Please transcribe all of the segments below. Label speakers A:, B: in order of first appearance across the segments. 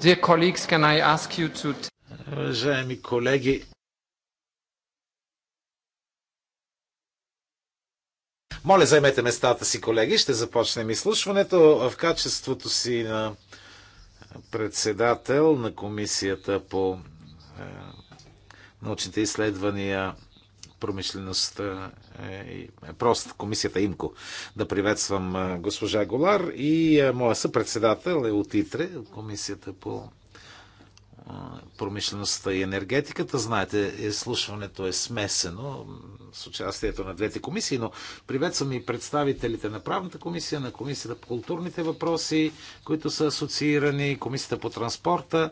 A: Dear colleagues, can I ask you to... Уважаеми колеги, моля, займете местата си, колеги. Ще започнем изслушването в качеството си на председател на Комисията по е, научните изследвания промишлеността, е, е просто комисията ИМКО. Да приветствам е, госпожа Голар и е, моя съпредседател е от ИТРЕ, комисията по промишлеността и енергетиката. Знаете, изслушването е смесено с участието на двете комисии, но приветствам и представителите на правната комисия, на комисията по културните въпроси, които са асоциирани, комисията по транспорта,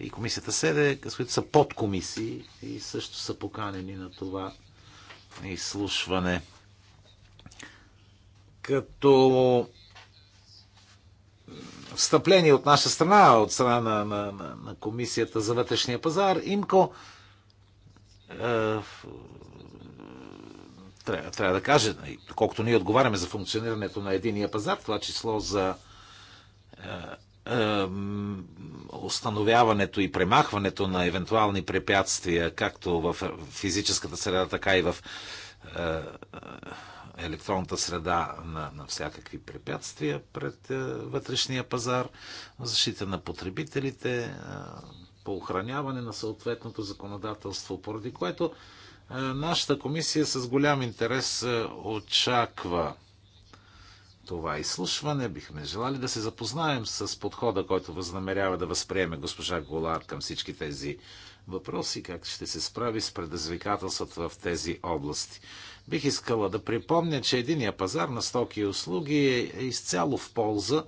A: и комисията СЕДЕ, с които са подкомисии и също са поканени на това изслушване. Като встъпление от наша страна, от страна на, на, на, на Комисията за вътрешния пазар, ИМКО, е, трябва, трябва да кажа, колкото ние отговаряме за функционирането на единия пазар, това число за е, установяването и премахването на евентуални препятствия, както в физическата среда, така и в електронната среда на, на всякакви препятствия пред вътрешния пазар, защита на потребителите, по охраняване на съответното законодателство, поради което нашата комисия с голям интерес очаква това изслушване. Бихме желали да се запознаем с подхода, който възнамерява да възприеме госпожа Голар към всички тези въпроси, как ще се справи с предизвикателствата в тези области. Бих искала да припомня, че единия пазар на стоки и услуги е изцяло в полза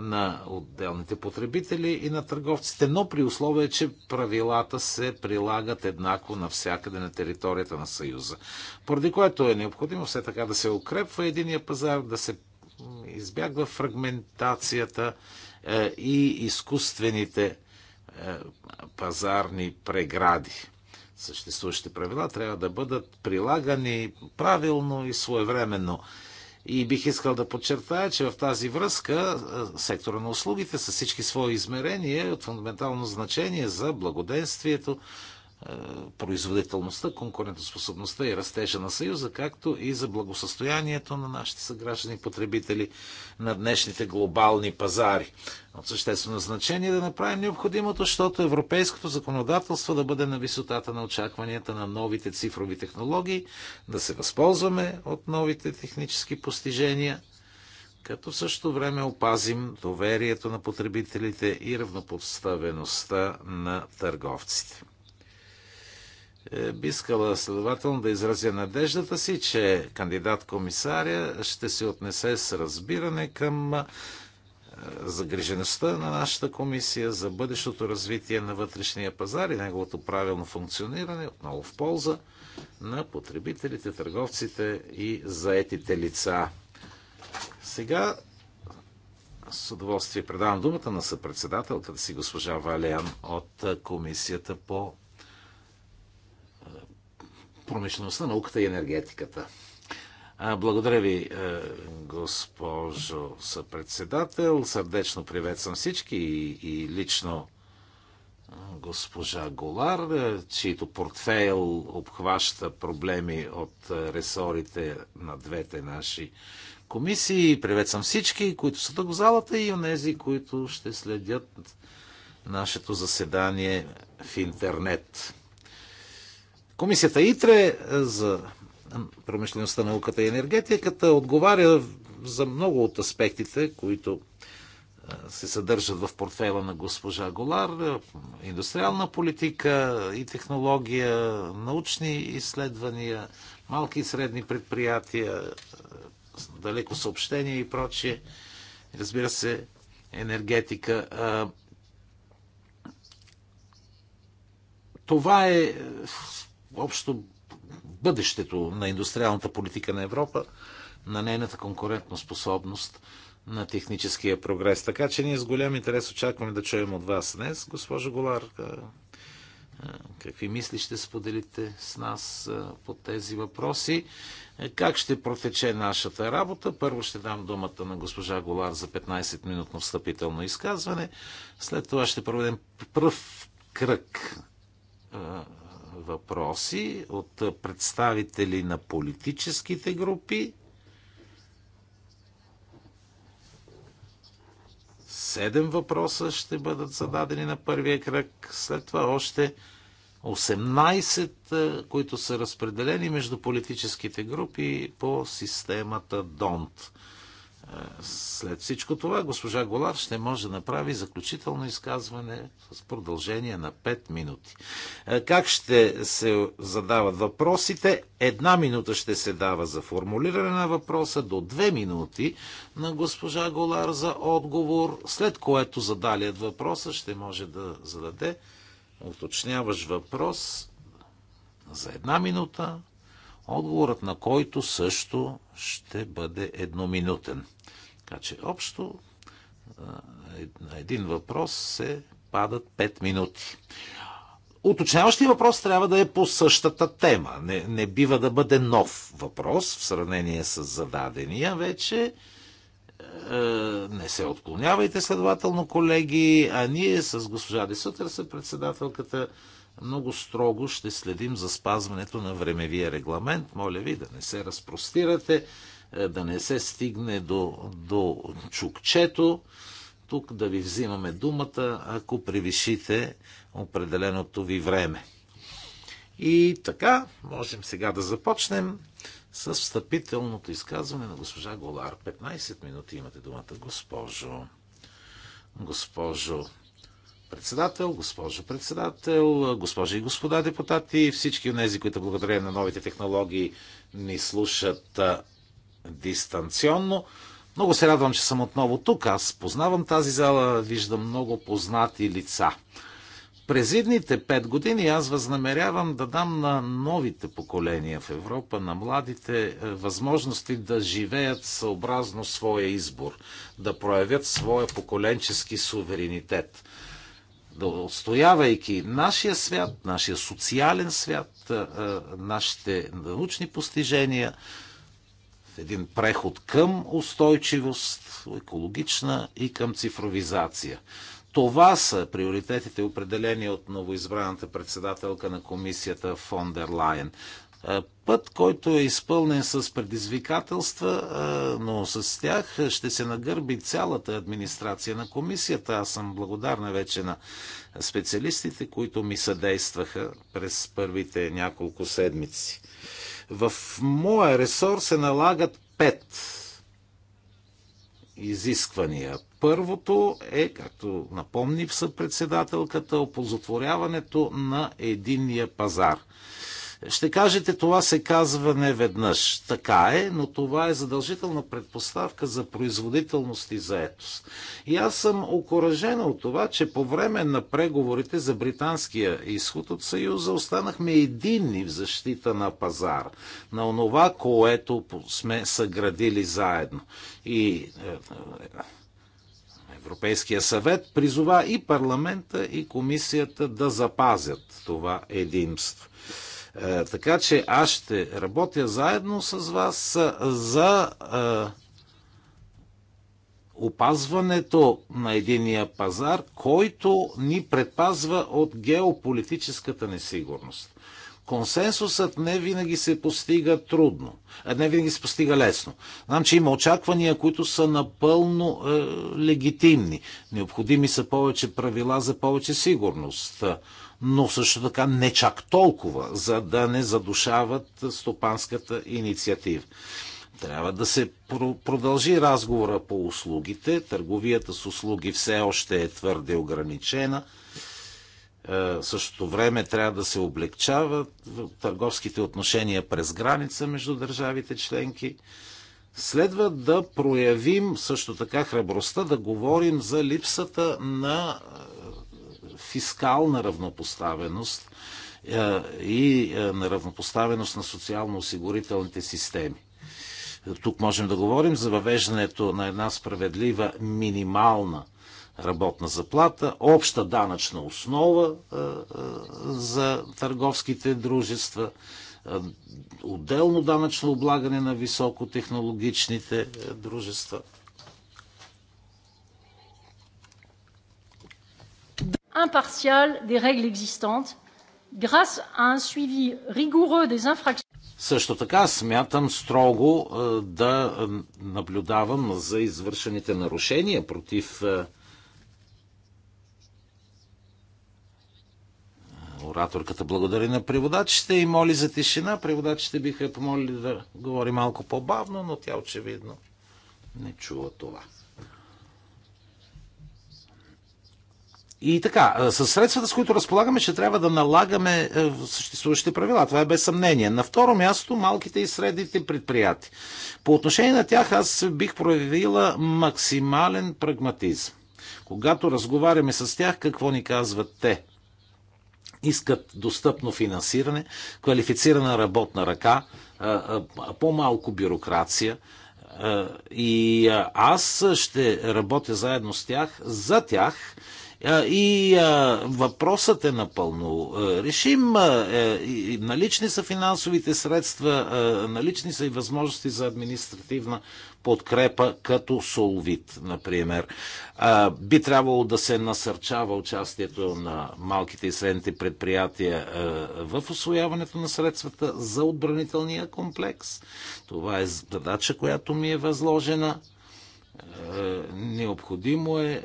A: на отделните потребители и на търговците, но при условие, че правилата се прилагат еднакво навсякъде на територията на Съюза. Поради което е необходимо все така да се укрепва единия пазар, да се избягва фрагментацията е, и изкуствените е, пазарни прегради. Съществуващите правила трябва да бъдат прилагани правилно и своевременно. И бих искал да подчертая, че в тази връзка е, сектора на услугите с всички свои измерения е от фундаментално значение за благоденствието, е, производителността, конкурентоспособността и растежа на Съюза, както и за благосъстоянието на нашите съграждани потребители на днешните глобални пазари. От съществено значение е да направим необходимото, защото европейското законодателство да бъде на висотата на очакванията на новите цифрови технологии, да се възползваме от новите технически постижения, като в същото време опазим доверието на потребителите и равнопоставеността на търговците. Е, би искала следователно да изразя надеждата си, че кандидат-комисаря ще се отнесе с разбиране към е, загрижеността на нашата комисия за бъдещото развитие на вътрешния пазар и неговото правилно функциониране, отново в полза на потребителите, търговците и заетите лица. Сега с удоволствие предавам думата на съпредседателката си госпожа Валиан от е, Комисията по промишлеността, науката и
B: енергетиката.
A: Благодаря ви, е, госпожо съпредседател. Сърдечно приветствам всички и, и лично е, госпожа Голар, е, чието портфейл обхваща проблеми от ресорите на двете наши комисии. Приветствам всички, които са тук в залата и онези, които ще следят нашето заседание в интернет. Комисията ИТРЕ е, за промишлеността, науката и енергетиката отговаря за много от аспектите, които е, се съдържат в портфела на госпожа Голар. Индустриална политика и технология, научни изследвания, малки и средни предприятия, далеко съобщения и прочие. Разбира се, енергетика. Е, това е общо бъдещето на индустриалната политика на Европа, на нейната способност на техническия прогрес. Така че ние с голям интерес очакваме да чуем от вас днес, госпожо Голар. Какви мисли ще споделите с нас по тези въпроси? Е, как ще протече нашата работа? Първо ще дам думата на госпожа Голар за 15-минутно встъпително изказване. След това ще проведем пръв кръг въпроси от представители на политическите групи. Седем въпроса ще бъдат зададени на първия кръг, след това още 18, е, които са разпределени между политическите групи по системата ДОНТ. След всичко това госпожа Голар ще може да направи заключително изказване с продължение на 5 минути. Е, как ще се задават въпросите? Една минута ще се дава за формулиране на въпроса, до 2 минути на госпожа Голар за отговор, след което задалият въпроса ще може да зададе уточняваш въпрос за една минута, отговорът на който също ще бъде едноминутен. Така че общо на един въпрос се падат 5 минути. Уточняващия въпрос трябва да е по същата тема. Не, не бива да бъде нов въпрос в сравнение с зададения вече. Е, не се отклонявайте, следователно, колеги, а ние с госпожа Десутърса, председателката, много строго ще следим за спазването на времевия регламент. Моля ви да не се разпростирате. Е, да не се стигне до, до чукчето, тук да ви взимаме думата, ако превишите определеното ви време. И така, можем сега да започнем с встъпителното изказване на госпожа Голар. 15 минути имате думата, госпожо. Госпожо председател, госпожо председател, госпожи и господа депутати, всички от тези, които благодарение на новите технологии ни слушат дистанционно. Много се радвам, че съм отново тук. Аз познавам тази зала, виждам много познати лица. През идните пет години аз възнамерявам да дам на новите поколения в Европа, на младите, е, възможности да живеят съобразно своя избор, да проявят своя поколенчески суверенитет. Да отстоявайки нашия свят, нашия социален свят, е, е, нашите научни постижения, един преход към устойчивост, екологична и към цифровизация. Това са приоритетите, определени от новоизбраната председателка на комисията Фон дер Лайен. Път, който е изпълнен с предизвикателства, но с тях ще се нагърби цялата администрация на комисията. Аз съм благодарна вече на специалистите, които ми съдействаха през първите няколко седмици. В моя ресор се налагат пет изисквания. Първото е, както напомни председателката, опозотворяването на единния пазар – ще кажете, това се казва не веднъж. Така е, но това е задължителна предпоставка за производителност и заетост. И аз съм окоръжена от това, че по време на преговорите за британския изход от Съюза останахме единни в защита на пазара, на онова, което сме съградили заедно. И е, е, Европейския съвет призова и парламента, и комисията да запазят това единство. Е, така че аз ще работя заедно с вас е, за е, опазването на единия пазар, който ни предпазва от геополитическата несигурност. Консенсусът не винаги се постига трудно, не винаги се постига лесно. Знам, че има очаквания, които са напълно е, легитимни. Необходими са повече правила за повече сигурност но също така не чак толкова, за да не задушават стопанската инициатива. Трябва да се продължи разговора по услугите. Търговията с услуги все още е твърде ограничена. Е, в същото време трябва да се облегчават търговските отношения през граница между държавите членки. Следва да проявим също така храбростта да говорим за липсата на фискална равнопоставеност е, и е, на равнопоставеност на социално-осигурителните системи. Тук можем да говорим за въвеждането на една справедлива минимална работна заплата, обща данъчна основа е, за търговските дружества, отделно данъчно облагане на високотехнологичните дружества
C: impartial des règles existantes, grâce à un suivi rigoureux des infractions.
A: Също така смятам строго е, да е, наблюдавам за извършените нарушения против е, ораторката благодари на преводачите и моли за тишина. Преводачите биха помолили да говори малко по-бавно, но тя очевидно не чува това. И така, със средствата, с които разполагаме, ще трябва да налагаме е, съществуващите правила. Това е без съмнение. На второ място, малките и средните предприятия. По отношение на тях, аз бих проявила максимален прагматизъм. Когато разговаряме с тях, какво ни казват те? Искат достъпно финансиране, квалифицирана работна ръка, по-малко бюрокрация. И аз ще работя заедно с тях, за тях, и въпросът е напълно решим. Е, налични са финансовите средства, налични са и възможности за административна подкрепа, като Солвит, например. Би трябвало да се насърчава участието на малките и средните предприятия в освояването на средствата за отбранителния комплекс. Това е задача, която ми е възложена необходимо е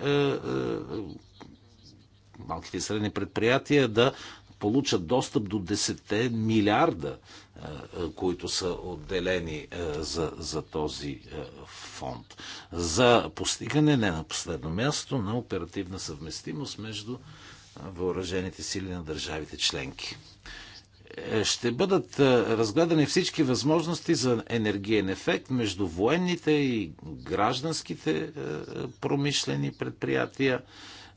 A: малките и средни предприятия да получат достъп до 10 милиарда, е, е, които са отделени е, за, за този фонд. За постигане, не на последно място, на оперативна съвместимост между въоръжените сили на държавите членки. Ще бъдат разгледани всички възможности за енергиен ефект между военните и гражданските промишлени предприятия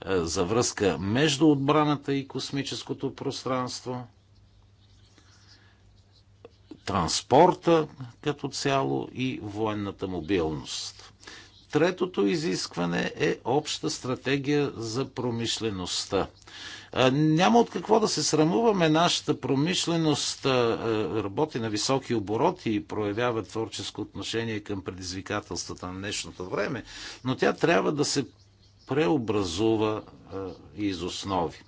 A: е, за връзка между отбраната и космическото пространство, транспорта като цяло и военната мобилност. Третото изискване е обща стратегия за промишлеността. Е, няма от какво да се срамуваме. Нашата промишленост е, работи на високи обороти и проявява творческо отношение към предизвикателствата на днешното време, но тя трябва да се преобразува из основи.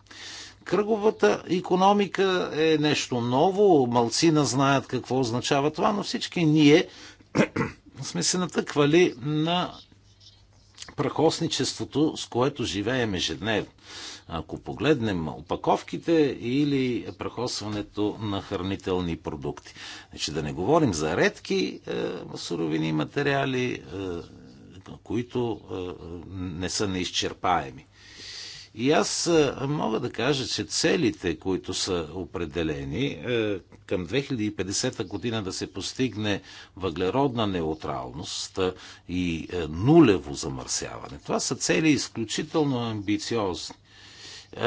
A: Кръговата економика е нещо ново, малцина знаят какво означава това, но всички ние сме се натъквали на прахосничеството, с което живеем ежедневно. Ако погледнем опаковките или прахосването на хранителни продукти. Значи да не говорим за редки е, суровини, материали, е, които не са неизчерпаеми. И аз мога да кажа, че целите, които са определени е, към 2050 година да се постигне въглеродна неутралност и е, нулево замърсяване, това са цели изключително амбициозни. Е,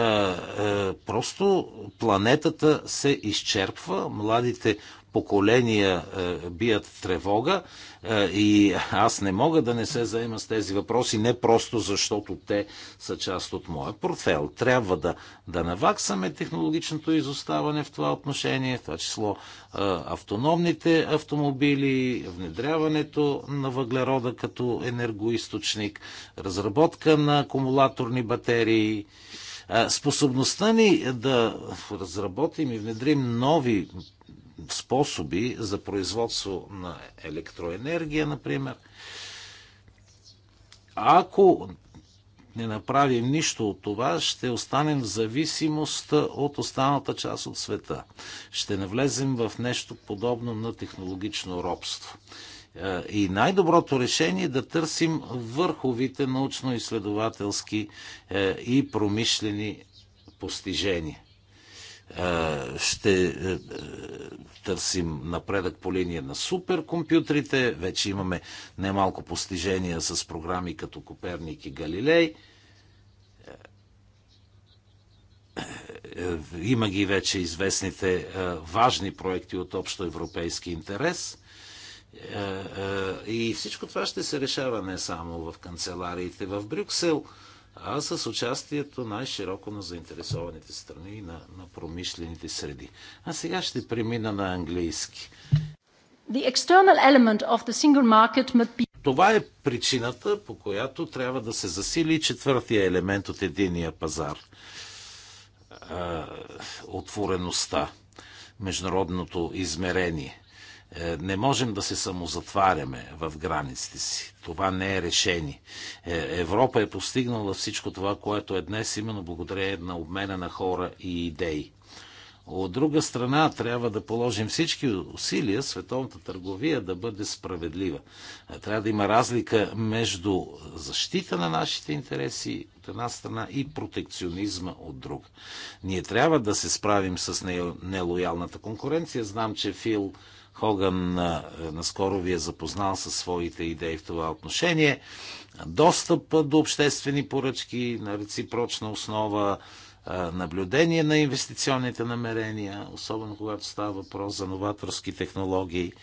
A: просто планетата се изчерпва, младите поколения е, бият тревога е, и аз не мога да не се заема с тези въпроси, не просто защото те са част от моя портфел. Трябва да, да наваксаме технологичното изоставане в това отношение, в това число е, автономните автомобили, внедряването на въглерода като енергоисточник, разработка на акумулаторни батерии, способността ни да разработим и внедрим нови способи за производство на електроенергия, например. ако не направим нищо от това, ще останем в зависимост от останалата част от света. Ще навлезем в нещо подобно на технологично робство. Е, и най-доброто решение е да търсим върховите научно-изследователски е, и промишлени постижения. Е, ще е, е, търсим напредък по линия на суперкомпютрите. Вече имаме немалко постижения с програми като Коперник и Галилей. Има ги вече известните важни проекти от общо европейски интерес. И всичко това ще се решава не само в канцелариите в Брюксел – а с участието най-широко на заинтересованите страни и на, на промишлените среди. А сега ще премина на английски.
C: The external element of the single market must be...
A: Това е причината, по която трябва да се засили четвъртия елемент от единия пазар. отвореността, международното измерение – е, не можем да се самозатваряме в границите си. Това не е решение. Е, Европа е постигнала всичко това, което е днес, именно благодарение на обмена на хора и идеи. От друга страна, трябва да положим всички усилия световната търговия да бъде справедлива. Е, трябва да има разлика между защита на нашите интереси от една страна и протекционизма от друга. Ние трябва да се справим с нелоялната конкуренция. Знам, че Фил Хоган е, наскоро ви е запознал със своите идеи в това отношение. Достъп до обществени поръчки на реципрочна основа, наблюдение на инвестиционните намерения, особено когато става въпрос за новаторски технологии.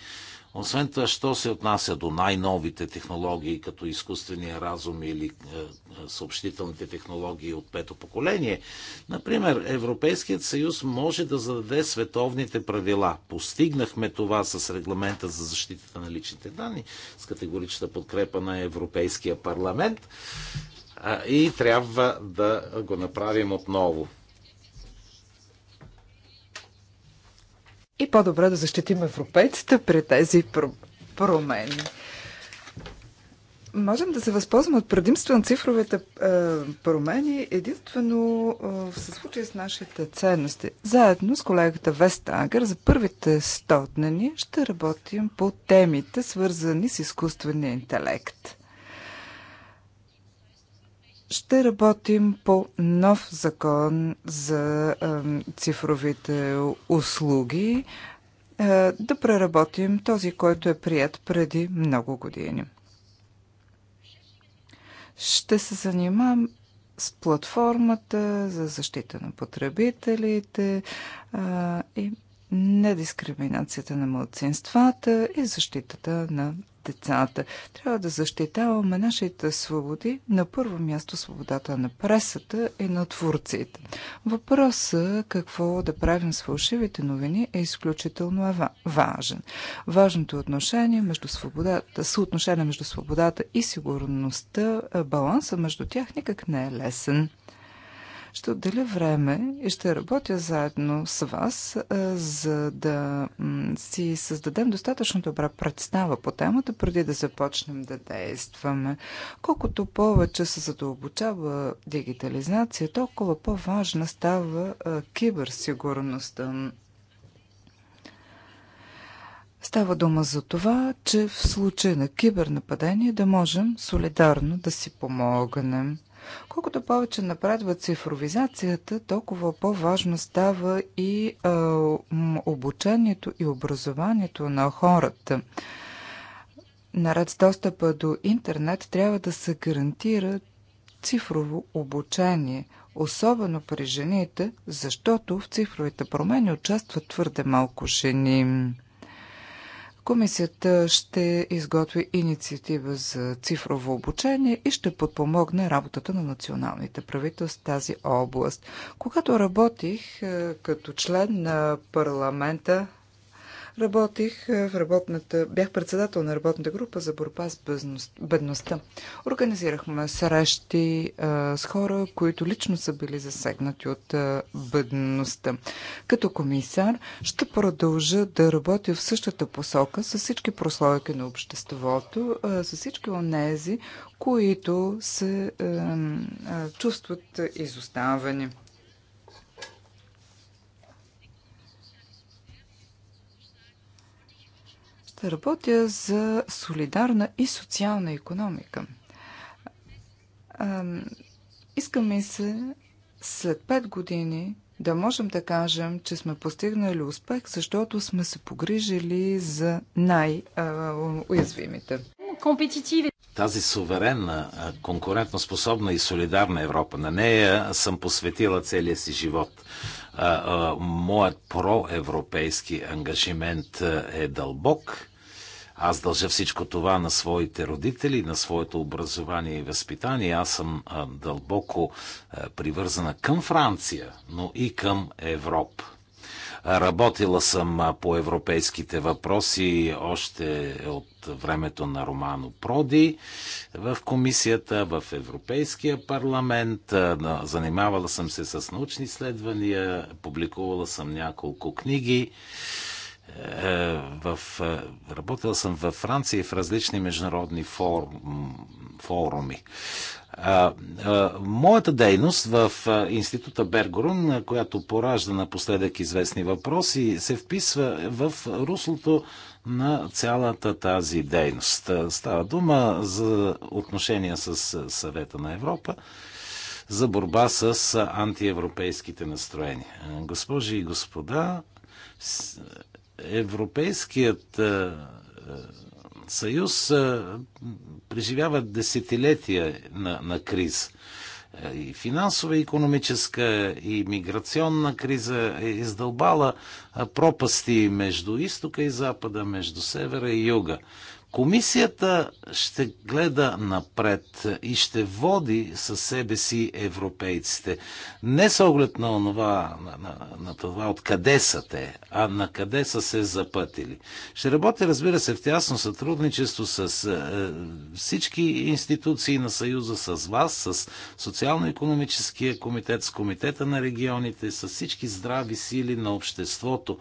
A: Освен това, що се отнася до най-новите технологии, като изкуствения разум или е, е, съобщителните технологии от пето поколение, например, Европейският съюз може да зададе световните правила. Постигнахме това с регламента за защитата на личните данни, с категоричната подкрепа на Европейския парламент и трябва да го направим отново.
B: и по-добре да защитим европейците при тези промени. Можем да се възползваме от предимство на цифровите е, промени единствено е, в случай с нашите ценности. Заедно с колегата Агър за първите 100 дни ще работим по темите, свързани с изкуствения интелект ще работим по нов закон за цифровите услуги, е, да преработим този, който е прият преди много години. Ще се занимавам с платформата за защита на потребителите а, и недискриминацията на младсинствата и защитата на децата. Трябва да защитаваме нашите свободи. На първо място свободата на пресата и е на творците. Въпросът какво да правим с фалшивите новини е изключително важен. Важното е отношение между свободата, съотношение между свободата и сигурността, баланса между тях никак не е лесен. Ще отделя време и ще работя заедно с вас, за да си създадем достатъчно добра представа по темата, преди да започнем да действаме. Колкото повече се задълбочава дигитализация, толкова по-важна става киберсигурността. Става дума за това, че в случай на кибернападение да можем солидарно да си помогнем. Колкото повече напредва цифровизацията, толкова по-важно става и а, обучението и образованието на хората. Наред с достъпа до интернет трябва да се гарантира цифрово обучение, особено при жените, защото в цифровите промени участват твърде малко жени. Комисията ще изготви инициатива за цифрово обучение и ще подпомогне работата на националните правителства в тази област. Когато работих е, като член на парламента Работих е, в работната, бях председател на работната група за борба с бедността. Организирахме срещи а, е, с хора, които лично са били засегнати от а, е, бедността. Като комисар ще продължа да работя в същата посока с всички прослойки на обществото, а, с всички онези, които се а, а, чувстват изоставени. Работя за солидарна и социална економика. Искам и се след 5 години да можем да кажем, че сме постигнали успех, защото сме се погрижили за най-уязвимите.
A: Тази суверенна, конкурентоспособна и солидарна Европа, на нея съм посветила целия си живот. Моят проевропейски ангажимент е дълбок аз дължа всичко това на своите родители, на своето образование и възпитание. Аз съм дълбоко привързана към Франция, но и към Европа. Работила съм по европейските въпроси още от времето на Романо Проди в комисията, в Европейския парламент. Занимавала съм се с научни изследвания, публикувала съм няколко книги. Е, в, е, работил съм във Франция и в различни международни форум, форуми. Моята дейност в е, Института Бергорун, която поражда напоследък известни въпроси, се вписва в руслото на цялата тази дейност. Става дума за отношения с Съвета на Европа за борба с антиевропейските настроения. Госпожи и господа, Европейският е, е, съюз е, преживява десетилетия на, на криз. И финансова, и економическа, и миграционна криза е издълбала пропасти между изтока и запада, между севера и юга. Комисията ще гледа напред и ще води със себе си европейците. Не с оглед на, онова, на, на, на това откъде са те, а на къде са се запътили. Ще работи, разбира се, в тясно сътрудничество с е, всички институции на Съюза, с вас, с Социално-економическия комитет, с Комитета на регионите, с всички здрави сили на обществото.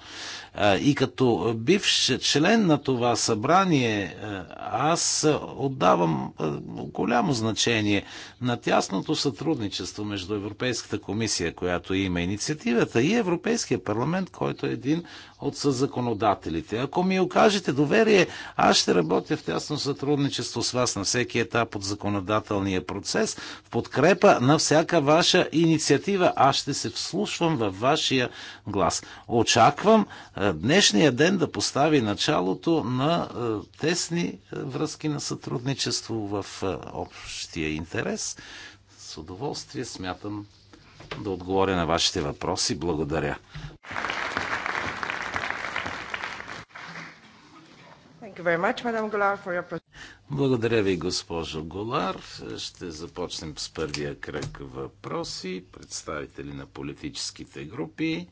A: Е, и като бивш член на това събрание, е, аз е, отдавам е, голямо значение на тясното сътрудничество между Европейската комисия, която има инициативата, и Европейския парламент, който е един от съзаконодателите. Ако ми окажете доверие, аз ще работя в тясно сътрудничество с вас на всеки етап от законодателния процес, в подкрепа на всяка ваша инициатива. Аз ще се вслушвам във вашия глас. Очаквам е, днешния ден да постави началото на е, тесни е, връзки на сътрудничество в общия интерес. С удоволствие смятам да отговоря на вашите въпроси. Благодаря. Благодаря ви, госпожо Голар. Ще започнем с първия кръг въпроси. Представители на политическите групи.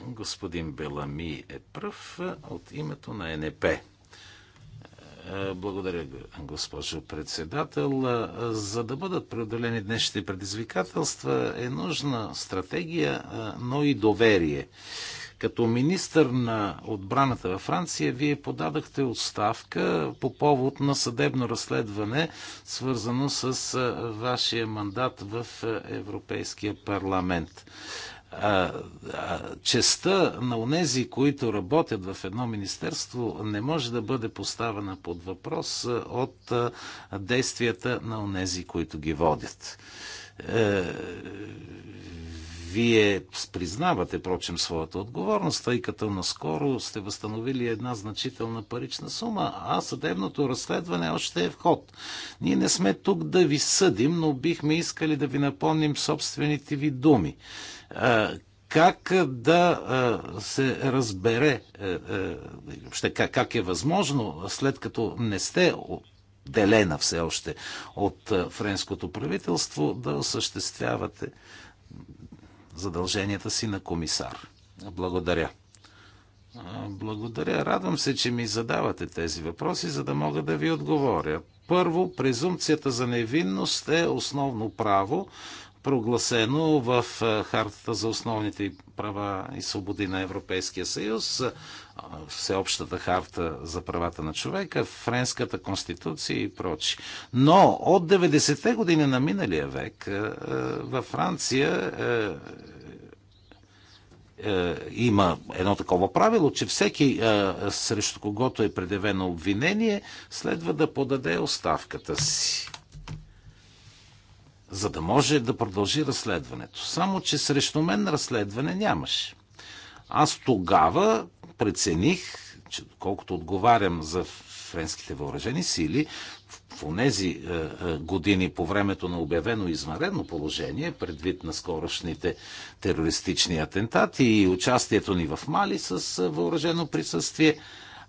A: Господин Белами е пръв от името на НП. Е, благодаря, госпожо председател. За да бъдат преодолени днешните предизвикателства е нужна стратегия, но и доверие. Като министър на отбраната във Франция, вие подадахте оставка по повод на съдебно разследване, свързано с вашия мандат в Европейския парламент честа на онези, които работят в едно министерство, не може да бъде поставена под въпрос от действията на онези, които ги водят. Е, вие признавате, прочим, своята отговорност, тъй като наскоро сте възстановили една значителна парична сума, а съдебното разследване още е в ход. Ние не сме тук да ви съдим, но бихме искали да ви напомним собствените ви думи. Как да се разбере, въобще как е възможно, след като не сте делена все още от френското правителство, да осъществявате задълженията си на комисар. Благодаря. Благодаря. Радвам се, че ми задавате тези въпроси, за да мога да ви отговоря. Първо, презумпцията за невинност е основно право, прогласено в Хартата за основните права и свободи на Европейския съюз. Всеобщата харта за правата на човека, Френската конституция и прочи. Но от 90-те години на миналия век е, е, във Франция е, има едно такова правило, че всеки срещу когото е предявено обвинение, следва да подаде оставката си за да може да продължи разследването. Само, че срещу мен разследване нямаше. Аз тогава прецених, че колкото отговарям за френските въоръжени сили, в тези е, е, години по времето на обявено извънредно положение, предвид на скорошните терористични атентати и участието ни в Мали с е, въоръжено присъствие,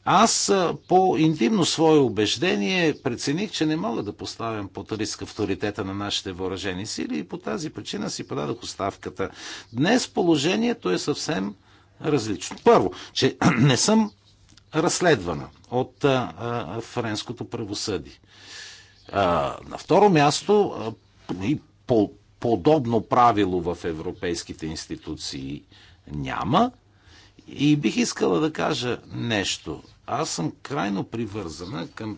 A: аз по интимно свое убеждение прецених, че не мога да поставям под риск авторитета на нашите въоръжени сили и по тази причина си подадох оставката. Днес положението е съвсем различно. Първо, че не съм разследвана от а, а, френското правосъдие. А, на второ място, а, и по, подобно правило в европейските институции няма. И бих искала да кажа нещо. Аз съм крайно привързана към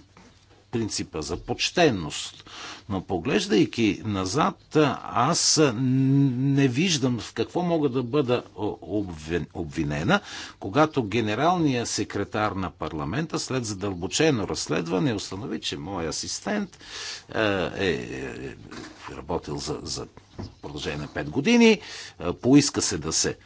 A: принципа за почтенност. Но поглеждайки назад, аз не виждам в какво мога да бъда обвинена, когато генералният секретар на парламента след задълбочено разследване установи, че мой асистент е, е, е работил за, за продължение на 5 години, е, поиска се да се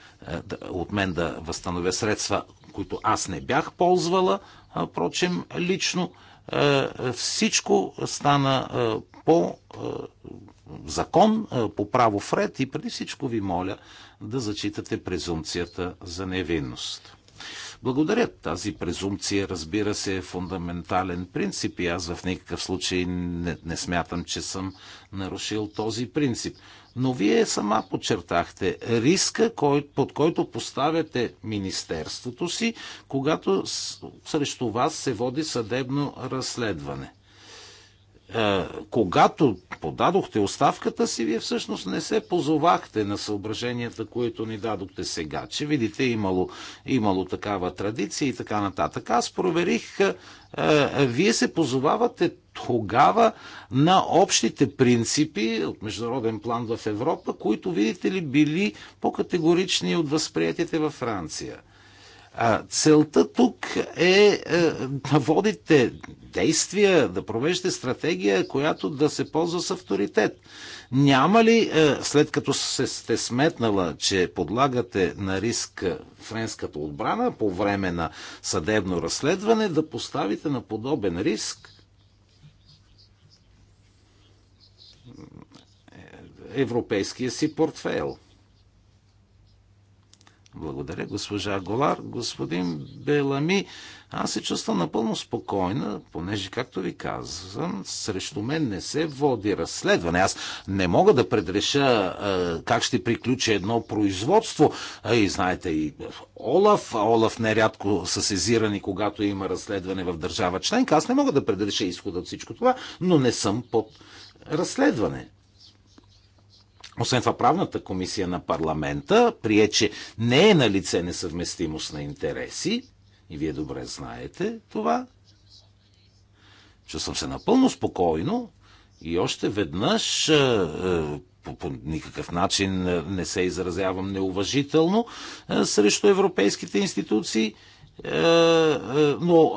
A: от мен да възстановя средства, които аз не бях ползвала, а, впрочем, лично е, всичко стана е, по е, закон, по право вред и преди всичко ви моля да зачитате презумпцията за невинност благодаря. Тази презумпция, разбира се, е фундаментален принцип и аз в никакъв случай не, не смятам, че съм нарушил този принцип. Но вие сама подчертахте риска, кой, под който поставяте министерството си, когато срещу вас се води съдебно разследване когато подадохте оставката си, вие всъщност не се позовахте на съображенията, които ни дадохте сега, че видите, имало, имало такава традиция и така нататък. Аз проверих, вие се позовавате тогава на общите принципи от международен план в Европа, които, видите ли, били по-категорични от възприятите във Франция – а Целта тук е, е да водите действия, да провеждате стратегия, която да се ползва с авторитет. Няма ли, е, след като се сте сметнала, че подлагате на риск френската отбрана по време на съдебно разследване, да поставите на подобен риск е, европейския си портфейл? Благодаря, госпожа Голар. Господин Белами, аз се чувствам напълно спокойна, понеже, както ви казвам, срещу мен не се води разследване. Аз не мога да предреша а, как ще приключи едно производство. А и знаете, и Олаф, Олаф нерядко са сезирани, когато има разследване в държава членка. Аз не мога да предреша изхода от всичко това, но не съм под разследване. Освен това, правната комисия на парламента прие, че не е на лице несъвместимост на интереси, и вие добре знаете това. Чувствам се напълно спокойно и още веднъж е, е, по, по никакъв начин е, не се изразявам неуважително срещу европейските институции. Но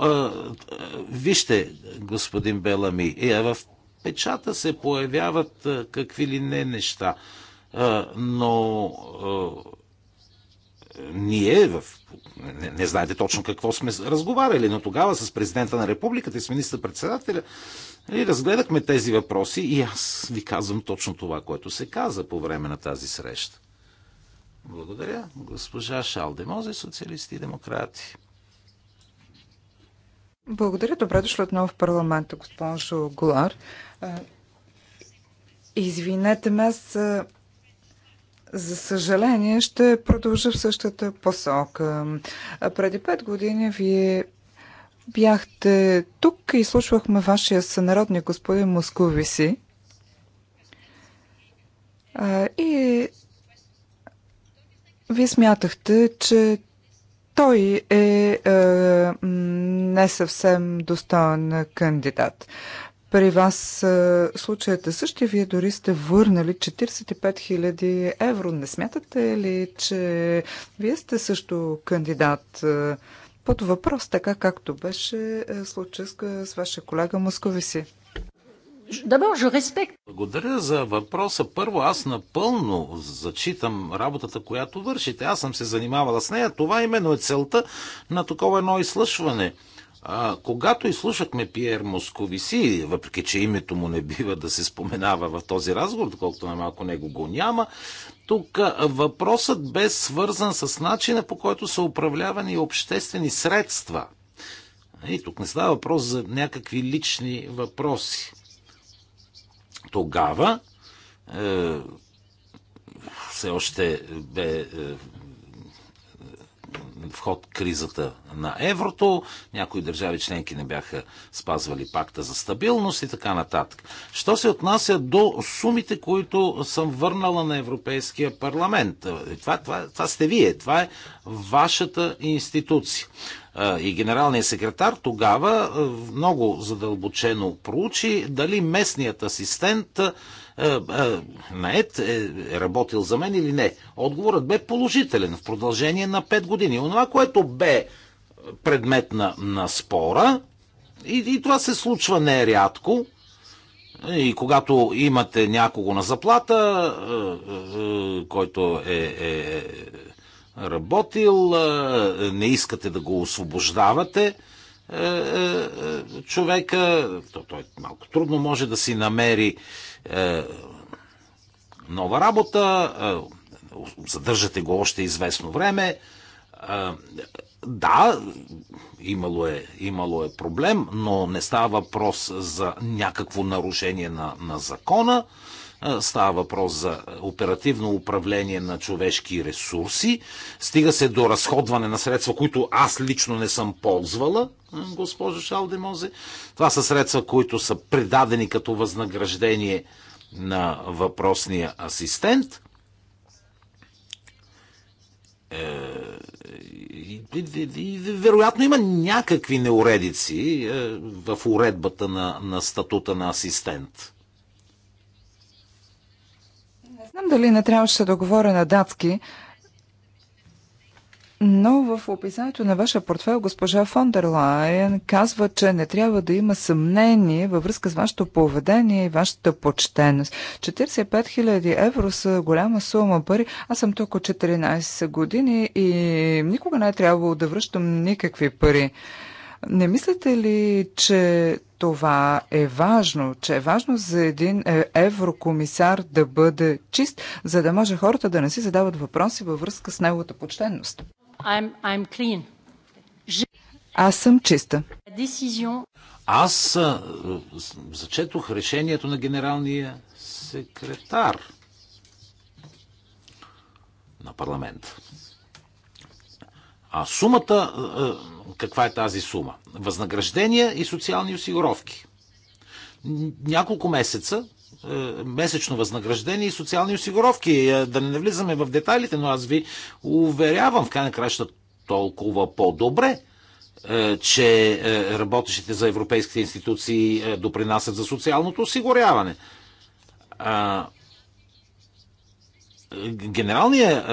A: вижте, господин Белами, в печата се появяват какви ли не неща. Но ние в... Не, не знаете точно какво сме разговаряли, но тогава с президента на републиката и с министър-председателя и нали, разгледахме тези въпроси и аз ви казвам точно това, което се каза по време на тази среща. Благодаря. Госпожа Шалдемозе, социалисти и демократи.
B: Благодаря. Добре дошли отново в парламента, госпожо Голар. Извинете ме, аз за съжаление ще продължа в същата посока. Преди пет години вие бяхте тук и слушвахме вашия сънародник господин Московиси. И вие смятахте, че той е, е не съвсем достоен кандидат. При вас е, случаят е същия. Вие дори сте върнали 45 000 евро. Не смятате ли, че вие сте също кандидат е, под въпрос, така както беше е, случай е, с вашия колега Московиси?
A: Благодаря за въпроса. Първо, аз напълно зачитам работата, която вършите. Аз съм се занимавала с нея. Това именно е целта на такова едно изслушване. А, когато изслушахме Пиер Московиси, въпреки че името му не бива да се споменава в този разговор, доколкото на малко него го няма, тук въпросът бе свързан с начина по който са управлявани обществени средства. И тук не става въпрос за някакви лични въпроси. Тогава е, все още бе е, вход кризата на еврото, някои държави членки не бяха спазвали пакта за стабилност и така нататък. Що се отнася до сумите, които съм върнала на Европейския парламент? Е, това, това, това сте вие, това е вашата институция и Генералният секретар тогава много задълбочено проучи дали местният асистент наед е, е работил за мен или не. Отговорът бе положителен в продължение на 5 години. Онова, което бе предмет на, на спора, и, и това се случва нерядко, и когато имате някого на заплата, който е, е работил, не искате да го освобождавате е, е, е, човека, то той малко трудно може да си намери нова работа, задържате го още известно време. Да, имало е, имало е проблем, но не става въпрос за някакво нарушение на, на закона. Става въпрос за оперативно управление на човешки ресурси. Стига се до разходване на средства, които аз лично не съм ползвала, госпожо Шалдемозе. Това са средства, които са предадени като възнаграждение на въпросния асистент. Е, вероятно има някакви неуредици е, в уредбата на, на статута на асистент
B: знам дали не трябваше да говоря на датски, но в описанието на вашия портфел госпожа Фондерлайн казва, че не трябва да има съмнение във връзка с вашето поведение и вашата почтеност. 45 000 евро са голяма сума пари. Аз съм тук от 14 години и никога не е трябвало да връщам никакви пари. Не мислите ли, че това е важно, че е важно за един е, еврокомисар да бъде чист, за да може хората да не си задават въпроси във връзка с неговата почтенност.
C: I'm, I'm clean.
B: Аз съм чиста.
A: Аз зачетох решението на генералния секретар на парламент. А сумата, е, е, каква е тази сума? Възнаграждения и социални осигуровки. Няколко месеца е, месечно възнаграждение и социални осигуровки. Да не навлизаме в детайлите, но аз ви уверявам, в крайна краща толкова по-добре, че работещите за европейските институции допринасят за социалното осигуряване. Генералният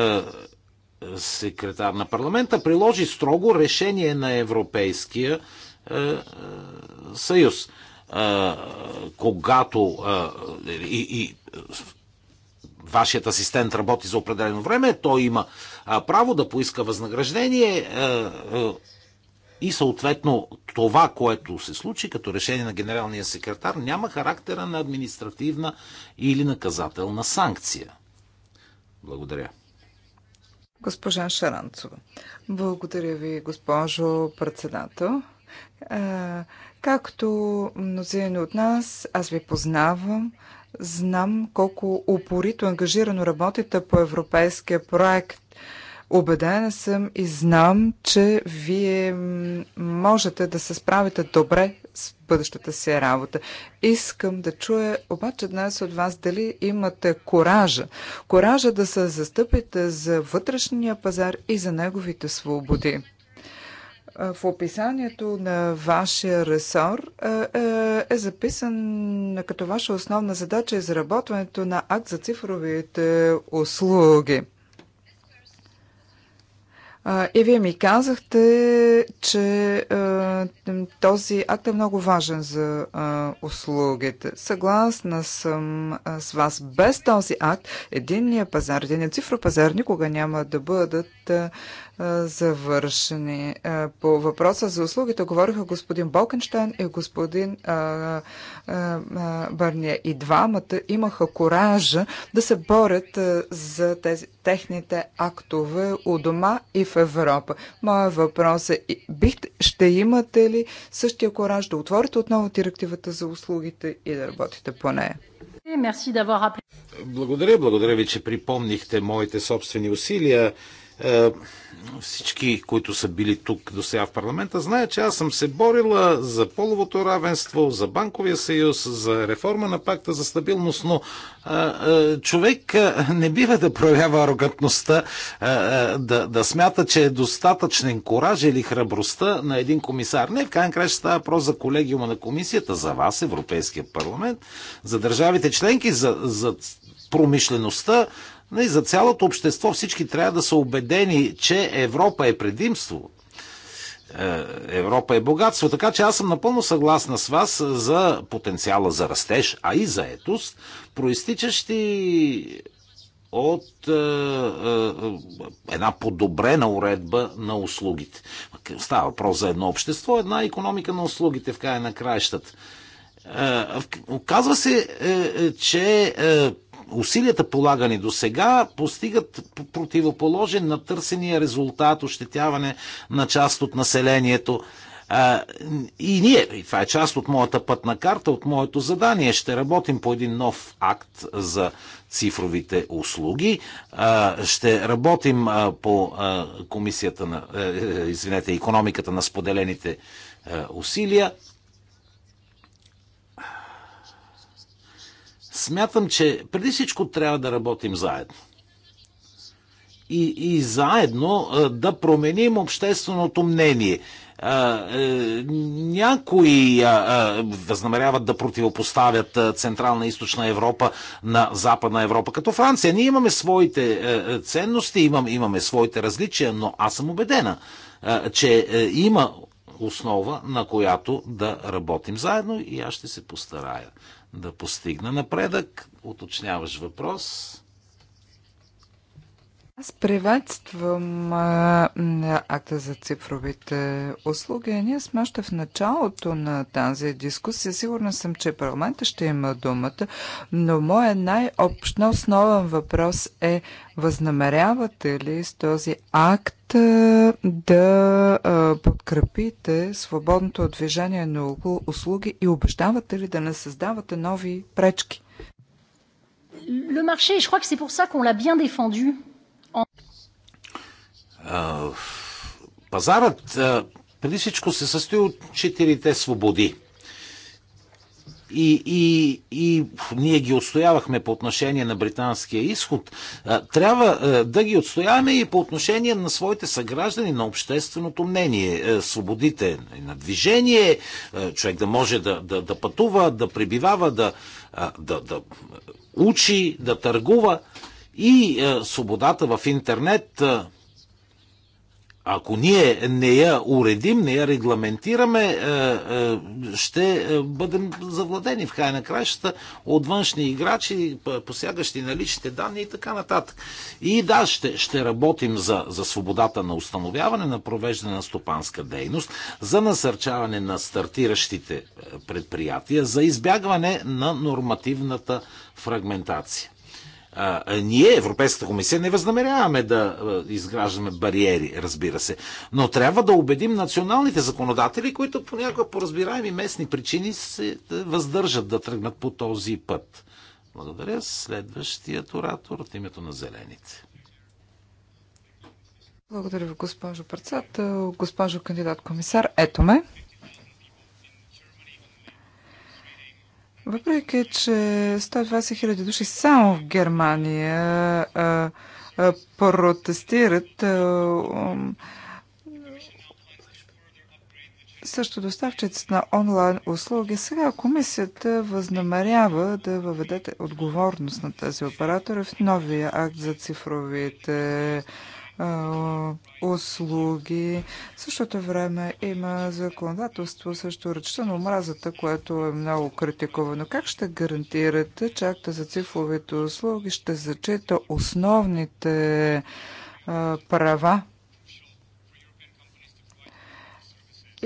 A: секретар на парламента, приложи строго решение на Европейския е, е, съюз. Е, когато и, и вашият асистент работи за определено време, той има право да поиска възнаграждение и съответно това, което се случи като решение на генералния секретар, няма характера на административна или наказателна санкция. Благодаря.
B: Госпожа Шаранцова. Благодаря ви, госпожо председател. Както мнозина от нас, аз ви познавам, знам колко упорито, ангажирано работите по европейския проект. Обедена съм и знам, че вие можете да се справите добре с бъдещата си работа. Искам да чуя обаче днес от вас дали имате коража. Коража да се застъпите за вътрешния пазар и за неговите свободи. В описанието на вашия ресор е записан като ваша основна задача изработването на акт за цифровите услуги. И вие ми казахте, че този акт е много важен за услугите. Съгласна съм с вас. Без този акт единния пазар, единния цифропазар никога няма да бъдат завършени. По въпроса за услугите говориха господин Болкенштайн и господин Бърния. И двамата имаха коража да се борят за тези, техните актове у дома и в Европа. Моя въпрос е, бихте, ще имате ли същия кораж да отворите отново директивата за услугите и да работите по нея?
A: Благодаря, благодаря ви, че припомнихте моите собствени усилия. Е, всички, които са били тук до сега в парламента, знаят, че аз съм се борила за половото равенство, за банковия съюз, за реформа на пакта за стабилност, но човек не бива да проявява арогантността, да, да смята, че е достатъчен кораж или храбростта на един комисар. Не, в крайна край ще става въпрос за колегиума на комисията, за вас, Европейския парламент, за държавите членки, за, за промишлеността, и нали, за цялото общество всички трябва да са убедени, че Европа е предимство. Е, Европа е богатство. Така че аз съм напълно съгласна с вас за потенциала за растеж, а и за етост, проистичащи от е, е, е една подобрена уредба на услугите. Става въпрос за едно общество, една економика на услугите в края на краищата. Е, оказва се, че усилията полагани до сега постигат противоположен на търсения резултат, ощетяване на част от населението. А, и ние, и това е част от моята пътна карта, от моето задание, ще работим по един нов акт за цифровите услуги. А, ще работим а, по а, комисията на, а, е, е, извинете, економиката на споделените а, е, усилия Смятам, че преди всичко трябва да работим заедно. И, и заедно да променим общественото мнение е, някои възнамеряват да противопоставят Централна и Източна Европа на Западна Европа, като Франция. Ние имаме своите е, е, ценности, имам, имаме своите различия, но аз съм убедена, че има основа, на която да работим заедно и аз ще се постарая да постигна напредък. Уточняваш въпрос.
B: Аз приветствам а, акта за цифровите услуги. Ние сме още в началото на тази дискусия. Сигурна съм, че парламента ще има думата, но моя най-общ, основен въпрос е възнамерявате ли с този акт а, да а, подкрепите свободното движение на услуги и обещавате ли да не създавате нови пречки?
C: Le marché, je crois que c'est pour ça qu'on l'a bien défendu
A: Пазарът преди всичко се състои от четирите свободи. И, и, и ние ги отстоявахме по отношение на британския изход. Трябва да ги отстояваме и по отношение на своите съграждани, на общественото мнение, свободите на движение, човек да може да, да, да пътува, да пребивава, да, да, да учи, да търгува и е, свободата в интернет, е, ако ние не я уредим, не я регламентираме, е, е, ще е, бъдем завладени в края на краищата от външни играчи, посягащи на личните данни и така нататък. И да, ще, ще работим за, за свободата на установяване, на провеждане на стопанска дейност, за насърчаване на стартиращите е, предприятия, за избягване на нормативната фрагментация. А, ние, Европейската комисия, не възнамеряваме да изграждаме бариери, разбира се. Но трябва да убедим националните законодатели, които по някои поразбираеми местни причини се въздържат да тръгнат по този път. Благодаря. Следващият оратор от името на Зелените.
B: Благодаря ви, госпожо председател. Госпожо кандидат комисар, ето ме. Въпреки, че 120 000 души само в Германия а, а, протестират, а, също доставчиците на онлайн услуги, сега комисията възнамерява да въведете отговорност на тези оператори в новия акт за цифровите услуги. В същото време има законодателство срещу речта на омразата, което е много критиковано. Как ще гарантирате, че акта за цифровите услуги ще зачита основните права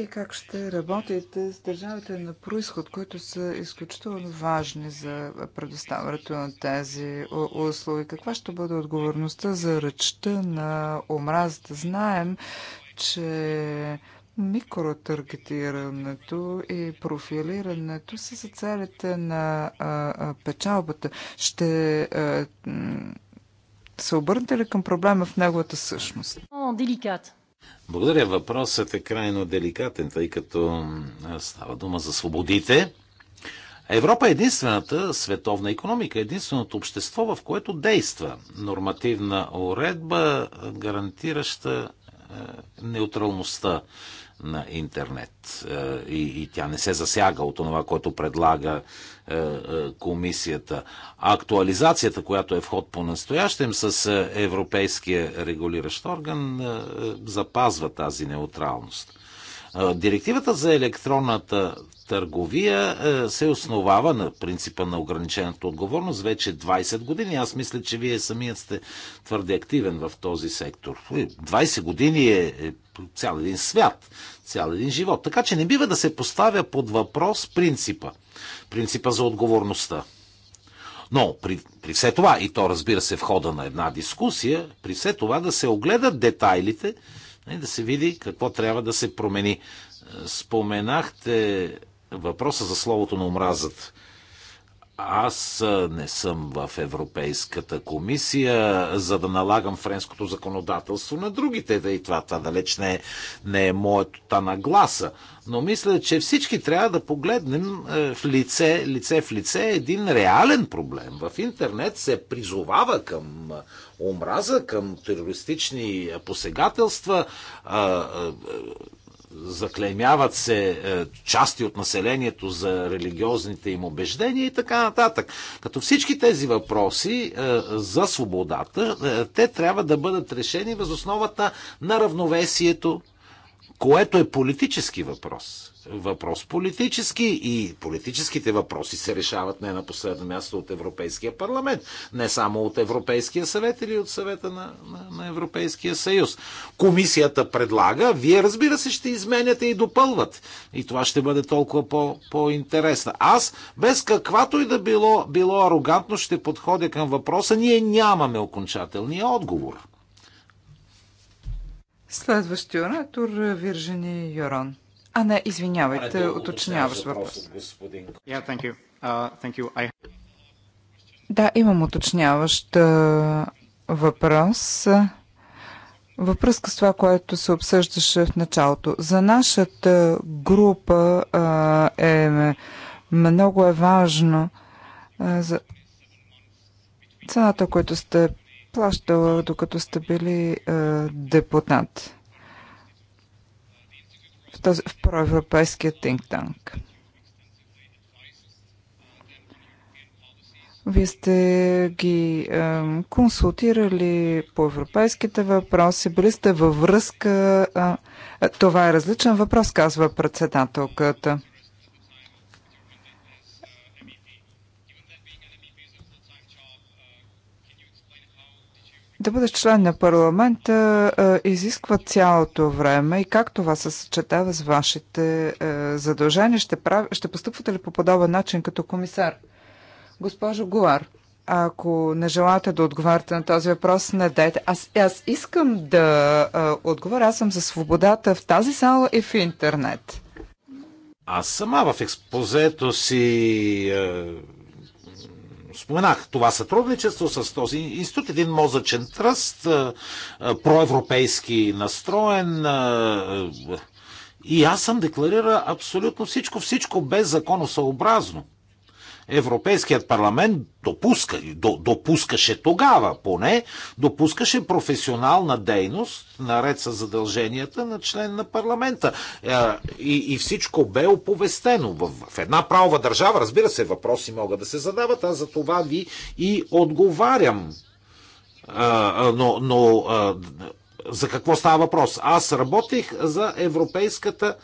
B: и как ще работите с държавите на происход, които са изключително важни за предоставянето на тези услуги? Каква ще бъде отговорността за ръчта на омразата? Знаем, че микротаргетирането и профилирането са за целите на печалбата. Ще се обърнете ли към проблема в неговата същност?
C: Деликат.
A: Благодаря. Въпросът е крайно деликатен, тъй като става дума за свободите. Европа е единствената световна економика, единственото общество, в което действа нормативна уредба, гарантираща е, неутралността на интернет. Е, и, и тя не се засяга от това, което предлага е, е, комисията. Актуализацията, която е вход по настоящем с е, Европейския регулиращ орган, запазва тази неутралност. Директивата за електронната търговия се основава на принципа на ограничената отговорност вече 20 години. Аз мисля, че вие самият сте твърде активен в този сектор. 20 години е цял един свят цял един живот. Така че не бива да се поставя под въпрос принципа. Принципа за отговорността. Но при, при все това, и то разбира се в хода на една дискусия, при все това да се огледат детайлите, нали, да се види какво трябва да се промени. Е, споменахте въпроса за словото на омразата. Аз не съм в Европейската комисия, за да налагам френското законодателство на другите. Да и това, това далеч не е, не е моето та нагласа. Но мисля, че всички трябва да погледнем е, в лице, лице в лице един реален проблем. В интернет се призовава към е, омраза, към терористични посегателства е, заклемяват се е, части от населението за религиозните им убеждения и така нататък. Като всички тези въпроси е, за свободата, е, те трябва да бъдат решени възосновата на равновесието което е политически въпрос. Въпрос политически и политическите въпроси се решават не на последно място от Европейския парламент, не само от Европейския съвет или от съвета на, на, на Европейския съюз. Комисията предлага, вие разбира се ще изменяте и допълват. И това ще бъде толкова по, по-интересно. Аз без каквато и да било, било арогантно ще подходя към въпроса, ние нямаме окончателния отговор.
B: Следващия оратор Виржини Йорон. А не, извинявайте, уточняваш въпрос.
A: Uh,
B: да, имам уточняващ въпрос. Във връзка с това, което се обсъждаше в началото. За нашата група е много е важно за цената, която сте плащала докато сте били е, депутат в, този, в проевропейския think tank. Вие сте ги е, консултирали по европейските въпроси, били сте във връзка. Е, това е различен въпрос, казва председателката. да бъдеш член на парламента е, изисква цялото време и как това се съчетава с вашите е, задължения? Ще, прав... ще постъпвате ли по подобен начин като комисар? Госпожо Гуар, ако не желаете да отговаряте на този въпрос, не дайте. Аз, аз искам да е, отговоря. Аз съм за свободата в тази сала и в интернет.
A: Аз сама в експозето си споменах, това сътрудничество с този институт, един мозъчен тръст, проевропейски настроен, и аз съм декларира абсолютно всичко, всичко без законосъобразно. Европейският парламент допуска, до, допускаше тогава поне, допускаше професионална дейност, наред с задълженията на член на парламента. Е, и, и всичко бе оповестено. В, в една правова държава, разбира се, въпроси могат да се задават, а за това ви и отговарям. Е, но, но е, за какво става въпрос? Аз работих за Европейската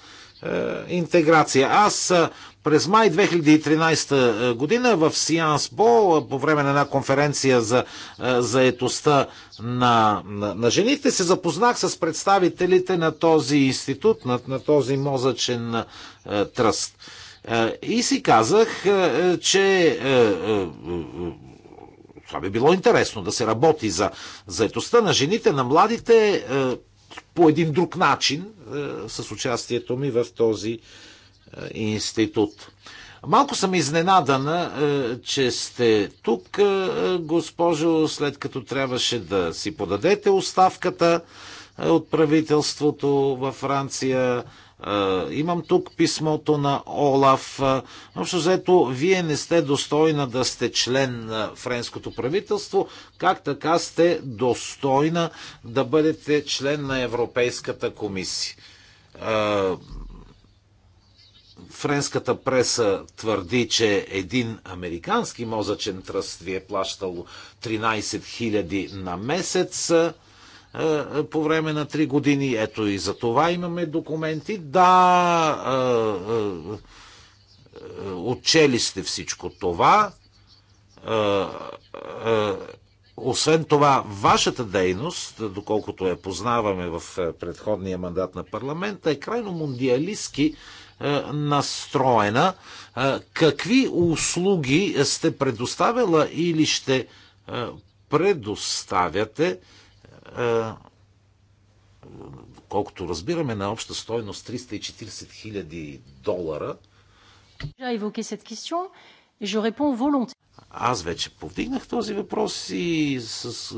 A: е, интеграция. Аз е, през май 2013 е, година в Сианс Бо, по време на една конференция за заетостта на, на, на жените, се запознах с представителите на този институт, на, на този мозъчен е, тръст. Е, и си казах, е, че е, е, това би било интересно да се работи за заетостта на жените, на младите. Е, по един друг начин е, с участието ми в този е, институт. Малко съм изненадана, е, че сте тук, госпожо, след като трябваше да си подадете оставката от правителството във Франция Имам тук писмото на Олаф. Общо заето, вие не сте достойна да сте член на френското правителство. Как така сте достойна да бъдете член на Европейската комисия? френската преса твърди, че един американски мозъчен тръст ви е плащал 13 000 на месец по време на три години. Ето и за това имаме документи. Да, отчели сте всичко това. Освен това, вашата дейност, доколкото я познаваме в предходния мандат на парламента, е крайно мундиалистки настроена. Какви услуги сте предоставила или ще предоставяте е, колкото разбираме, на обща стойност 340 хиляди долара. Аз вече повдигнах този въпрос и с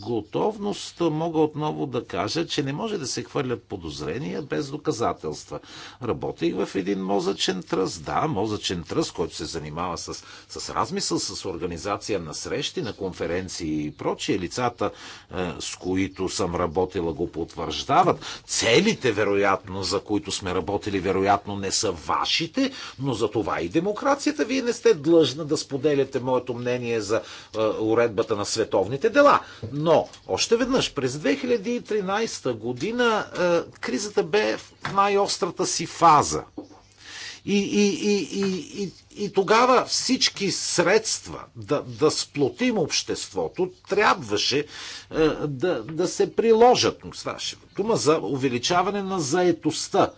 A: готовност мога отново да кажа, че не може да се хвърлят подозрения без доказателства. Работих в един мозъчен тръст, да, мозъчен тръст, който се занимава с, с размисъл, с организация на срещи, на конференции и прочие. Лицата, с които съм работила, го потвърждават. Целите, вероятно, за които сме работили, вероятно не са вашите, но за това и демокрацията. Вие не сте длъжна да споделя споделяте моето мнение за е, уредбата на световните дела. Но, още веднъж, през 2013 година е, кризата бе в най-острата си фаза. И, и, и, и, и, и тогава всички средства да, да сплотим обществото трябваше е, да, да се приложат. ще дума за увеличаване на заетостта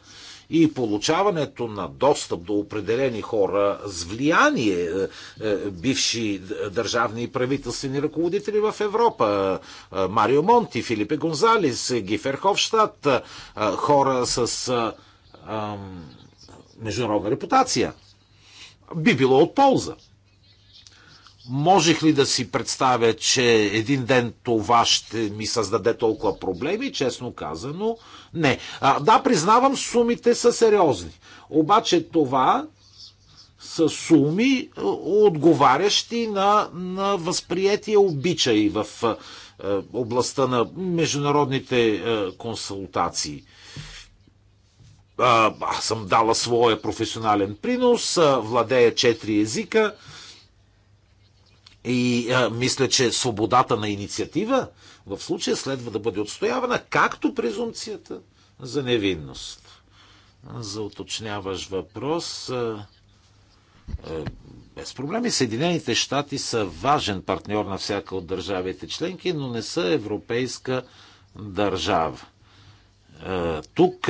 A: и получаването на достъп до определени хора с влияние, е, е, бивши държавни и правителствени ръководители в Европа, е, Марио Монти, Филипе Гонзалес, Гифер Ховштадт, хора с международна репутация, би било от полза. Можех ли да си представя, че един ден това ще ми създаде толкова проблеми? Честно казано, не. А, да, признавам, сумите са сериозни. Обаче това са суми, отговарящи на, на възприятие обичаи в е, областта на международните е, консултации. Аз съм дала своя професионален принос, владея четири езика, и а, мисля, че свободата на инициатива в случая следва да бъде отстоявана, както презумцията за невинност. За уточняваш въпрос. А, а, без проблеми. Съединените щати са важен партньор на всяка от държавите членки, но не са европейска държава. Тук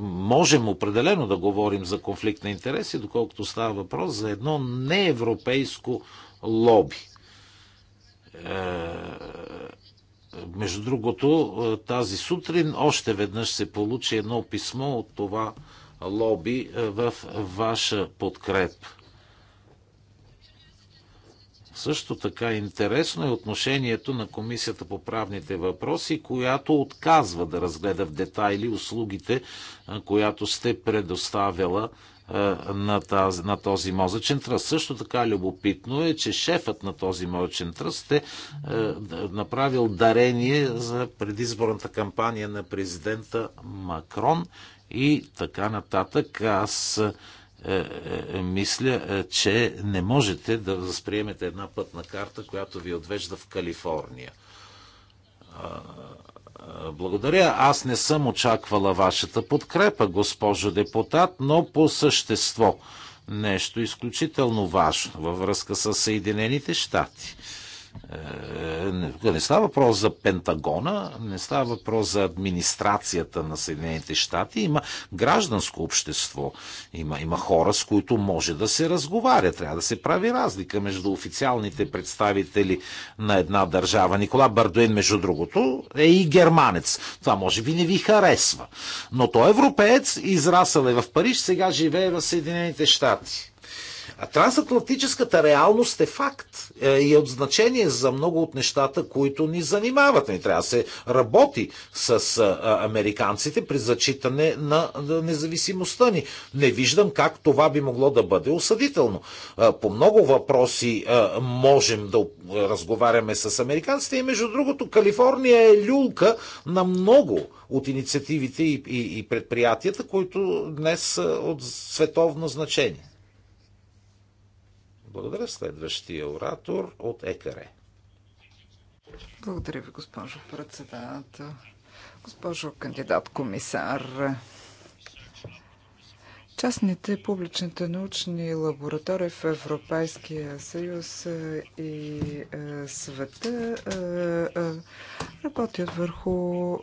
A: можем определено да говорим за конфликт на интереси, доколкото става въпрос за едно неевропейско лоби. Между другото, тази сутрин още веднъж се получи едно писмо от това лоби в ваша подкреп. Също така интересно е отношението на Комисията по правните въпроси, която отказва да разгледа в детайли услугите, която сте предоставила на, тази, на този мозъчен тръст. Също така любопитно е, че шефът на този мозъчен тръст е, е направил дарение за предизборната кампания на президента Макрон и така нататък. Аз е, е, е, мисля, че не можете да възприемете една пътна карта, която ви отвежда в Калифорния. Благодаря. Аз не съм очаквала вашата подкрепа, госпожо депутат, но по същество нещо изключително важно във връзка с Съединените щати. Е, не става въпрос за Пентагона, не става въпрос за администрацията на Съединените щати. Има гражданско общество, има, има хора, с които може да се разговаря. Трябва да се прави разлика между официалните представители на една държава. Никола Бардуен, между другото, е и германец. Това може би не ви харесва. Но той е европеец, израсъл е в Париж, сега живее в Съединените щати. А трансатлантическата реалност е факт е, и е от значение за много от нещата, които ни занимават. Не нали, трябва да се работи с американците при зачитане на независимостта ни. Не виждам как това би могло да бъде осъдително. По много въпроси можем да разговаряме с американците и между другото Калифорния е люлка на много от инициативите и, и, и предприятията, които днес са от световно значение. Благодаря. Следващия оратор от ЕКАРЕ.
B: Благодаря ви, госпожо председател. Госпожо кандидат комисар, Частните и публичните научни лаборатории в Европейския съюз и света работят върху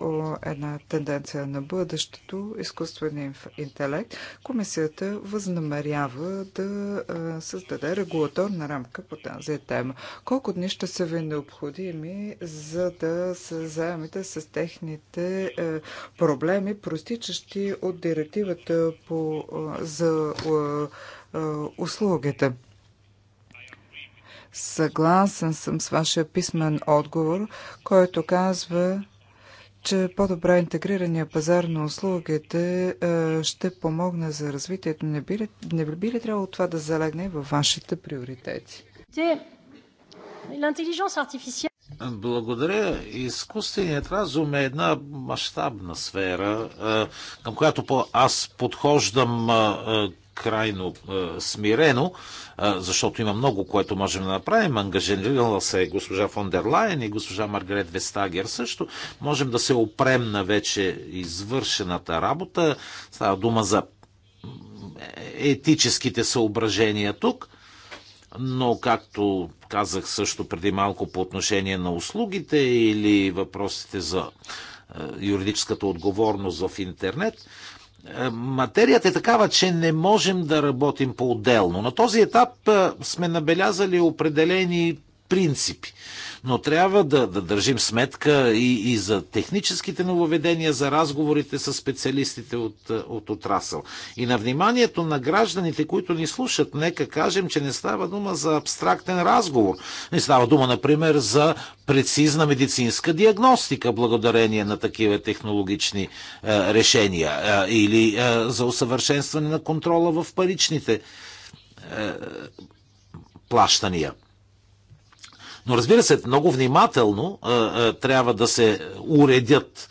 B: една тенденция на бъдещето изкуствения интелект. Комисията възнамерява да създаде регулаторна рамка по тази тема. Колко дни ще са ви необходими, за да се заемете с техните проблеми, простичащи от директивата по за услугите. Съгласен съм с вашия писмен отговор, който казва, че по добра интегрирания пазар на услугите ще помогне за развитието. Не би ли, не би ли трябвало това да залегне във вашите приоритети?
A: Благодаря. Изкуственият разум е една мащабна сфера, към която по- аз подхождам крайно е, смирено, е, защото има много, което можем да направим. Ангажирала се е госпожа фон дер Лайен и госпожа Маргарет Вестагер също. Можем да се опрем на вече извършената работа. Става дума за е, етическите съображения тук. Но, както казах също преди малко по отношение на услугите или въпросите за е, юридическата отговорност в интернет, е, материята е такава, че не можем да работим по-отделно. На този етап е, сме набелязали определени принципи. Но трябва да, да държим сметка и, и за техническите нововведения, за разговорите с специалистите от, от отрасъл. И на вниманието на гражданите, които ни слушат, нека кажем, че не става дума за абстрактен разговор. Не става дума, например, за прецизна медицинска диагностика, благодарение на такива технологични е, решения е, или е, за усъвършенстване на контрола в паричните е, плащания. Но разбира се, много внимателно трябва да се уредят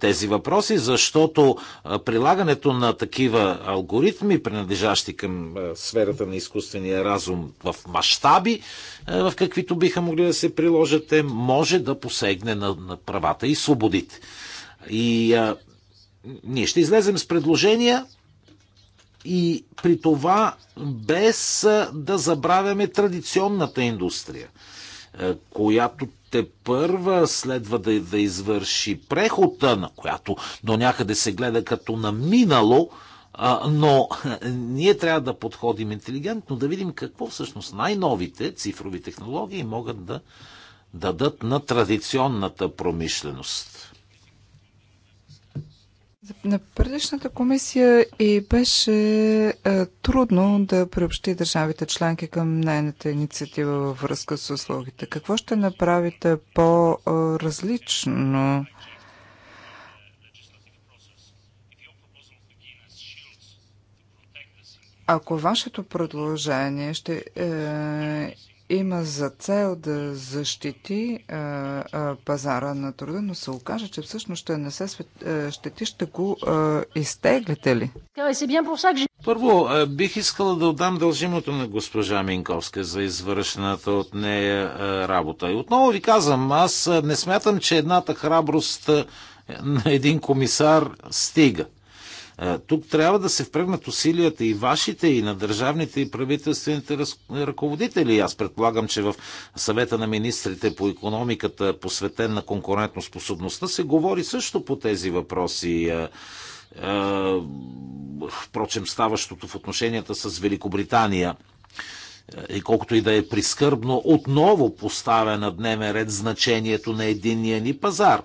A: тези въпроси, защото прилагането на такива алгоритми, принадлежащи към сферата на изкуствения разум в мащаби, в каквито биха могли да се приложат, може да посегне на, на правата и свободите. И а, ние ще излезем с предложения и при това без да забравяме традиционната индустрия, която те първа следва да, да извърши прехода, на която до някъде се гледа като на минало, но ние трябва да подходим интелигентно, да видим какво всъщност най-новите цифрови технологии могат да дадат на традиционната промишленост.
B: На предишната комисия и беше е, трудно да приобщи държавите членки към нейната инициатива във връзка с услугите. Какво ще направите по-различно? Ако вашето предложение ще е, има за цел да защити а, а, пазара на труда, но се окаже, че всъщност ще не се щети, ще го а, изтеглите ли?
C: Е, е,
B: Първо,
A: бих искала да отдам дължимото на госпожа Минковска за извършената от нея работа. И отново ви казвам, аз не смятам, че едната храброст на един комисар стига. Тук трябва да се впрегнат усилията и вашите, и на държавните, и правителствените ръководители. Аз предполагам, че в съвета на министрите по економиката, посветен на конкурентоспособността, се говори също по тези въпроси впрочем, ставащото в отношенията с Великобритания. И колкото и да е прискърбно, отново поставя на дневен ред значението на единния ни пазар.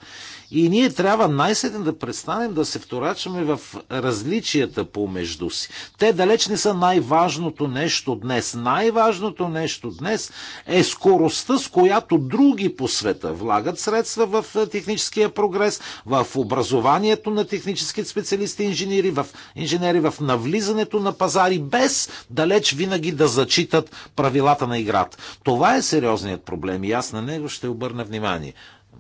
A: И ние трябва най-сетне да престанем да се вторачваме в различията помежду си. Те далеч не са най-важното нещо днес. Най-важното нещо днес е скоростта, с която други по света влагат средства в е, техническия прогрес, в образованието на технически специалисти, инженери, в, инженери, в навлизането на пазари, без далеч винаги да зачитат правилата на играта. Това е сериозният проблем и аз на него ще обърна внимание.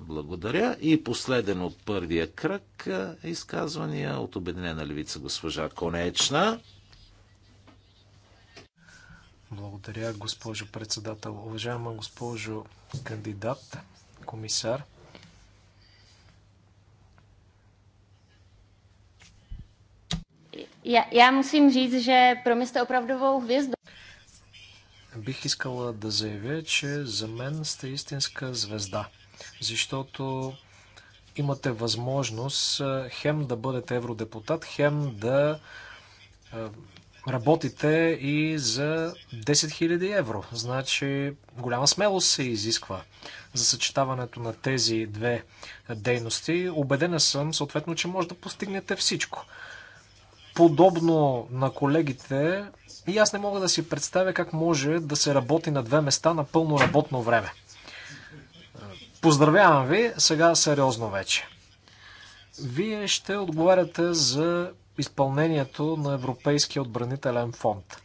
A: Благодаря. И последен от първия кръг е, изказвания от Обединена левица госпожа Конечна.
D: Благодаря, госпожо председател. Уважаема госпожо кандидат, комисар.
C: Я já musím říct, že pro mě jste opravdovou hvězdou.
D: Бих искала да заявя, че за мен сте истинска звезда защото имате възможност хем да бъдете евродепутат, хем да работите и за 10 000 евро. Значи голяма смелост се изисква за съчетаването на тези две дейности. Обедена съм, съответно, че може да постигнете всичко. Подобно на колегите, и аз не мога да си представя как може да се работи на две места на пълно работно време. Поздравявам ви, сега сериозно вече. Вие ще отговаряте за изпълнението на Европейския отбранителен фонд.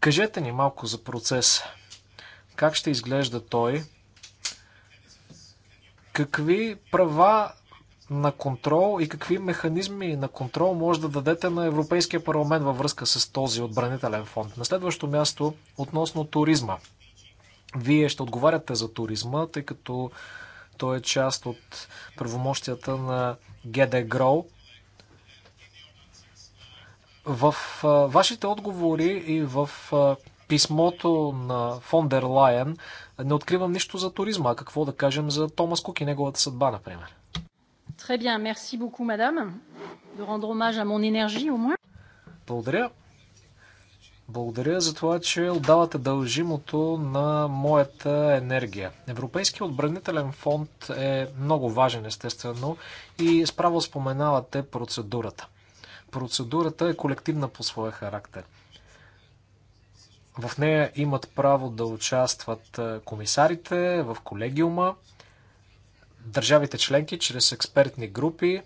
D: Кажете ни малко за процеса. Как ще изглежда той? Какви права на контрол и какви механизми на контрол може да дадете на Европейския парламент във връзка с този отбранителен фонд? На следващо място относно туризма. Вие ще отговаряте за туризма, тъй като той е част от правомощията на ГД Гроу. В вашите отговори и в писмото на Фондер Лайен не откривам нищо за туризма. какво да кажем за Томас Кук и неговата съдба, например?
C: Très bien, merci beaucoup, madame, de rendre hommage à mon énergie au moins.
D: Благодаря. Благодаря за това, че отдавате дължимото на моята енергия. Европейският отбранителен фонд е много важен, естествено, и справо споменавате процедурата. Процедурата е колективна по своя характер. В нея имат право да участват комисарите в колегиума, държавите членки чрез експертни групи,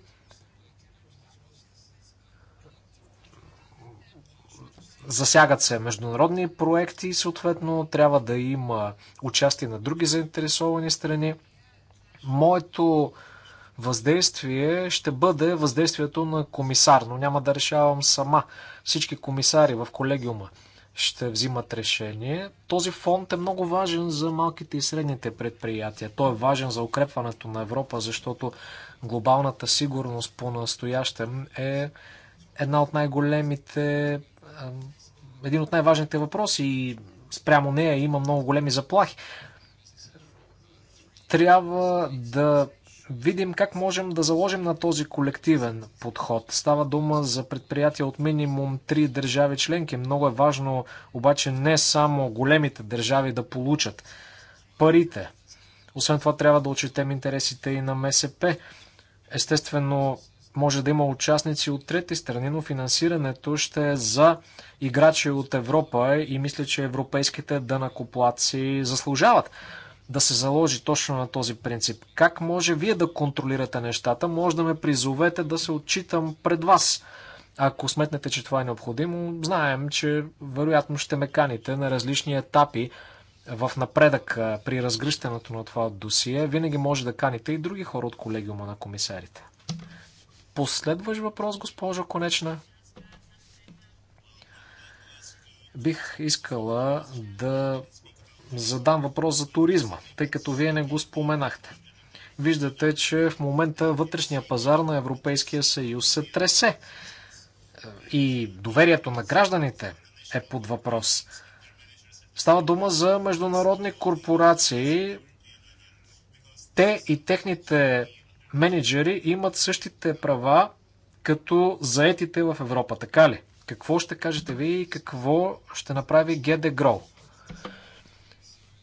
D: Засягат се международни проекти и съответно трябва да има участие на други заинтересовани страни. Моето въздействие ще бъде въздействието на комисар, но няма да решавам сама. Всички комисари в колегиума ще взимат решение. Този фонд е много важен за малките и средните предприятия. Той е важен за укрепването на Европа, защото глобалната сигурност по-настоящем е една от най-големите един от най-важните въпроси и спрямо нея има много големи заплахи. Трябва да видим как можем да заложим на този колективен подход. Става дума за предприятия от минимум три държави членки. Много е важно обаче не само големите държави да получат парите. Освен това трябва да отчетем интересите и на МСП. Естествено, може да има участници от трети страни, но финансирането ще е за играчи от Европа и мисля, че европейските дънакоплаци заслужават да се заложи точно на този принцип. Как може вие да контролирате нещата? Може да ме призовете да се отчитам пред вас. Ако сметнете, че това е необходимо, знаем, че вероятно ще ме каните на различни етапи в напредък при разгръщането на това досие. Винаги може да каните и други хора от колегиума на комисарите последващ въпрос, госпожо Конечна? Бих искала да задам въпрос за туризма, тъй като вие не го споменахте. Виждате, че в момента вътрешния пазар на Европейския съюз се тресе и доверието на гражданите е под въпрос. Става дума за международни корпорации. Те и техните менеджери имат същите права като заетите в Европа, така ли? Какво ще кажете вие и какво ще направи GD Grow?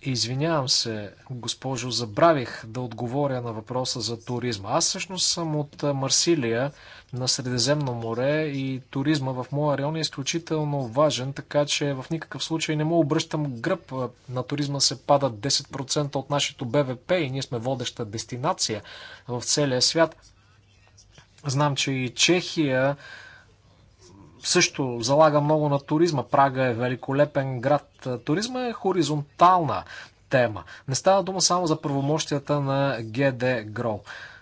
D: Извинявам се, госпожо, забравих да отговоря на въпроса за туризма. Аз всъщност съм от Марсилия на Средиземно море и туризма в моя район е изключително важен, така че в никакъв случай не му обръщам гръб. На туризма се падат 10% от нашето БВП и ние сме водеща дестинация в целия свят. Знам, че и Чехия също залага много на туризма. Прага е великолепен град. Туризма е хоризонтална тема. Не става дума само за правомощията на ГД Гроу.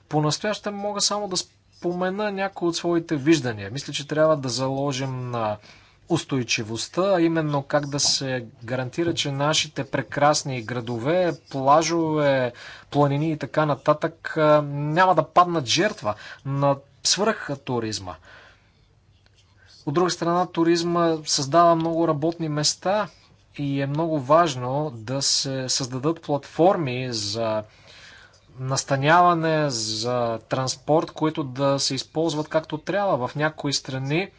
D: По-настояще мога само да спомена някои от своите виждания. Мисля, че трябва да заложим на устойчивостта, а именно как да се гарантира, че нашите прекрасни градове, плажове, планини и така нататък няма да паднат жертва на свръх туризма. От друга страна, туризма създава много работни места и е много важно да се създадат платформи за настаняване, за транспорт, които да се използват както трябва. В някои страни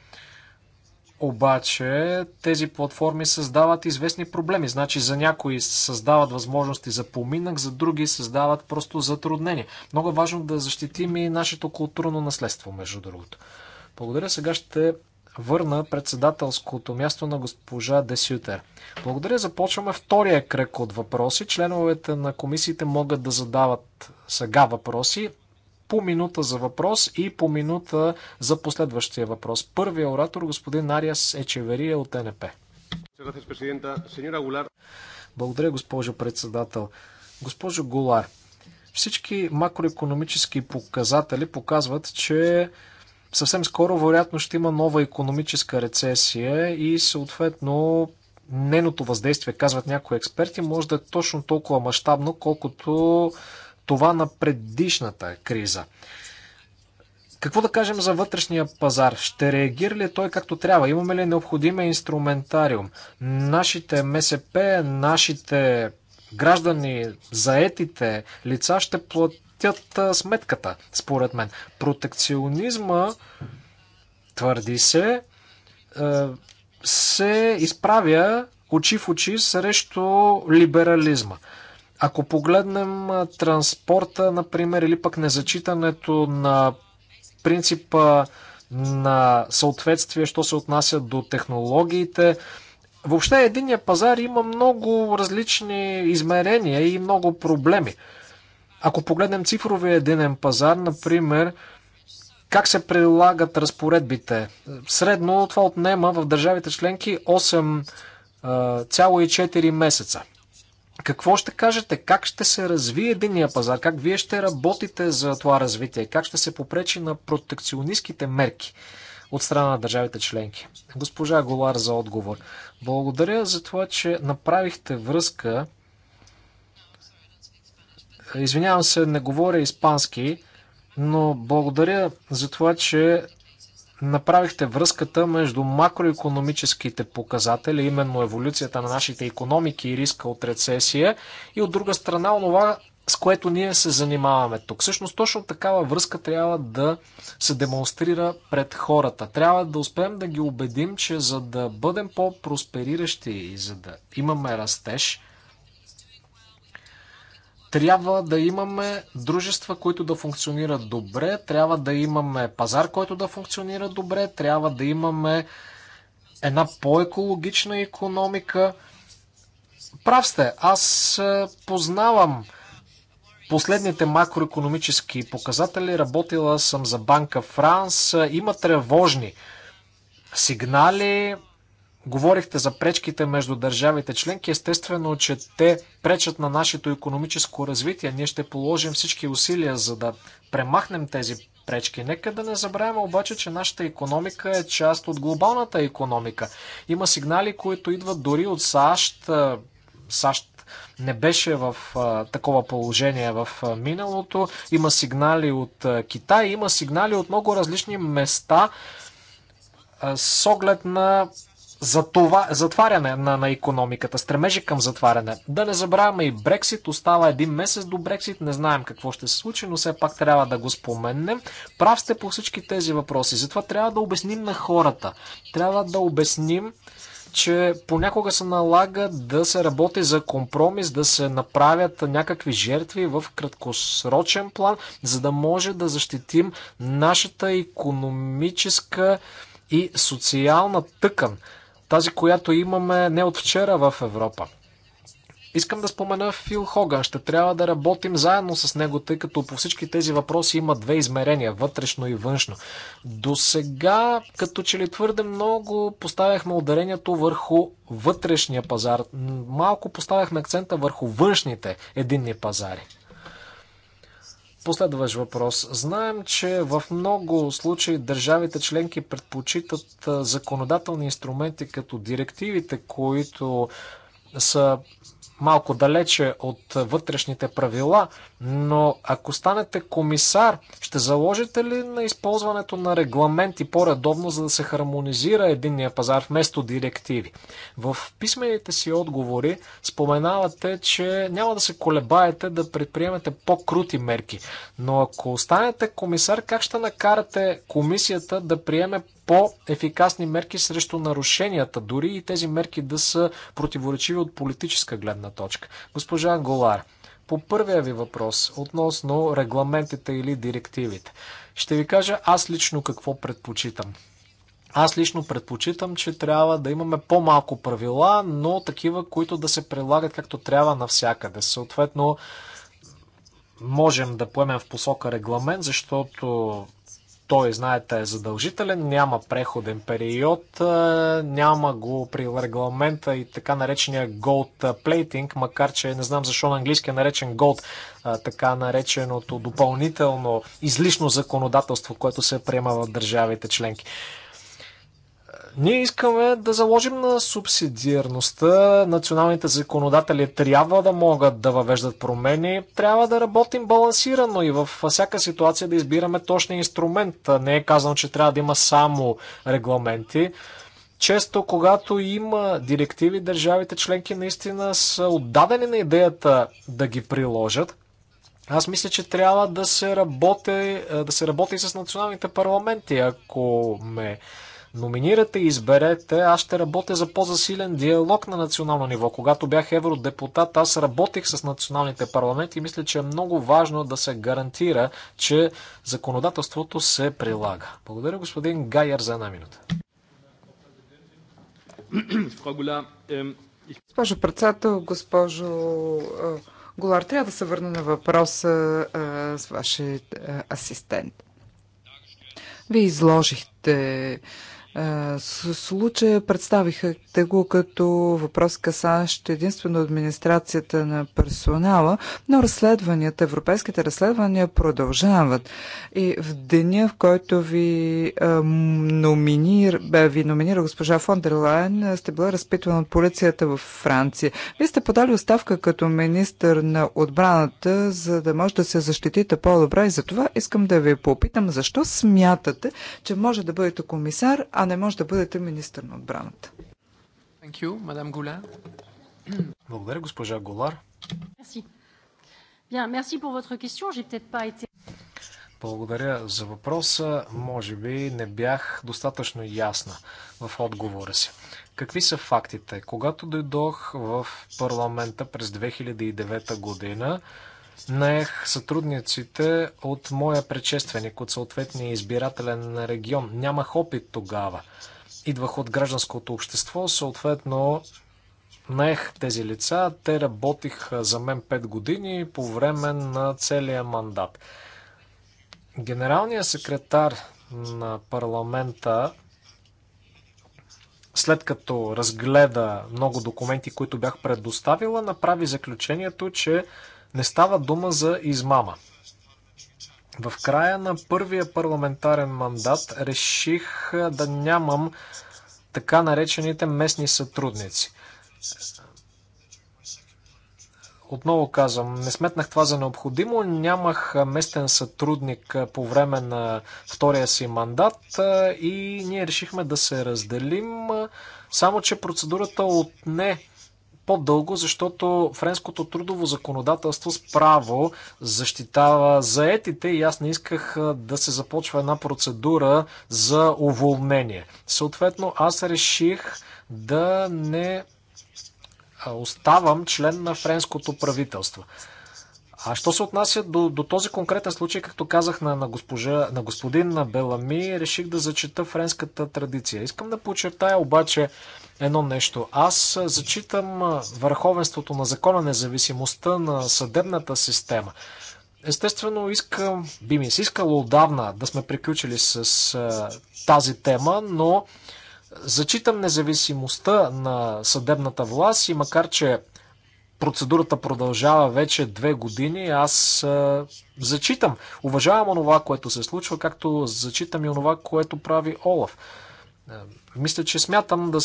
D: обаче тези платформи създават известни проблеми. Значи за някои създават възможности за поминък, за други създават просто затруднения. Много е важно да защитим и нашето културно наследство, между другото. Благодаря. Сега ще върна председателското място на госпожа Десютер. Благодаря. Започваме втория кръг от въпроси. Членовете на комисиите могат да задават сега въпроси. По минута за въпрос и по минута за последващия въпрос. Първият оратор, господин Ариас Ечеверия от НП. Благодаря, госпожо председател. Госпожо Голар, всички макроекономически показатели показват, че съвсем скоро вероятно ще има нова економическа рецесия и съответно неното въздействие, казват някои експерти, може да е точно толкова мащабно, колкото това на предишната криза. Какво да кажем за вътрешния пазар? Ще реагира ли той както трябва? Имаме ли необходим инструментариум? Нашите МСП, нашите граждани, заетите лица ще платят платят сметката, според мен. Протекционизма, твърди се, се изправя очи в очи срещу либерализма. Ако погледнем транспорта, например, или пък незачитането на принципа на съответствие, що се отнася до технологиите, въобще единия пазар има много различни измерения и много проблеми. Ако погледнем цифровия единен пазар, например, как се прилагат разпоредбите? Средно това отнема в държавите членки 8,4 месеца. Какво ще кажете? Как ще се развие единния пазар? Как вие ще работите за това развитие? Как ще се попречи на протекционистските мерки от страна на държавите членки? Госпожа Голар за отговор. Благодаря за това, че направихте връзка Извинявам се, не говоря испански, но благодаря за това, че направихте връзката между макроекономическите показатели, именно еволюцията на нашите економики и риска от рецесия, и от друга страна онова, с което ние се занимаваме тук. Всъщност точно такава връзка трябва да се демонстрира пред хората. Трябва да успеем да ги убедим, че за да бъдем по-проспериращи и за да имаме растеж, трябва да имаме дружества, които да функционират добре, трябва да имаме пазар, който да функционира добре, трябва да имаме една по-екологична економика. Прав сте, аз е, познавам последните макроекономически показатели, работила съм за Банка Франс, е, има тревожни сигнали, Говорихте за пречките между държавите членки. Естествено, че те пречат на нашето економическо развитие. Ние ще положим всички усилия, за да премахнем тези пречки. Нека да не забравяме обаче, че нашата економика е част от глобалната економика. Има сигнали, които идват дори от САЩ. САЩ не беше в а, такова положение в а, миналото. Има сигнали от а, Китай, има сигнали от много различни места а, с оглед на за това, затваряне на, на економиката, стремежи към затваряне. Да не забравяме и Брексит, остава един месец до Брексит, не знаем какво ще се случи, но все пак трябва да го споменем. Прав сте по всички тези въпроси, затова трябва да обясним на хората. Трябва да обясним, че понякога се налага да се работи за компромис, да се направят някакви жертви в краткосрочен план, за да може да защитим нашата економическа и социална тъкан тази, която имаме не от вчера в Европа. Искам да спомена Фил Хоган. Ще трябва да работим заедно с него, тъй като по всички тези въпроси има две измерения вътрешно и външно. До сега, като че ли твърде много, поставяхме ударението върху вътрешния пазар. Малко поставяхме акцента върху външните единни пазари. Последващ въпрос. Знаем, че в много случаи държавите членки предпочитат законодателни инструменти като директивите, които са малко далече от вътрешните правила но ако станете комисар, ще заложите ли на използването на регламенти по-редовно, за да се хармонизира единния пазар вместо директиви? В писмените си отговори споменавате, че няма да се колебаете да предприемете по-крути мерки. Но ако станете комисар, как ще накарате комисията да приеме по-ефикасни мерки срещу нарушенията, дори и тези мерки да са противоречиви от политическа гледна точка? Госпожа Голар, по първия ви въпрос, относно регламентите или директивите, ще ви кажа аз лично какво предпочитам. Аз лично предпочитам, че трябва да имаме по-малко правила, но такива, които да се прилагат както трябва навсякъде. Съответно, можем да поемем в посока регламент, защото той, знаете, е задължителен, няма преходен период, е, няма го при регламента и така наречения gold plating, макар че не знам защо на английски е наречен gold, е, така нареченото допълнително излишно законодателство, което се приема в държавите членки. Ние искаме да заложим на субсидиарността. Националните законодатели трябва да могат да въвеждат промени. Трябва да работим балансирано и във всяка ситуация да избираме точния инструмент. Не е казано, че трябва да има само регламенти. Често, когато има директиви, държавите членки наистина са отдадени на идеята да ги приложат. Аз мисля, че трябва да се работи, да се работи с националните парламенти, ако ме номинирате и изберете, аз ще работя за по-засилен диалог на национално ниво. Когато бях евродепутат, аз работих с националните парламенти и мисля, че е много важно да се гарантира, че законодателството се прилага. Благодаря господин Гайер за една минута.
B: Госпожо председател, госпожо е, Голар, трябва да се върна на въпроса е, с вашия е, асистент. Вие изложихте е, случая те го като въпрос касащ единствено администрацията на персонала, но разследванията, европейските разследвания продължават. И в деня, в който ви, а, е, номинир, бе, ви номинира госпожа фон дер Лайн, сте била разпитвана от полицията в Франция. Вие сте подали оставка като министър на отбраната, за да може да се защитите по-добре и за това искам да ви попитам, защо смятате, че може да бъдете комисар, а не може да бъдете министър на отбраната. You, Благодаря, госпожа Голар.
D: Благодаря за въпроса. Може би не бях достатъчно ясна в отговора си. Какви са фактите? Когато дойдох в парламента през 2009 година, наех сътрудниците от моя предшественик, от съответния избирателен регион. Нямах опит тогава. Идвах от гражданското общество, съответно наех тези лица. Те работиха за мен 5 години по време на целия мандат. Генералният секретар на парламента след като разгледа много документи, които бях предоставила, направи заключението, че не става дума за измама. В края на първия парламентарен мандат реших да нямам така наречените местни сътрудници. Отново казвам, не сметнах това за необходимо. Нямах местен сътрудник по време на втория си мандат и ние решихме да се разделим, само че процедурата отне по-дълго, защото френското трудово законодателство справо защитава заетите и аз не исках да се започва една процедура за уволнение. Съответно, аз реших да не оставам член на френското правителство. А що се отнася до, до този конкретен случай, както казах на, на, госпожа, на господин на Белами, реших да зачета френската традиция. Искам да подчертая обаче, едно нещо. Аз зачитам върховенството на закона, независимостта на съдебната система. Естествено, искам, би ми се искало отдавна да сме приключили с а, тази тема, но зачитам независимостта на съдебната власт и макар, че процедурата продължава вече две години, аз а, зачитам. Уважавам онова, което се случва, както зачитам и онова, което прави Олаф. Е, мисля, че смятам, да,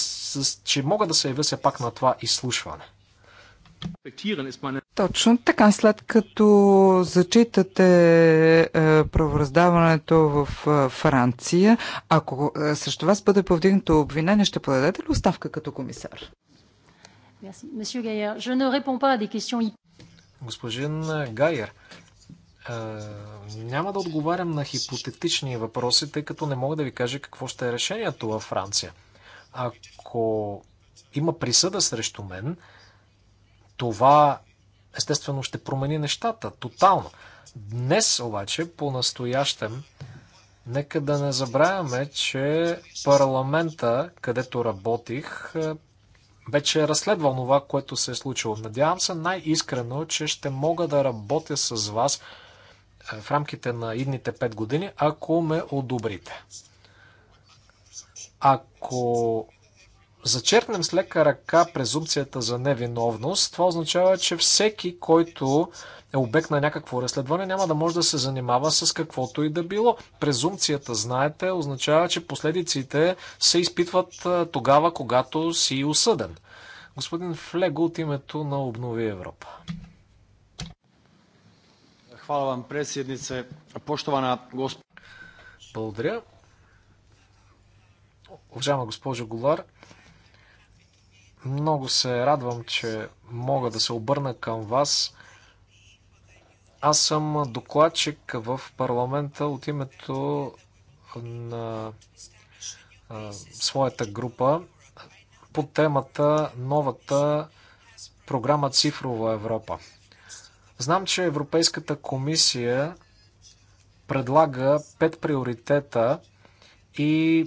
D: че мога да се явя все пак на това изслушване. Е
B: Точно така, след като зачитате е, правораздаването в е, Франция, ако е, срещу вас бъде повдигнато обвинение, ще подадете ли оставка като комисар? Господин Гайер,
D: е, няма да отговарям на хипотетични въпроси, тъй като не мога да ви кажа какво ще е решението във Франция. Ако има присъда срещу мен, това естествено ще промени нещата тотално. Днес обаче, по-настоящем, нека да не забравяме, че парламента, където работих, е, вече е разследвал това, което се е случило. Надявам се най-искрено, че ще мога да работя с вас в рамките на идните 5 години, ако ме одобрите. Ако зачеркнем с лека ръка презумпцията за невиновност, това означава, че всеки, който е обект на някакво разследване, няма да може да се занимава с каквото и да било. Презумпцията, знаете, означава, че последиците се изпитват тогава, когато си осъден. Господин Флего от името на Обнови Европа. Хвала вам, председнице. Поштована госпожа. Благодаря. Уважаема госпожо Голар, много се радвам, че мога да се обърна към вас. Аз съм докладчик в парламента от името на своята група по темата новата програма Цифрова Европа. Знам, че Европейската комисия предлага пет приоритета и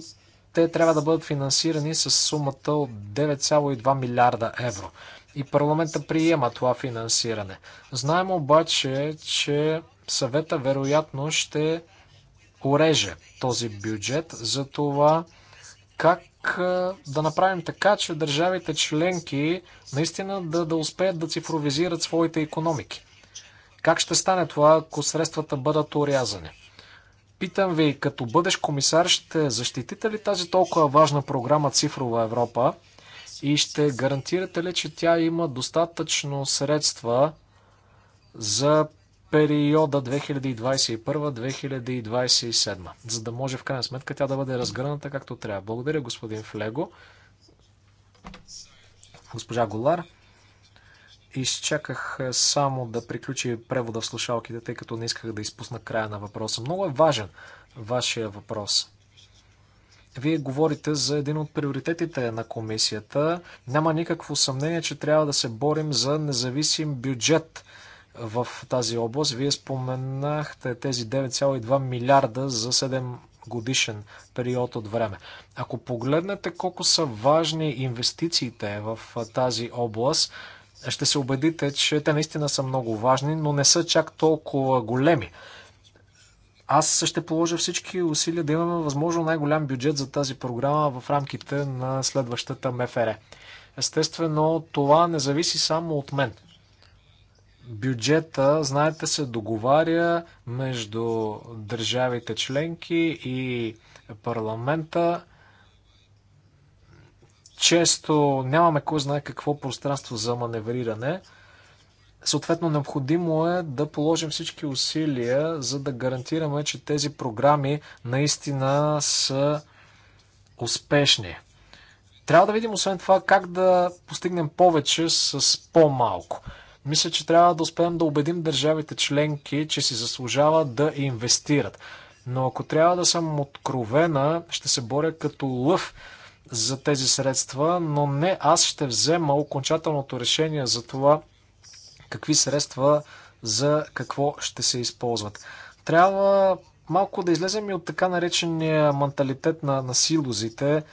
D: те трябва да бъдат финансирани с сумата от 9,2 милиарда евро. И парламента приема това финансиране. Знаем обаче, че съвета вероятно ще уреже този бюджет за това как да направим така, че държавите членки наистина да, да успеят да цифровизират своите економики. Как ще стане това, ако средствата бъдат урязани? Питам ви, като бъдеш комисар, ще защитите ли тази толкова важна програма Цифрова Европа и ще гарантирате ли, че тя има достатъчно средства за периода 2021-2027, за да може в крайна сметка тя да бъде разгърната както трябва. Благодаря, господин Флего. Госпожа Голар. Изчаках само да приключи превода в слушалките, тъй като не исках да изпусна края на въпроса. Много е важен вашия въпрос. Вие говорите за един от приоритетите на комисията. Няма никакво съмнение, че трябва да се борим за независим бюджет в тази област. Вие споменахте тези 9,2 милиарда за 7 годишен период от време. Ако погледнете колко са важни инвестициите в тази област, ще се убедите, че те наистина са много важни, но не са чак толкова големи. Аз ще положа всички усилия да имаме възможно най-голям бюджет за тази програма в рамките на следващата МФР. Естествено, това не зависи само от мен. Бюджета, знаете, се договаря между държавите членки и парламента често нямаме кой знае какво пространство за маневриране. Съответно, необходимо е да положим всички усилия, за да гарантираме, че тези програми наистина са успешни. Трябва да видим, освен това, как да постигнем повече с по-малко. Мисля, че трябва да успеем да убедим държавите членки, че си заслужава да инвестират. Но ако трябва да съм откровена, ще се боря като лъв за тези средства, но не аз ще взема окончателното решение за това какви средства за какво ще се използват. Трябва малко да излезем и от така наречения менталитет на, на силозите,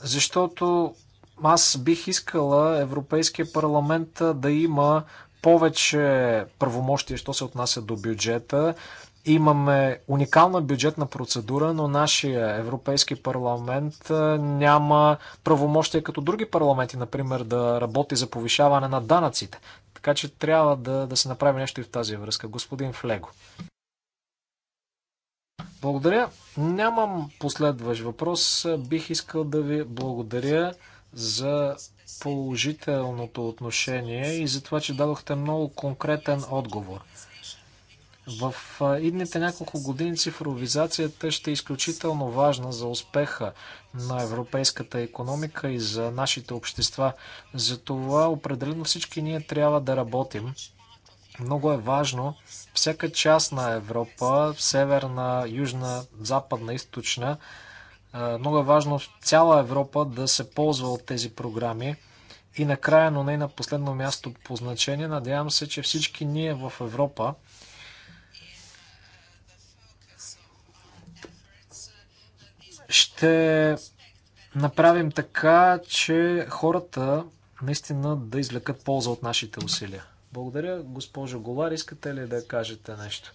D: защото аз бих искала Европейския парламент да има повече правомощия, що се отнася до бюджета. Имаме уникална бюджетна процедура, но нашия Европейски парламент е, няма правомощия като други парламенти, например, да работи за повишаване на данъците. Така че трябва да, да се направи нещо и в тази връзка. Господин Флего. Благодаря. Нямам последващ въпрос. Бих искал да ви благодаря за положителното отношение и за това, че дадохте много конкретен отговор. В идните няколко години цифровизацията ще е изключително важна за успеха на европейската економика и за нашите общества. Затова определено всички ние трябва да работим. Много е важно всяка част на Европа, северна, южна, западна, източна, много е важно цяла Европа да се ползва от тези програми. И накрая, но не на последно място по значение, надявам се, че всички ние в Европа ще направим така, че хората наистина да извлекат полза от нашите усилия. Благодаря, госпожо Голар. Искате ли да кажете нещо?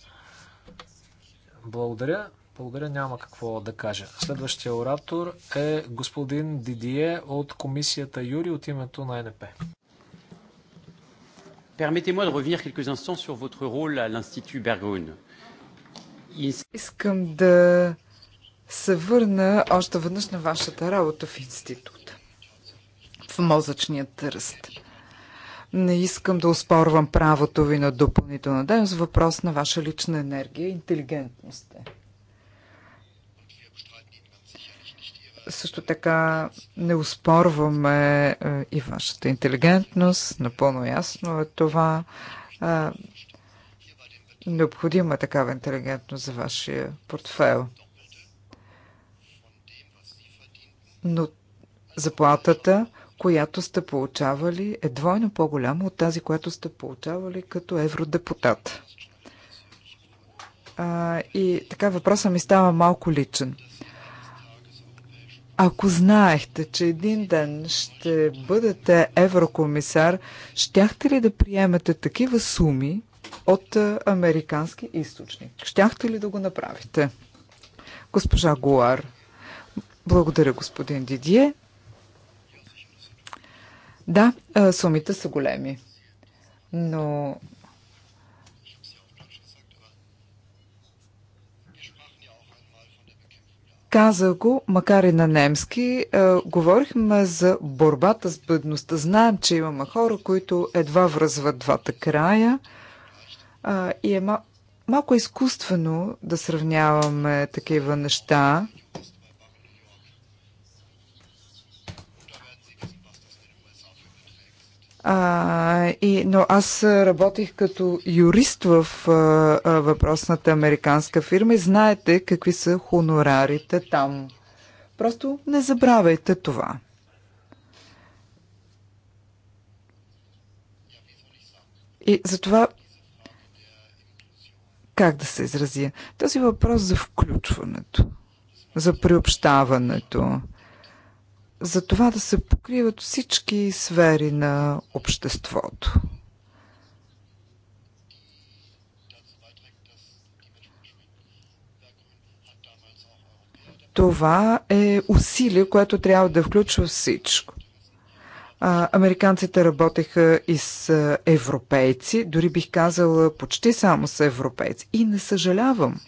D: Благодаря. Благодаря, няма какво да кажа. Следващия оратор е господин Дидие от комисията Юри от името на НП.
C: Permettez-moi de revenir quelques instants sur votre rôle à l'Institut Bergoun.
B: Искам да се върна още веднъж на вашата работа в института, в мозъчния тръст. Не искам да успорвам правото ви на допълнителна дейност. Въпрос на ваша лична енергия и интелигентност е. Също така не успорваме е, и вашата интелигентност. Напълно ясно е това. Е, необходима е такава интелигентност за вашия портфел. но заплатата, която сте получавали, е двойно по-голяма от тази, която сте получавали като евродепутат. А, и така въпросът ми става малко личен. Ако знаехте, че един ден ще бъдете еврокомисар, щяхте ли да приемете такива суми от американски източник? Щяхте ли да го направите? Госпожа Гуар. Благодаря, господин Дидие. Да, сумите са големи, но Каза го, макар и на немски, е, говорихме за борбата с бедността. Знаем, че имаме хора, които едва връзват двата края е, и е малко изкуствено да сравняваме такива неща. А, и, но аз работих като юрист в а, въпросната американска фирма и знаете какви са хонорарите там. Просто не забравяйте това. И затова, как да се изразя, този въпрос за включването, за приобщаването, за това да се покриват всички сфери на обществото. Това е усилие, което трябва да включва всичко. А, американците работеха и с европейци, дори бих казала почти само с европейци. И не съжалявам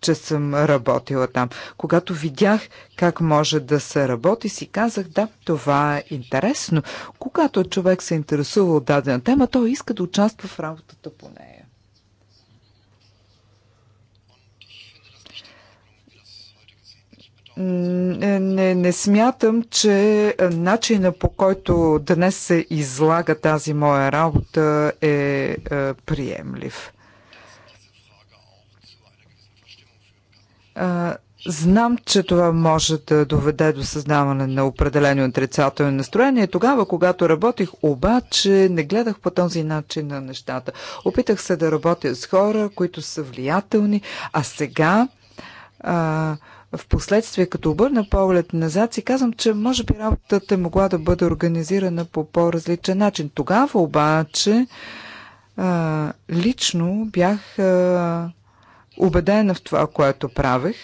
B: че съм работила там. Когато видях как може да се работи, си казах, да, това е интересно. Когато човек се интересува от дадена тема, той иска да участва в работата по нея. Не, не смятам, че начина по който днес се излага тази моя работа е, е приемлив. Знам, че това може да доведе до създаване на определено отрицателно настроение, Тогава, когато работих, обаче не гледах по този начин на нещата. Опитах се да работя с хора, които са влиятелни, а сега а, в последствие, като обърна поглед назад, си казвам, че може би работата е могла да бъде организирана по по-различен начин. Тогава обаче а, лично бях а, убедена в това, което правех.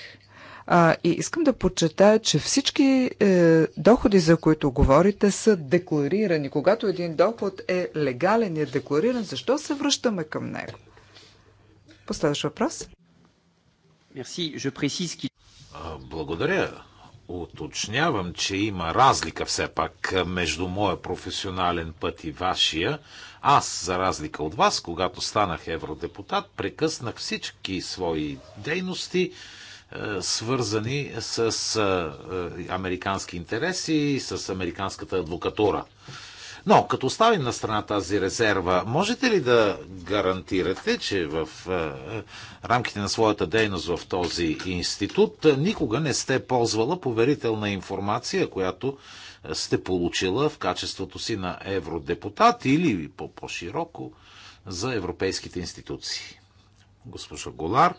B: А, и искам да подчертая, че всички е, доходи, за които говорите, са декларирани. Когато един доход е легален и е деклариран, защо се връщаме към него? Последващ въпрос.
A: Благодаря. Уточнявам, че има разлика все пак между моя професионален път и вашия. Аз, за разлика от вас, когато станах евродепутат, прекъснах всички свои дейности, е, свързани с е, е, американски интереси и с американската адвокатура. Но, като оставим на страна тази резерва, можете ли да гарантирате, че в рамките на своята дейност в този институт никога не сте ползвала поверителна информация, която сте получила в качеството си на евродепутат или по-широко за европейските институции. Госпожа Голар,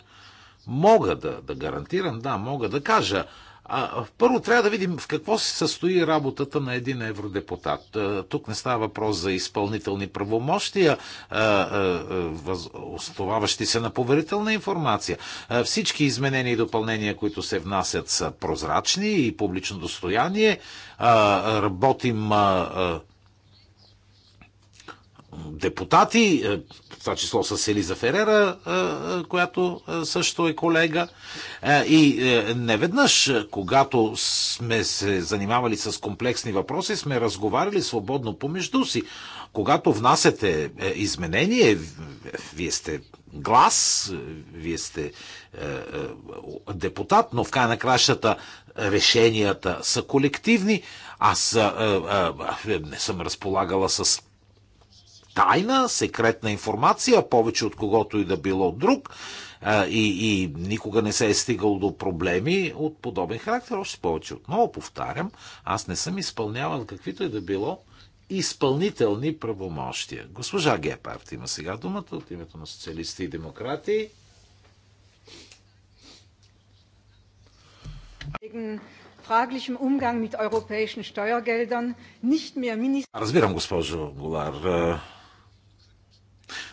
A: мога да, да гарантирам, да, мога да кажа, а, първо трябва да видим в какво се състои работата на един евродепутат. Тук не става въпрос за изпълнителни правомощия, основаващи се на поверителна информация. Всички изменения и допълнения, които се внасят, са прозрачни и публично достояние. Работим депутати, е, в това число с Елиза Ферера, е, е, която също е колега. И неведнъж, когато сме се занимавали с комплексни въпроси, сме разговаряли свободно помежду си. Когато внасяте изменение, вие сте глас, вие сте депутат, но в край на кращата решенията са колективни. Аз не съм разполагала с тайна, секретна информация, повече от когото и да било друг. И, и никога не се е стигал до проблеми от подобен характер. Още повече, отново повтарям, аз не съм изпълнявал каквито и да било изпълнителни правомощия. Госпожа Гепард има сега думата от името на социалисти и демократи. Разбирам, госпожо Голар.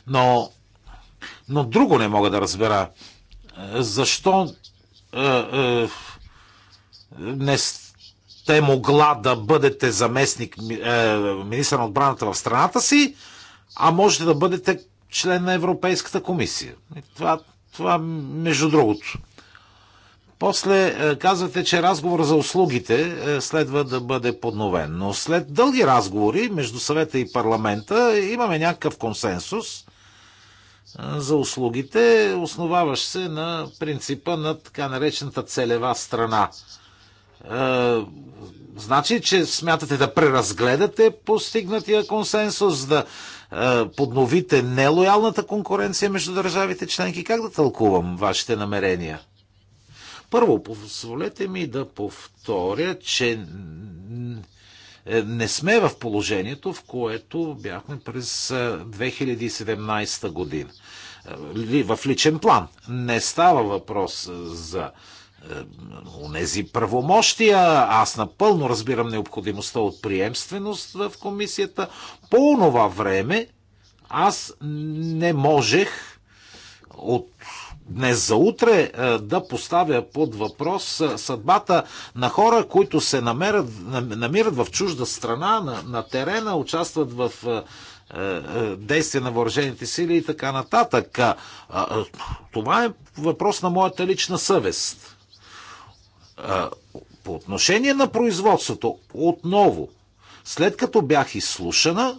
A: Но, но друго не мога да разбера. Е, защо е, е, не сте могла да бъдете заместник е, министър на отбраната в страната си, а можете да бъдете член на Европейската комисия. Това, това между другото. После е, казвате, че разговор за услугите е, следва да бъде подновен. Но след дълги разговори между съвета и парламента имаме някакъв консенсус е, за услугите, основаващ се на принципа на така наречената целева страна. Значи, че смятате да преразгледате постигнатия консенсус, да подновите нелоялната конкуренция между държавите членки. Как да тълкувам вашите намерения? Първо, позволете ми да повторя, че не сме в положението, в което бяхме през 2017 година. В личен план. Не става въпрос за онези правомощия. Аз напълно разбирам необходимостта от приемственост в комисията. По това време аз не можех от днес за утре е, да поставя под въпрос е, съдбата на хора, които се намерят, намират в чужда страна, на, на терена, участват в е, действия на въоръжените сили и така нататък. Това е въпрос на моята лична съвест. По отношение на производството, отново, след като бях изслушана,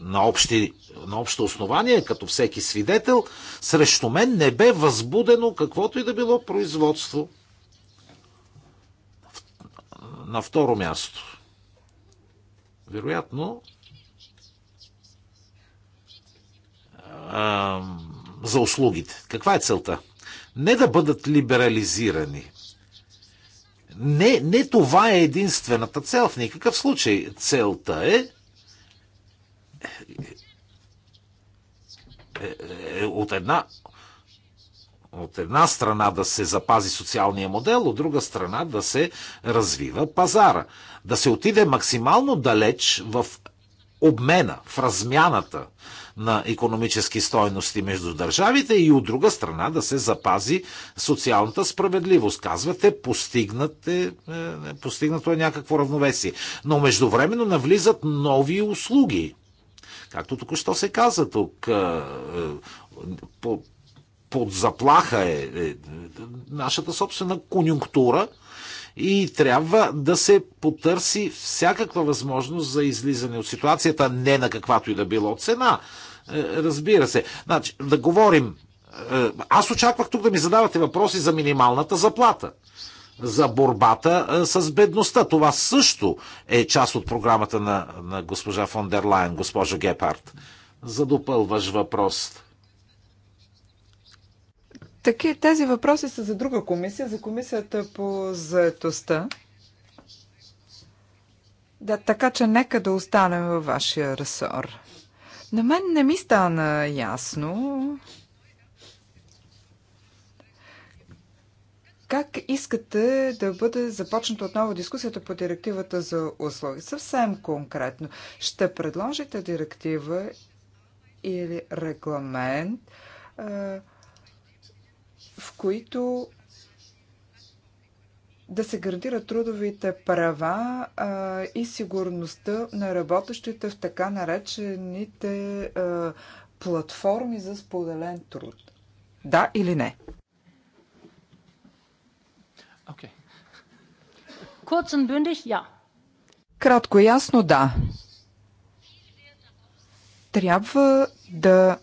A: на, общи, на общо основание, като всеки свидетел, срещу мен не бе възбудено каквото и да било производство. На второ място. Вероятно, а, за услугите. Каква е целта? Не да бъдат либерализирани. Не, не това е единствената цел. В никакъв случай целта е е, е, от една от една страна да се запази социалния модел, от друга страна да се развива пазара. Да се отиде максимално далеч в обмена, в размяната на економически стойности между държавите и от друга страна да се запази социалната справедливост. Казвате, е, постигнато е някакво равновесие. Но междувременно навлизат нови услуги Както току-що се каза тук, под заплаха е, е нашата собствена конюнктура и трябва да се потърси всякаква възможност за излизане от ситуацията, не на каквато и да било цена. Е, разбира се. Значи, да говорим. Е, аз очаквах тук да ми задавате въпроси за минималната заплата за борбата с бедността. Това също е част от програмата на, на госпожа фон дер Лайен, госпожо Гепард. За допълваш въпрос.
B: Таки, тези въпроси са за друга комисия, за комисията по заетостта. Да, така че нека да останем във вашия ресор. На мен не ми стана ясно Как искате да бъде започната отново дискусията по директивата за услови, Съвсем конкретно. Ще предложите директива или регламент, в които да се гарантират трудовите права а, и сигурността на работещите в така наречените а, платформи за споделен труд. Да или не? Okay.
C: Kurz und bündig, ja.
B: Кратко и ясно, да. Трябва да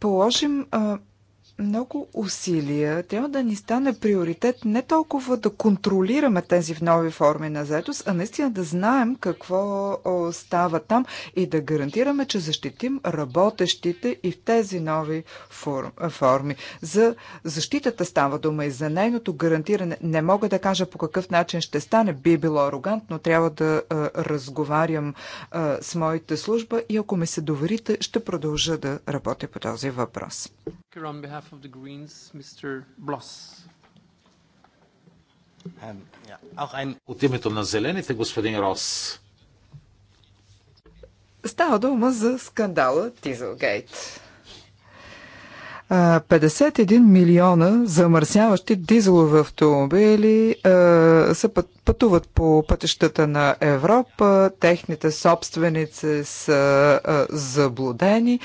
B: положим а, много усилия трябва да ни стане приоритет не толкова да контролираме тези нови форми на заетост, а наистина да знаем какво става там и да гарантираме, че защитим работещите и в тези нови форми. За защитата става дума и за нейното гарантиране. Не мога да кажа по какъв начин ще стане, би било арогантно, трябва да разговарям с моите служба и ако ме се доверите, ще продължа да работя по този въпрос
D: of the Greens, Mr. Bloss.
A: От името на зелените, господин Рос.
B: Става дума за скандала Тизелгейт. 51 милиона замърсяващи дизелови автомобили се пътуват по пътищата на Европа, техните собственици са заблудени,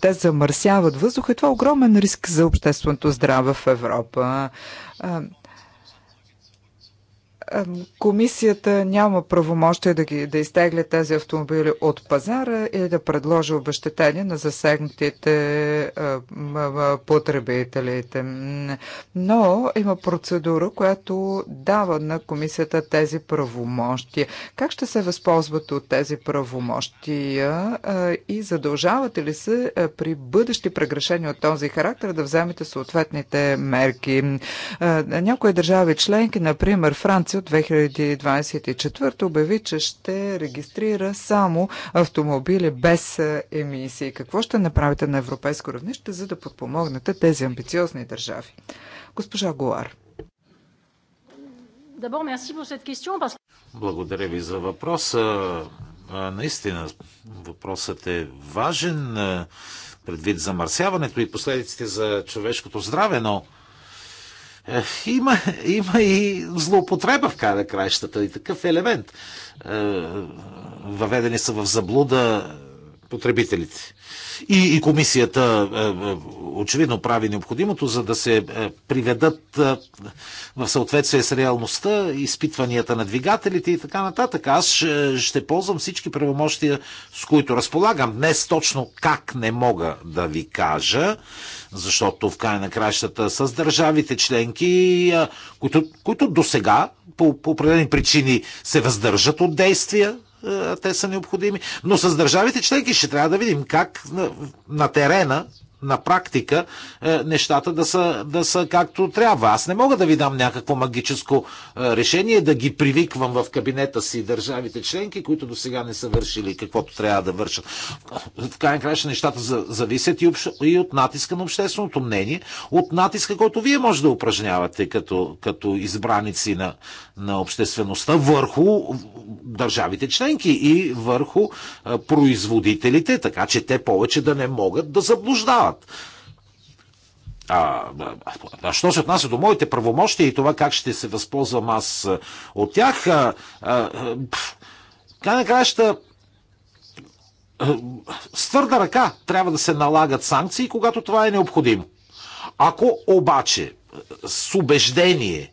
B: те замърсяват въздуха и това е огромен риск за общественото здраве в Европа. Комисията няма правомощие да, ги, да изтегля тези автомобили от пазара и да предложи обещетение на засегнатите потребителите. Но има процедура, която дава на комисията тези правомощия. Как ще се възползвате от тези правомощия и задължавате ли се при бъдещи прегрешения от този характер да вземете съответните мерки? Някои държави членки, например Франция, 2024 обяви, че ще регистрира само автомобили без е, емисии. Какво ще направите на европейско равнище, за да подпомогнете тези амбициозни държави? Госпожа Голар.
A: Благодаря ви за въпроса. Наистина, въпросът е важен предвид замърсяването и последиците за човешкото здраве, но има, има и злоупотреба в края на краищата и такъв елемент. Е, въведени са в заблуда потребителите. И, и комисията е, е, очевидно прави необходимото, за да се е, приведат в съответствие с реалността, изпитванията на двигателите и така нататък. Аз ще, ще ползвам всички правомощия, с които разполагам. Днес точно как не мога да ви кажа, защото в край на кращата с държавите членки, които, които до сега по, по определени причини се въздържат от действия е, те са необходими, но с държавите членки ще трябва да видим как на, на терена на практика е, нещата да са, да са както трябва. Аз не мога да ви дам някакво магическо е, решение, да ги привиквам в кабинета си държавите членки, които до сега не са вършили каквото трябва да вършат. В крайна краща нещата зависят и, общ... и от натиска на общественото мнение, от натиска, който вие може да упражнявате като, като избраници на, на обществеността върху държавите членки и върху е, производителите, така че те повече да не могат да заблуждават назад. А, а, а що се отнася до моите правомощия и това как ще се възползвам аз от тях, а, а, край с твърда ръка трябва да се налагат санкции, когато това е необходимо. Ако обаче с убеждение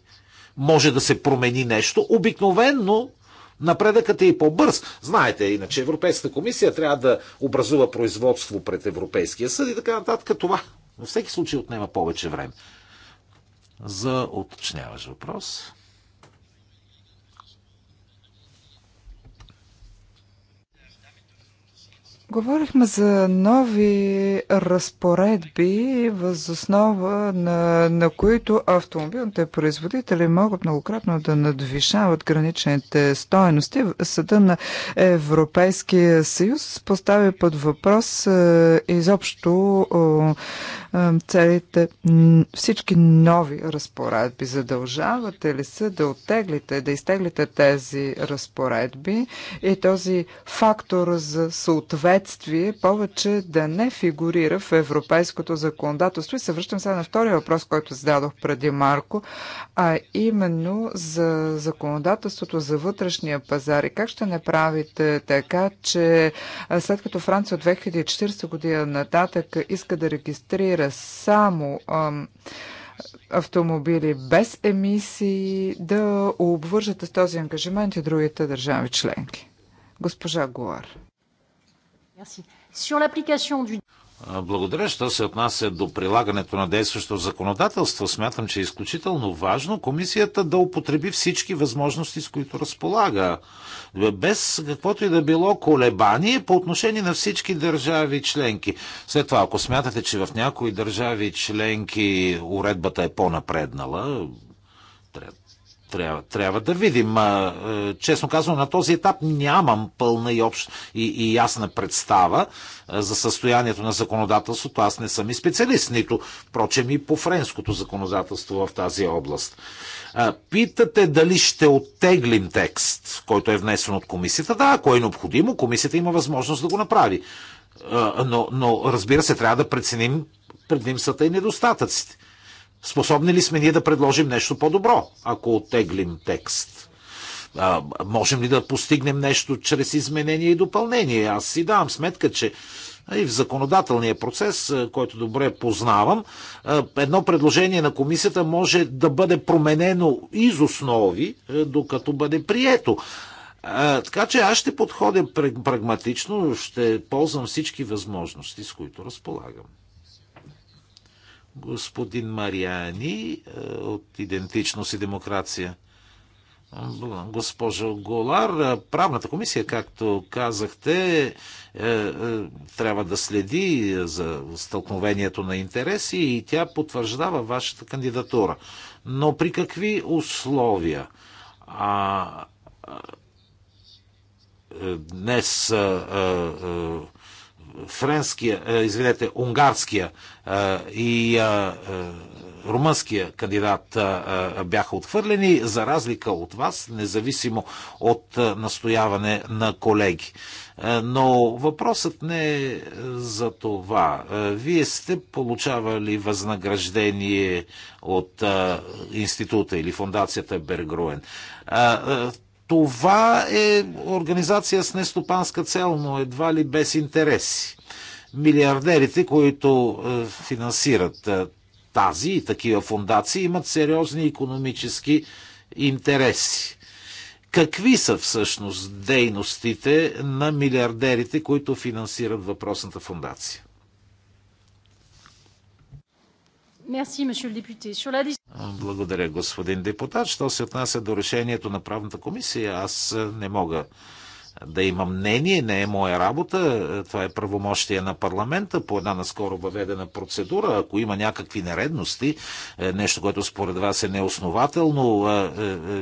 A: може да се промени нещо, обикновенно Напредъкът е и по-бърз. Знаете, иначе Европейската комисия трябва да образува производство пред Европейския съд и така нататък. Това във всеки случай отнема повече време. За уточняваш
B: въпрос. Говорихме за нови разпоредби, възоснова на, на които автомобилните производители могат многократно да надвишават граничните стоености. Съда на Европейския съюз постави под въпрос е, изобщо е, целите, всички нови разпоредби. Задължавате ли се да оттеглите, да изтеглите тези разпоредби и този фактор за съответствие повече да не фигурира в европейското законодателство? И се връщам сега на втория въпрос, който зададох преди Марко, а именно за законодателството за вътрешния пазар и как ще направите така, че след като Франция от 2040 година нататък иска да регистрира регистрира само автомобили без емисии, да обвържат с този ангажимент и другите държави членки. Госпожа Гуар.
A: Благодаря. Що се отнася до прилагането на действащо законодателство, смятам, че е изключително важно комисията да употреби всички възможности, с които разполага, без каквото и да било колебание по отношение на всички държави членки. След това, ако смятате, че в някои държави членки уредбата е по-напреднала, трябва, трябва да видим. Е, честно казвам, на този етап нямам пълна и, общ, и, и ясна представа за състоянието на законодателството. Аз не съм и специалист, нито, впрочем, и по френското законодателство в тази област. Питате дали ще оттеглим текст, който е внесен от комисията. Да, ако е необходимо, комисията има възможност да го направи. Но, но разбира се, трябва да преценим предимствата и недостатъците. Способни ли сме ние да предложим нещо по-добро, ако оттеглим текст? А, можем ли да постигнем нещо чрез изменение и допълнение? Аз си давам сметка, че и в законодателния процес, който добре познавам, едно предложение на комисията може да бъде променено из основи, докато бъде прието. Така че аз ще подходя прагматично, ще ползвам всички възможности, с които разполагам господин Мариани е, от Идентичност и демокрация. Госпожо Голар, правната комисия, както казахте, е, е, трябва да следи за стълкновението на интереси и тя потвърждава вашата кандидатура. Но при какви условия? А, днес а, а, френския, е, извинете, унгарския е, и е, румънския кандидат бяха отхвърлени, за разлика от вас, независимо от настояване на колеги. Но въпросът не е за това. Вие сте получавали възнаграждение от института или фундацията Бергруен това е организация с нестопанска цел, но едва ли без интереси. Милиардерите, които е, финансират е, тази и такива фундации, имат сериозни економически интереси. Какви са всъщност дейностите на милиардерите, които финансират въпросната фундация?
C: Мерси, месье депутат.
A: Благодаря, господин депутат. Що се отнася до решението на правната комисия, аз не мога да има мнение, не е моя работа, е, това е правомощие на парламента по една наскоро въведена процедура. Ако има някакви нередности, е, нещо, което според вас е неоснователно, е,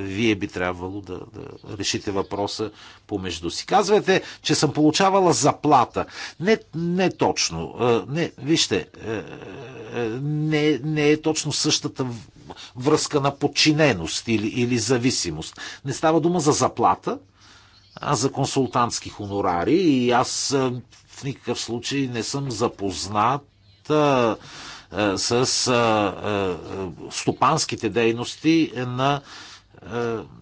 A: вие би трябвало да, да решите въпроса помежду си. Казвате, че съм получавала заплата. Не, не точно. Не, вижте, не, не е точно същата връзка на подчиненост или, или зависимост. Не става дума за заплата, а за консултантски хонорари. И аз в никакъв случай не съм запознат с стопанските дейности на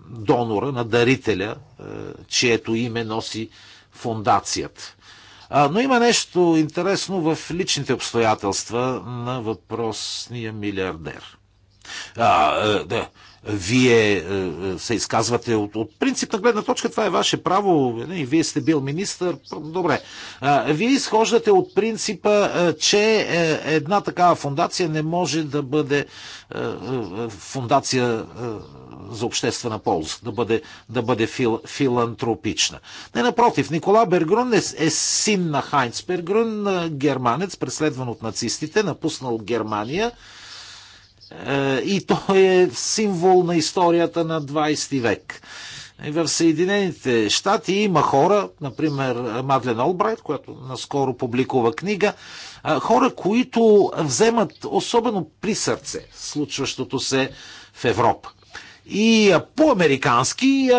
A: донора, на дарителя, чието име носи фундацията. Но има нещо интересно в личните обстоятелства на въпросния милиардер. А, да, вие е, е, се изказвате от, от принципна гледна точка, това е ваше право, не, нали, вие сте бил министър, добре. Вие изхождате от принципа, е, че една такава фундация не може да бъде фундация за обществена полза, да бъде, да бъде фил, филантропична. Не, напротив, Никола Бергрун е, е син на Хайнц Бергрун, германец, преследван от нацистите, напуснал Германия е, и той е символ на историята на 20 век. Е, в Съединените щати има хора, например Мадлен Олбрайт, която наскоро публикува книга, е, хора, които вземат особено при сърце случващото се в Европа и по-американски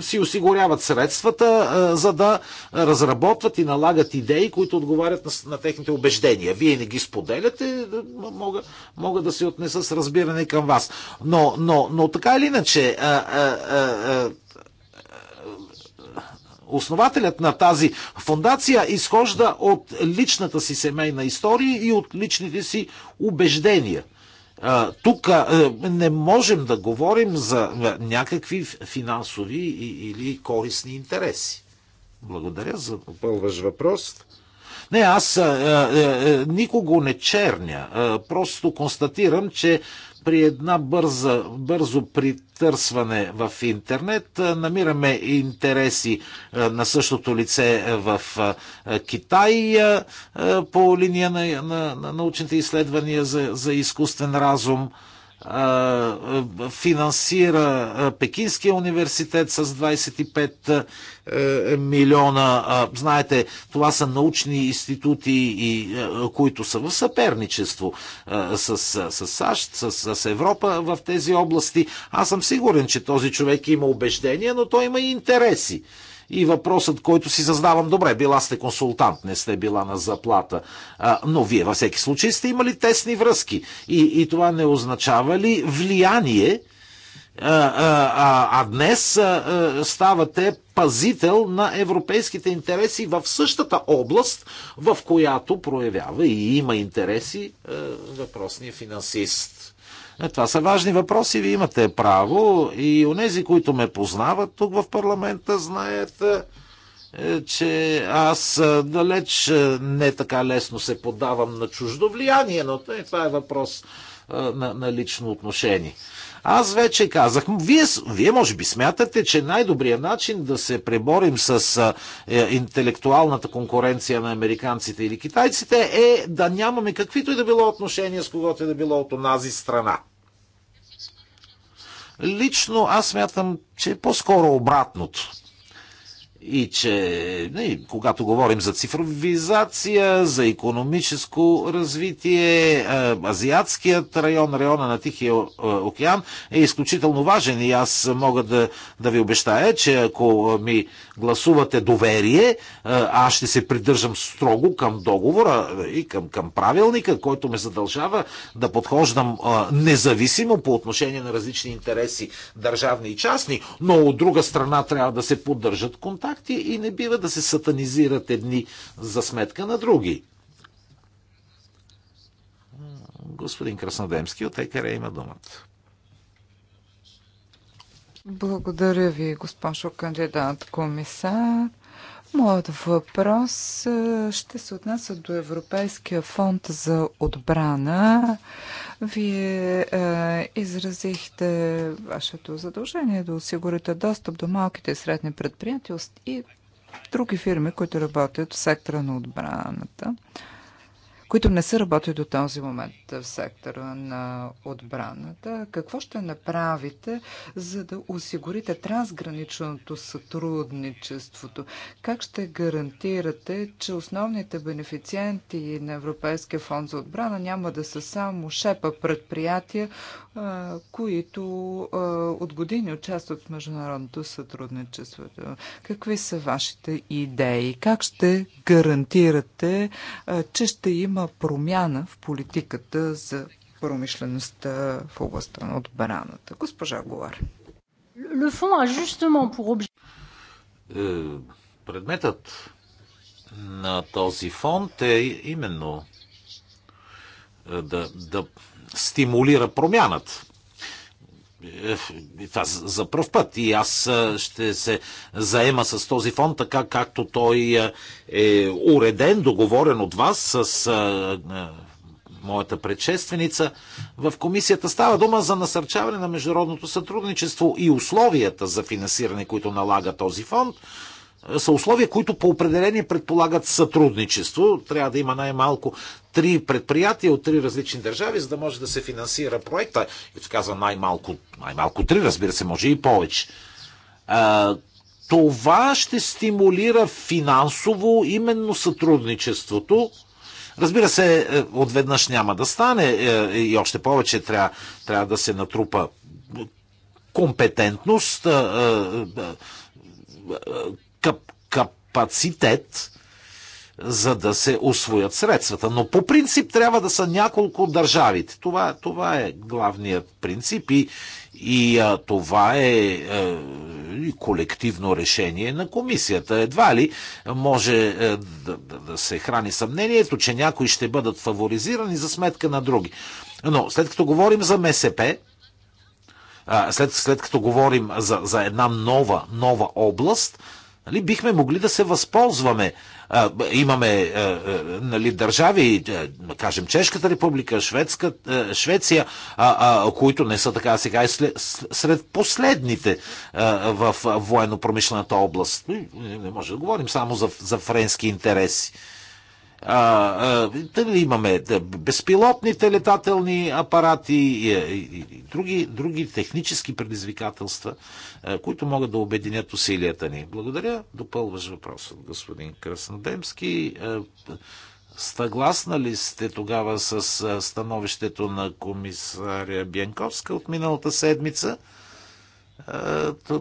A: си осигуряват средствата, за да разработват и налагат идеи, които отговарят на, на техните убеждения. Вие не ги споделяте, мога, мога да се отнеса с разбиране към вас. Но, но, но така или иначе, а, а, а, основателят на тази фундация изхожда от личната си семейна история и от личните си убеждения. Тук не можем да говорим за някакви финансови или корисни интереси. Благодаря за попълваш въпрос. Не, аз а, а, никого не черня. А, просто констатирам, че при една бърза, бързо притърсване в интернет намираме интереси на същото лице в Китай по линия на, на, на научните изследвания за, за изкуствен разум – финансира Пекинския университет с 25 е, милиона. Знаете, това са научни институти, които са в съперничество с, САЩ, с Европа в тези области. Аз съм сигурен, че този човек има убеждения, но той има и интереси и въпросът, който си задавам, добре, била сте консултант, не сте била на заплата, но вие във всеки случай сте имали тесни връзки. И, и това не означава ли влияние, а, а, а днес а, ставате пазител на европейските интереси в същата област, в която проявява и има интереси въпросния финансист. Е, това са важни въпроси, вие имате право и онези, които ме познават тук в парламента, знаят, е, е, че аз далеч не така лесно се подавам на чуждо влияние, но това е въпрос на, на лично отношение. Аз вече казах, вие, вие може би смятате, че най-добрият начин да се преборим с е, интелектуалната конкуренция на американците или китайците е да нямаме каквито и да било отношения с когото и да било от онази страна. Лично аз смятам, че е по-скоро обратното и че не, нали, когато говорим за цифровизация, за економическо развитие, азиатският район, района на Тихия океан е изключително важен и аз мога да, да ви обещая, че ако ми гласувате доверие, аз ще се придържам строго към договора и нали, към, към правилника, който ме задължава да подхождам независимо по отношение на различни интереси, държавни и частни, но от друга страна трябва да се поддържат контакти факти и не бива да се сатанизират едни за сметка на други. Господин Краснодемски от ЕКР има думата.
B: Благодаря ви, госпожо кандидат комисар. Моят въпрос ще се отнася до Европейския фонд за отбрана. Вие е, изразихте вашето задължение да осигурите достъп до малките и средни предприятия и други фирми, които работят в сектора на отбраната. Е, които не са работили до този момент в сектора на отбраната. Какво ще направите, за да осигурите трансграничното сътрудничеството? Как ще гарантирате, че основните бенефициенти на Европейския фонд за отбрана няма да са само шепа предприятия, които от години участват в международното сътрудничество? Какви са вашите идеи? Как ще гарантирате, че ще има има промяна в политиката за промишлеността в областта на отбраната. Госпожа Говар.
A: Е, предметът на този фонд е именно е, да, да стимулира промяната е, това за първ път. И аз ще се заема с този фонд, така както той е уреден, договорен от вас с моята предшественица, в комисията става дума за насърчаване на международното сътрудничество и условията за финансиране, които налага този фонд, са условия, които по определение предполагат сътрудничество. Трябва да има най-малко три предприятия от три различни държави, за да може да се финансира проекта. И се казва най-малко, най-малко три, разбира се, може и повече. А, това ще стимулира финансово именно сътрудничеството. Разбира се, е, отведнъж няма да стане е, и още повече трябва, трябва да се натрупа компетентност, е, къп, капацитет, за да се освоят средствата. Но по принцип трябва да са няколко държавите. Това, това е главният принцип и, и а, това е, е колективно решение на комисията. Едва ли може е, да, да, да се храни съмнението, че някои ще бъдат фаворизирани за сметка на други. Но след като говорим за МСП, след, след като говорим за, за една нова, нова област, Нали, бихме могли да се възползваме. А, имаме а, е, е, нали, държави, е, а, кажем Чешката република, Шведска, а, Швеция, а, а, които не са така сега и след, сред последните а, в военно-промишлената област. Не може да говорим само за, за френски интереси. А, а, имаме безпилотните летателни апарати е, и, и, и други, други технически предизвикателства, а, е, които могат да обединят усилията ни. Благодаря. Допълваш въпросът, господин Краснодемски. Е, съгласна ли сте тогава с становището на комисаря Бянковска от миналата седмица?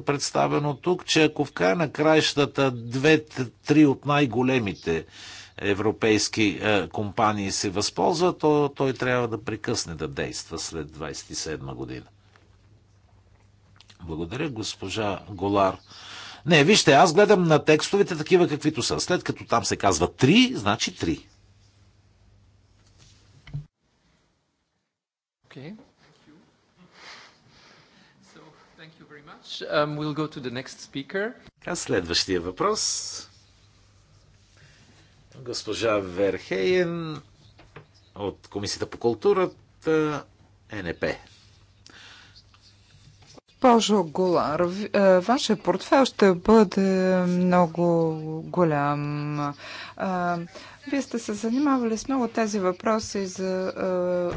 A: представено тук, че ако в края на краищата две-три от най-големите европейски е, компании се възползват, то той трябва да прекъсне да действа след 27 година. Благодаря, госпожа Голар. Не, вижте, аз гледам на текстовете такива каквито са. След като там се казва 3, значи 3. Okay. Um, we'll go to the next speaker. следващия въпрос. Госпожа Верхейен от Комисията по културата е НП.
B: Госпожо Голар, е, вашия портфел ще бъде много голям. Е, вие сте се занимавали с много тези въпроси за а,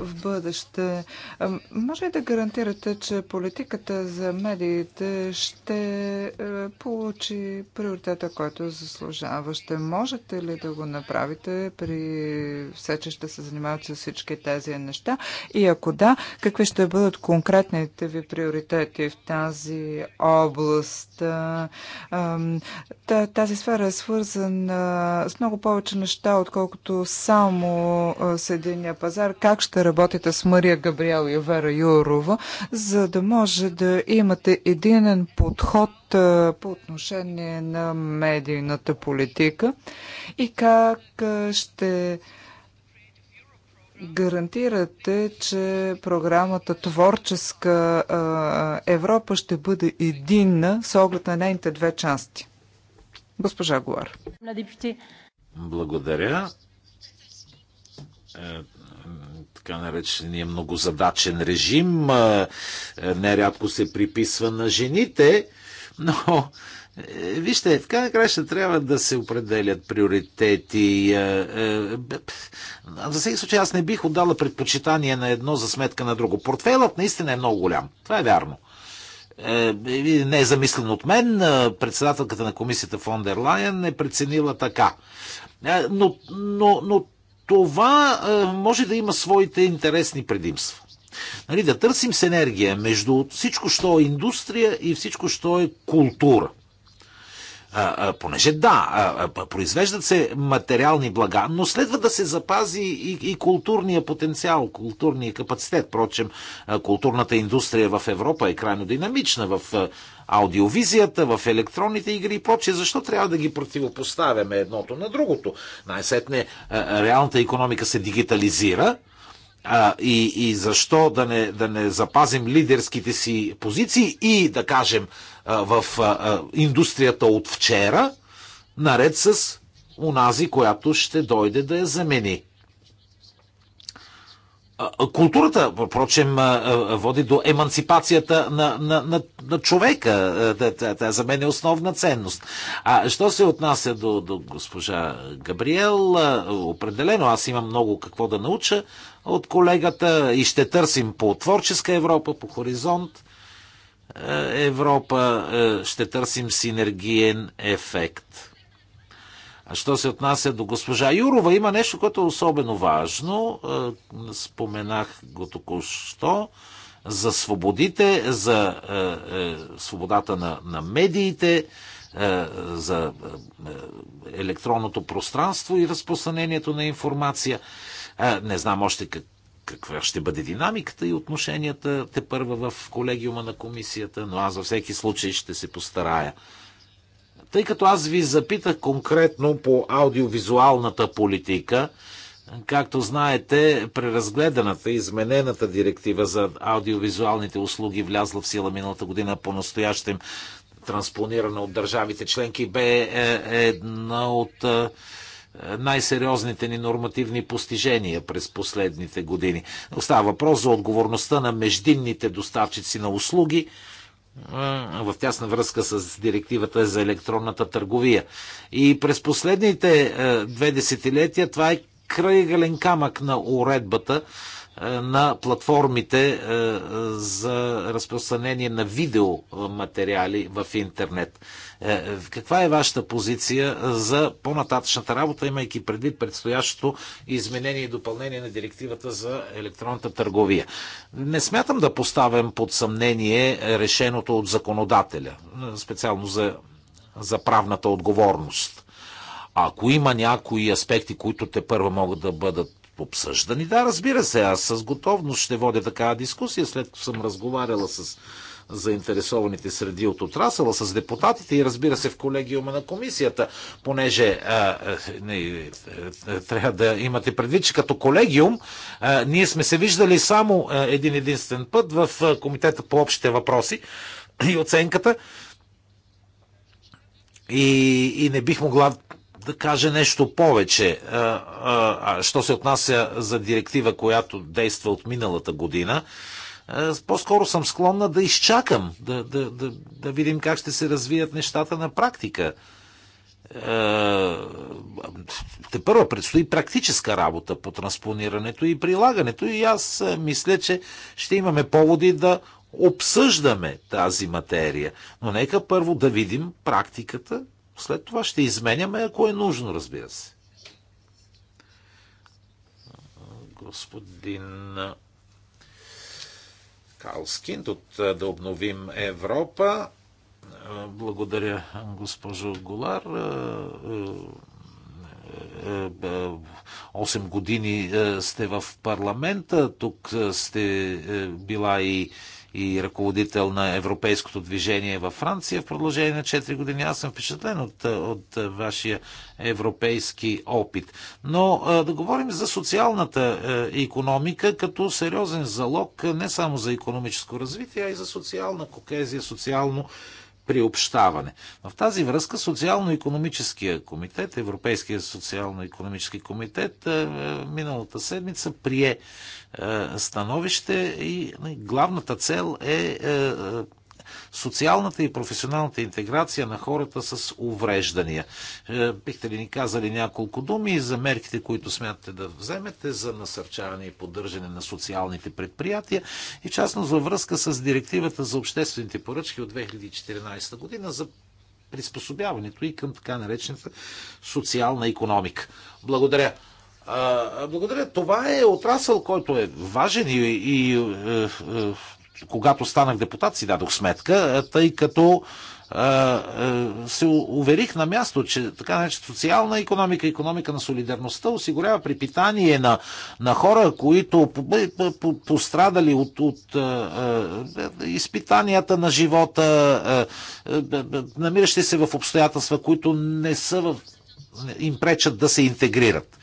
B: в бъдеще. А, може ли да гарантирате, че политиката за медиите ще а, получи приоритета, който заслужава? Ще можете ли да го направите при все, че ще се занимават с всички тези неща? И ако да, какви ще бъдат конкретните ви приоритети в тази област? А, а, тази сфера е свързана с много повече неща отколкото само съединения пазар. Как ще работите с Мария Габриел и Вера Юрова, за да може да имате единен подход по отношение на медийната политика и как ще гарантирате, че програмата Творческа Европа ще бъде единна с оглед на нейните две части? Госпожа Гуар.
A: Благодаря. Е, така наречения многозадачен режим е, е, нерядко се приписва на жените, но Вижте, в крайна края ще трябва да се определят приоритети. За всеки случай аз не бих отдала предпочитание на едно за сметка на друго. Портфейлът наистина е много голям. Това е вярно. Не е замислен от мен. Председателката на комисията Фондер Лайен е преценила така. Е, но, но, но това е, може да има своите интересни предимства. Нали, да търсим с енергия между всичко, що е индустрия и всичко, що е култура. А, а, понеже да, а, а, произвеждат се материални блага, но следва да се запази и, и културния потенциал, културния капацитет. Впрочем, културната индустрия в Европа е крайно динамична. В аудиовизията, в електронните игри и прочее. Защо трябва да ги противопоставяме едното на другото? Най-сетне е, реалната економика се дигитализира, а, и, и защо да не, да не запазим лидерските си позиции и да кажем а, е, в а, е, индустрията от вчера, наред с унази, която ще дойде да я замени. Културата, впрочем, води до еманципацията на, на, на, на човека. Е, тя за мен е основна ценност. А що се отнася до, до госпожа Габриел, определено аз имам много какво да науча от колегата и ще търсим по творческа Европа, по хоризонт е, Европа, е, ще търсим синергиен ефект. А що се отнася до госпожа Юрова, има нещо, което е особено важно. Е, споменах го току-що за свободите, за е, е, свободата на, на медиите, за електронното пространство и разпространението на информация. не знам още как, каква ще бъде динамиката и отношенията те първа в колегиума на комисията, но аз във всеки случай ще се постарая тъй като аз ви запитах конкретно по аудиовизуалната политика, Както знаете, преразгледаната и изменената директива за аудиовизуалните услуги влязла в сила миналата година по настоящем транспонирана от държавите членки, бе е, е една от е, най-сериозните ни нормативни постижения през последните години. Остава въпрос за отговорността на междинните доставчици на услуги – в тясна връзка с директивата за електронната търговия. И през последните е, две десетилетия това е крайгален камък на уредбата е, на платформите е, за разпространение на видеоматериали в интернет. Е, каква е вашата позиция за по-нататъчната работа, имайки предвид предстоящото изменение и допълнение на директивата за електронната търговия? Не смятам да поставям под съмнение решеното от законодателя, специално за, за правната отговорност. А ако има някои аспекти, които те първо могат да бъдат обсъждани, да, разбира се, аз с готовност ще водя такава дискусия, след като съм разговаряла с заинтересованите среди от отрасъла, с депутатите и разбира се в колегиума на комисията, понеже а, не, е, е, трябва да имате предвид, че като колегиум а, ние сме се виждали само един единствен път в комитета по общите въпроси и оценката. И, и не бих могла да кажа нещо повече. А, а, а, що се отнася за директива, която действа от миналата година, е, по-скоро съм склонна да изчакам, да, да, да, да видим как ще се развият нещата на практика. Е, те първо предстои практическа работа по транспонирането и прилагането и аз е, мисля, че ще имаме поводи да обсъждаме тази материя. Но нека първо да видим практиката, след това ще изменяме, ако е нужно, разбира се. Господин Калскин от Да обновим Европа. Благодаря, госпожо Голар. 8 години сте в парламента, тук сте била и и ръководител на Европейското движение във Франция в продължение на 4 години. Аз съм впечатлен от, от вашия европейски опит. Но да говорим за социалната економика като сериозен залог не само за економическо развитие, а и за социална кокезия, социално приобщаване. В тази връзка Социално-економическия комитет, Европейския социално-економически комитет, е, е, миналата седмица прие е, становище и главната цел е социалната и професионалната интеграция на хората с увреждания. Е, бихте ли ни казали няколко думи за мерките, които смятате да вземете за насърчаване и поддържане на социалните предприятия и частно за връзка с директивата за обществените поръчки от 2014 година за приспособяването и към така наречената социална економика. Благодаря. Благодаря. Това е отрасъл, който е важен и, и, и е, е, когато станах депутат, си дадох сметка, тъй като се уверих на място, че така нарече социална економика, економика на солидарността осигурява припитание на, на хора, които пострадали от, от е, изпитанията на живота, е, е, намиращи се в обстоятелства, които не са в им пречат да се интегрират.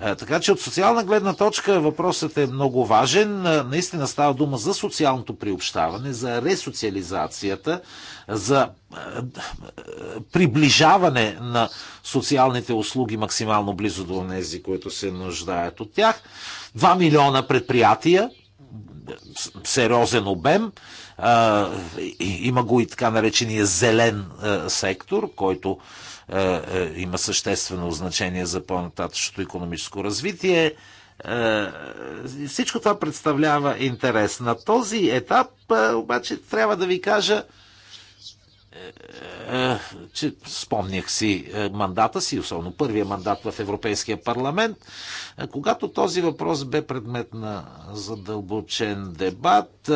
A: Е, така че от социална гледна точка въпросът е много важен. Е, наистина става дума за социалното приобщаване, за ресоциализацията, за е, приближаване на социалните услуги максимално близо до тези, които се нуждаят от тях. 2 милиона предприятия, сериозен обем. Има го и така наречения зелен сектор, който е, е, има съществено значение за по-нататъчното економическо развитие. Е, всичко това представлява интерес. На този етап обаче трябва да ви кажа, че спомнях си мандата си, особено първия мандат в Европейския парламент, когато този въпрос бе предмет на задълбочен дебат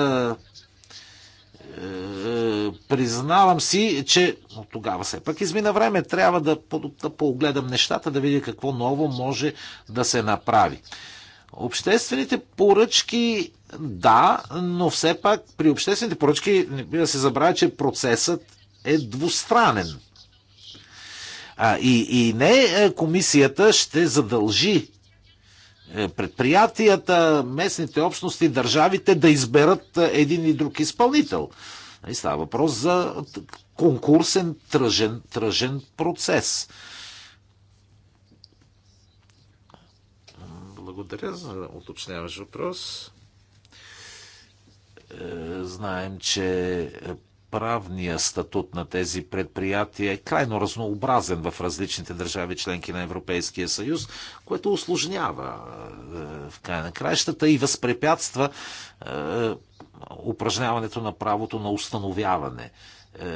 A: признавам си, че но тогава все пак измина време. Трябва да, да погледам нещата, да видя какво ново може да се направи. Обществените поръчки, да, но все пак при обществените поръчки не да се забравя, че процесът е двустранен. А, и, и не е, комисията ще задължи е, предприятията, местните общности, държавите да изберат е, един и друг изпълнител. И става въпрос за конкурсен тръжен, тръжен процес. Благодаря за уточняваш въпрос. Е, знаем, че правния статут на тези предприятия е крайно разнообразен в различните държави членки на Европейския съюз, което осложнява е, в край на краищата и възпрепятства е, упражняването на правото на установяване. Е,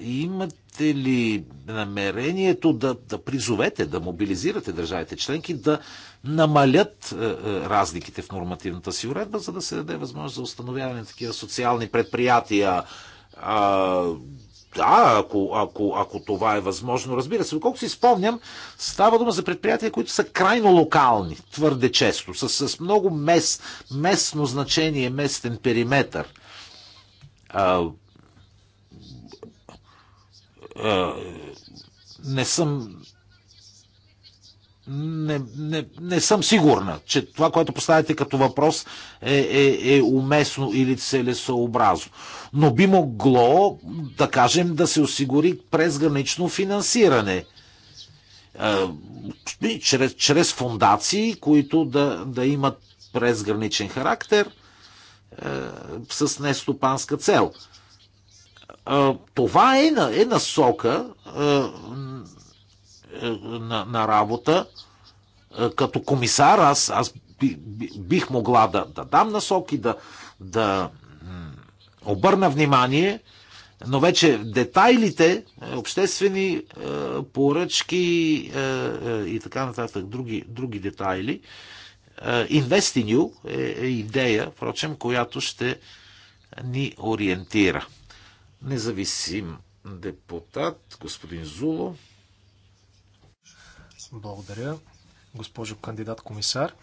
A: и има имате ли намерението да, да призовете, да мобилизирате държавите членки да намалят е, е, разликите в нормативната си уредба, за да се даде възможност за установяване на такива социални предприятия? А, да, ако, ако, ако това е възможно. Разбира се, колко си спомням, става дума за предприятия, които са крайно локални, твърде често, с, с много мес, местно значение, местен периметър. А, не съм не, не, не съм сигурна, че това, което поставяте като въпрос е, е, е уместно или целесообразно. Но би могло, да кажем, да се осигури презгранично финансиране. Е, чрез, чрез фундации, които да, да имат презграничен характер е, с нестопанска цел. Е, това е, е насока е, на, на работа. Като комисар аз, аз бих могла да, да дам насоки, да, да обърна внимание, но вече детайлите, е, обществени е, поръчки и така нататък, други, други детайли, Investing You е идея, впрочем, която ще ни ориентира независим депутат, господин Зуло.
D: Благодаря, госпожо кандидат комисар.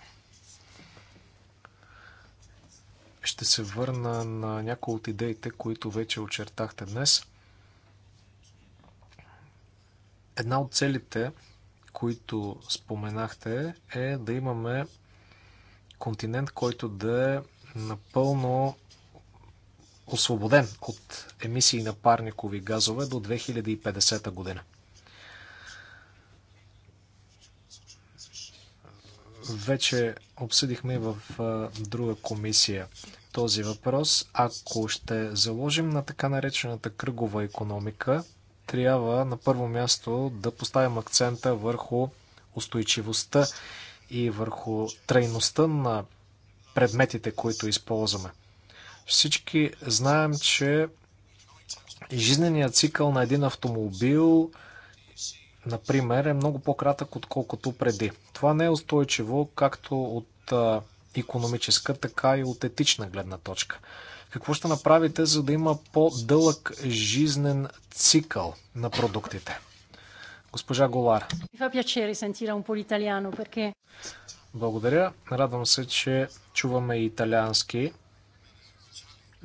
D: Ще се върна на някои от идеите, които вече очертахте днес. Една от целите, които споменахте, е да имаме континент, който да е напълно освободен от емисии на парникови газове до 2050 година. Вече обсъдихме в друга комисия този въпрос. Ако ще заложим на така наречената кръгова економика, трябва на първо място да поставим акцента върху устойчивостта и върху трайността на предметите, които използваме. Всички знаем, че жизненият цикъл на един автомобил, например, е много по-кратък, отколкото преди. Това не е устойчиво, както от економическа, така и от етична гледна точка. Какво ще направите, за да има по-дълъг жизнен цикъл на продуктите? Госпожа Голар. Благодаря. Радвам се, че чуваме и италиански.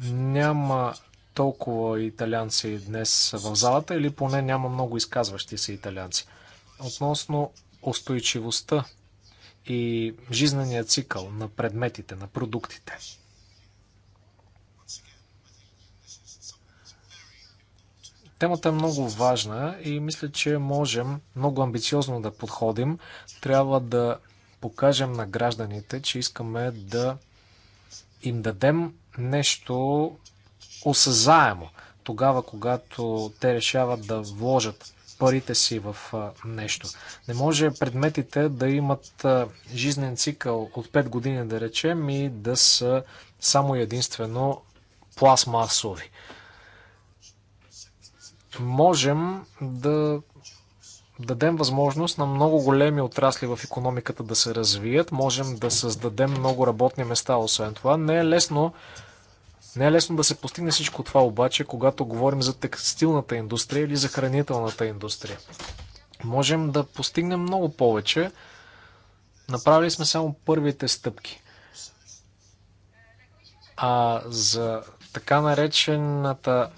D: Няма толкова италианци днес в залата или поне няма много изказващи се италианци. Относно устойчивостта и жизнения цикъл на предметите, на продуктите. Темата е много важна и мисля, че можем много амбициозно да подходим. Трябва да покажем на гражданите, че искаме да им дадем нещо осъзаемо тогава, когато те решават да вложат парите си в нещо. Не може предметите да имат жизнен цикъл от 5 години, да речем, и да са само единствено пластмасови. Можем да дадем възможност на много големи отрасли в економиката да се развият, можем да създадем много работни места, освен това. Не е лесно не е лесно да се постигне всичко това обаче, когато говорим за текстилната индустрия или за хранителната индустрия. Можем да постигнем много повече. Направили сме само първите стъпки. А за така наречената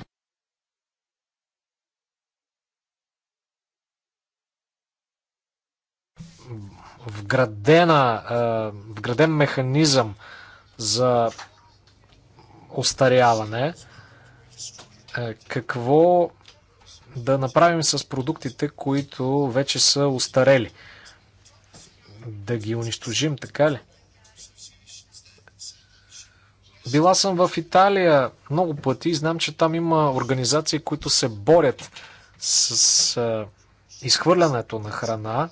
D: вградена, вграден механизъм за остаряване. Е, какво да направим с продуктите, които вече са остарели? Да ги унищожим, така ли? Била съм в Италия много пъти и знам, че там има организации, които се борят с е, изхвърлянето на храна,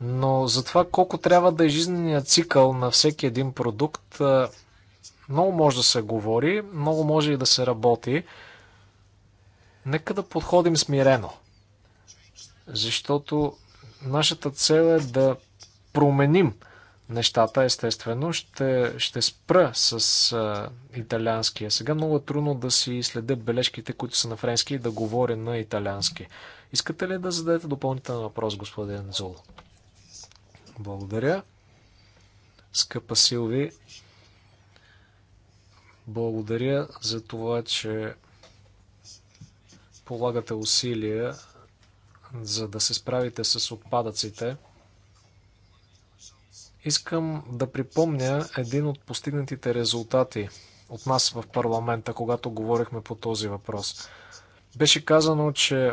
D: но за това колко трябва да е жизненият цикъл на всеки един продукт, е, много може да се говори, много може и да се работи. Нека да подходим смирено. Защото нашата цел е да променим нещата, естествено. Ще, ще спра с а, италианския. Сега много е трудно да си следя бележките, които са на френски и да говоря на италиански. Искате ли да зададете допълнителен въпрос, господин Зул? Благодаря. Скъпа Силви, благодаря за това, че полагате усилия за да се справите с отпадъците. Искам да припомня един от постигнатите резултати от нас в парламента, когато говорихме по този въпрос. Беше казано, че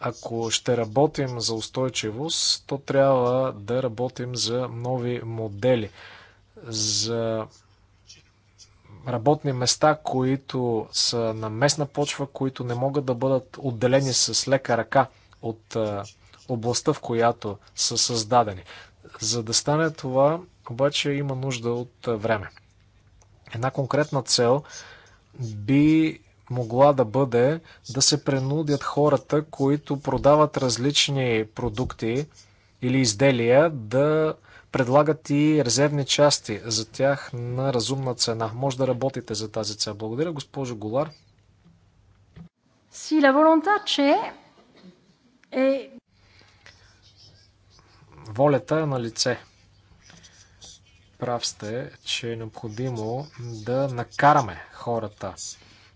D: ако ще работим за устойчивост, то трябва да работим за нови модели, за работни места, които са на местна почва, които не могат да бъдат отделени с лека ръка от е, областта, в която са създадени. За да стане това, обаче има нужда от е, време. Една конкретна цел би могла да бъде да се принудят хората, които продават различни продукти или изделия, да предлагат и резервни части за тях на разумна цена. Може да работите за тази цел. Благодаря, госпожо Голар.
C: Си la volontà че е...
D: Волята е на лице. Прав сте, че е необходимо да накараме хората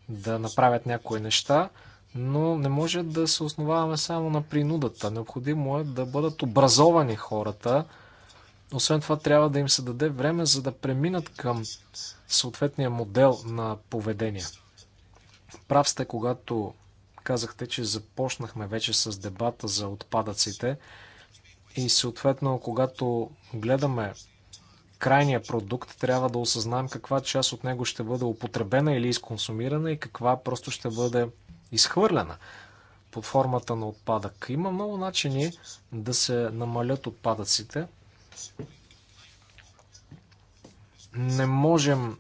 D: да направят някои неща, но не може да се основаваме само на принудата. Необходимо е да бъдат образовани хората, освен това, трябва да им се даде време, за да преминат към съответния модел на поведение. Прав сте, когато казахте, че започнахме вече с дебата за отпадъците и съответно, когато гледаме крайния продукт, трябва да осъзнаем каква част от него ще бъде употребена или изконсумирана и каква просто ще бъде изхвърлена под формата на отпадък. Има много начини да се намалят отпадъците. Не можем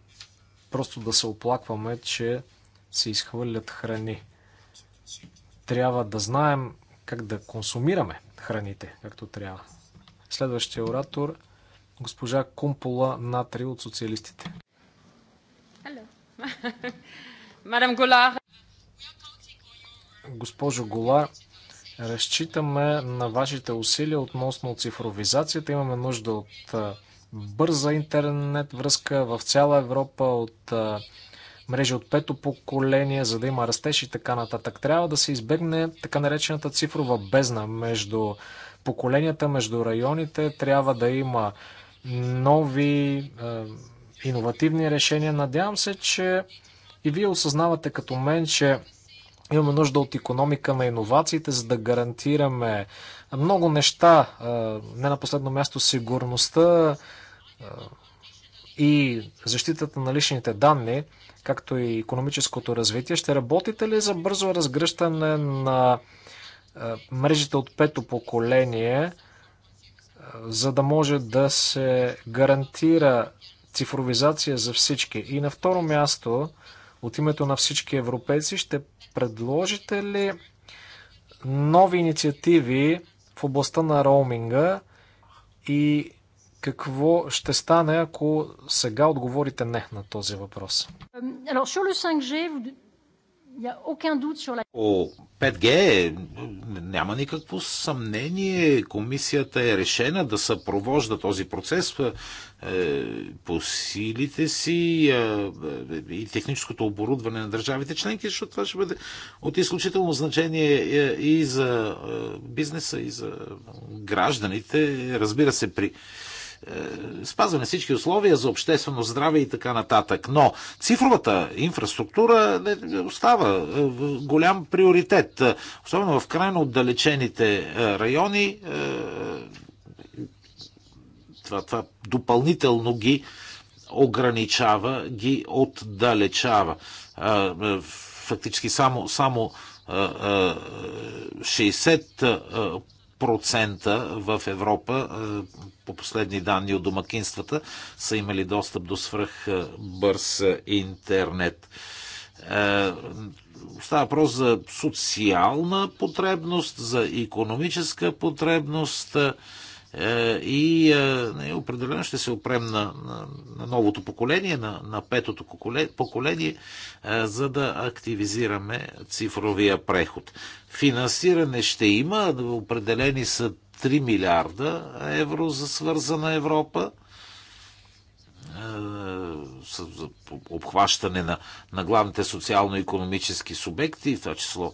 D: просто да се оплакваме, че се изхвърлят храни. Трябва да знаем как да консумираме храните, както трябва. Следващия оратор госпожа Кумпола Натри от социалистите. Госпожо Гола, Разчитаме на вашите усилия относно цифровизацията. Имаме нужда от бърза интернет връзка в цяла Европа, от мрежи от пето поколение, за да има растеж и така нататък. Трябва да се избегне така наречената цифрова бездна между поколенията, между районите. Трябва да има нови е, иновативни решения. Надявам се, че и вие осъзнавате като мен, че Имаме нужда от економика на иновациите, за да гарантираме много неща, не на последно място сигурността и защитата на личните данни, както и економическото развитие. Ще работите ли за бързо разгръщане на мрежите от пето поколение, за да може да се гарантира цифровизация за всички? И на второ място, от името на всички европейци, ще предложите ли нови инициативи в областта на роуминга и какво ще стане, ако сега отговорите
A: не на този въпрос? О 5G е, няма никакво съмнение. Комисията е решена да съпровожда този процес е, по силите си е, и техническото оборудване на държавите членки, защото това ще бъде от изключително значение и за бизнеса, и за гражданите. Разбира се, при е, спазваме всички условия за обществено здраве и така нататък. Но цифровата инфраструктура е, е, остава голям приоритет, особено в крайно отдалечените райони. Това, това допълнително ги ограничава, ги отдалечава. Фактически само, само 60 в Европа, е, по последни данни от домакинствата, са имали достъп до свръх е, бърз е, интернет. Става въпрос за социална потребност, за економическа потребност, е, и е, не, определено ще се опрем на, на, на новото поколение, на, на петото поколение, е, за да активизираме цифровия преход. Финансиране ще има, определени са 3 милиарда евро за свързана Европа за обхващане на, на главните социално-економически субекти, в това число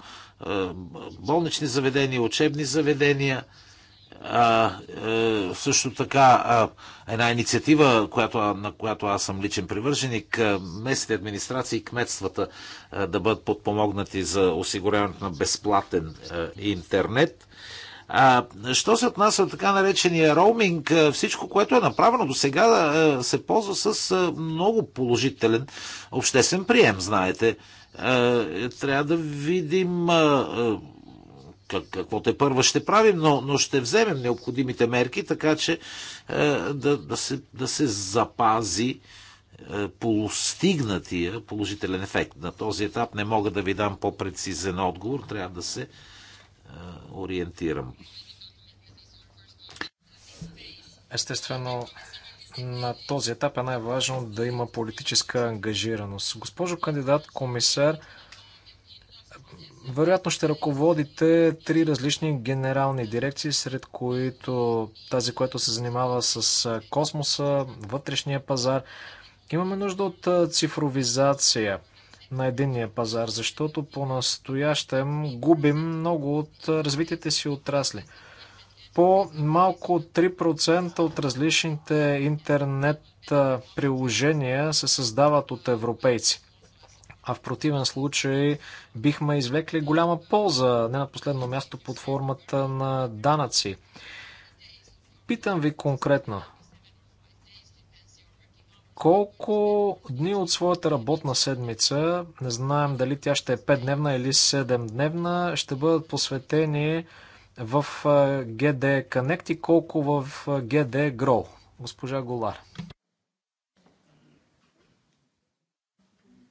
A: болнични заведения, учебни заведения – а, е, също така а, една инициатива, която, на която аз съм личен привърженик, местните администрации и кметствата а, да бъдат подпомогнати за осигуряването на безплатен а, интернет. А, що се отнася от така наречения роуминг, всичко, което е направено до сега, се ползва с много положителен обществен прием, знаете. Трябва да видим какво те първа ще правим, но, но ще вземем необходимите мерки, така че е, да, да, се, да се запази е, полустигнатия положителен ефект. На този етап не мога да ви дам по-прецизен отговор, трябва да се е, ориентирам.
D: Естествено, на този етап е най-важно да има политическа ангажираност. Госпожо кандидат комисар, вероятно ще ръководите три различни генерални дирекции, сред които тази, която се занимава с космоса, вътрешния пазар. Имаме нужда от цифровизация на единния пазар, защото по-настоящем губим много от развитите си отрасли. По-малко от 3% от различните интернет приложения се създават от европейци а в противен случай бихме извлекли голяма полза, не на последно място под формата на данъци. Питам ви конкретно, колко дни от своята работна седмица, не знаем дали тя ще е 5-дневна или 7-дневна, ще бъдат посветени в GD Connect и колко в GD Grow. Госпожа Голар.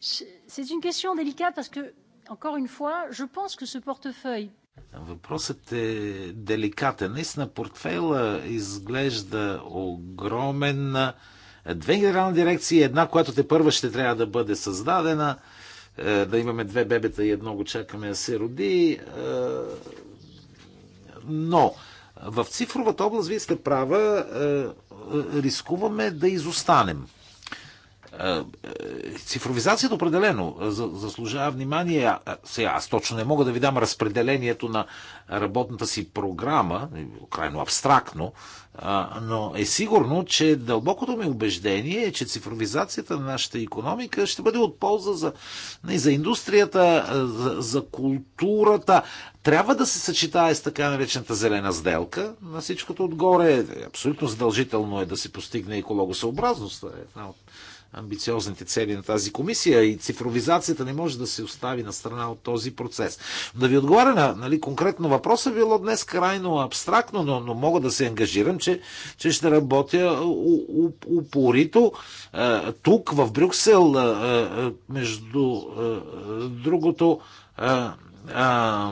C: C'est une question délicate parce que, encore une fois, je pense que ce portefeuille
A: Въпросът е деликатен. Наистина портфейла изглежда огромен. Две генерални дирекции, една, която те първа ще трябва да бъде създадена, е, да имаме две бебета и едно го чакаме да се роди. Е, но в цифровата област, вие сте права, е, рискуваме да изостанем е, цифровизацията определено заслужава внимание. Сега, аз точно не мога да ви дам разпределението на работната си програма, е, крайно абстрактно, но е сигурно, че дълбокото ми убеждение е, че цифровизацията на нашата економика ще бъде от полза за, не, за индустрията, за, за културата. Трябва да се съчетае с така наречената зелена сделка. На всичкото отгоре е абсолютно задължително е да се постигне екологосъобразност. Една от амбициозните цели на тази комисия и цифровизацията не може да се остави на страна от този процес. Да ви отговаря на нали, конкретно въпроса, било днес крайно абстрактно, но, но мога да се ангажирам, че, че ще работя упорито е, тук, в Брюксел, е, е, между другото. А, а,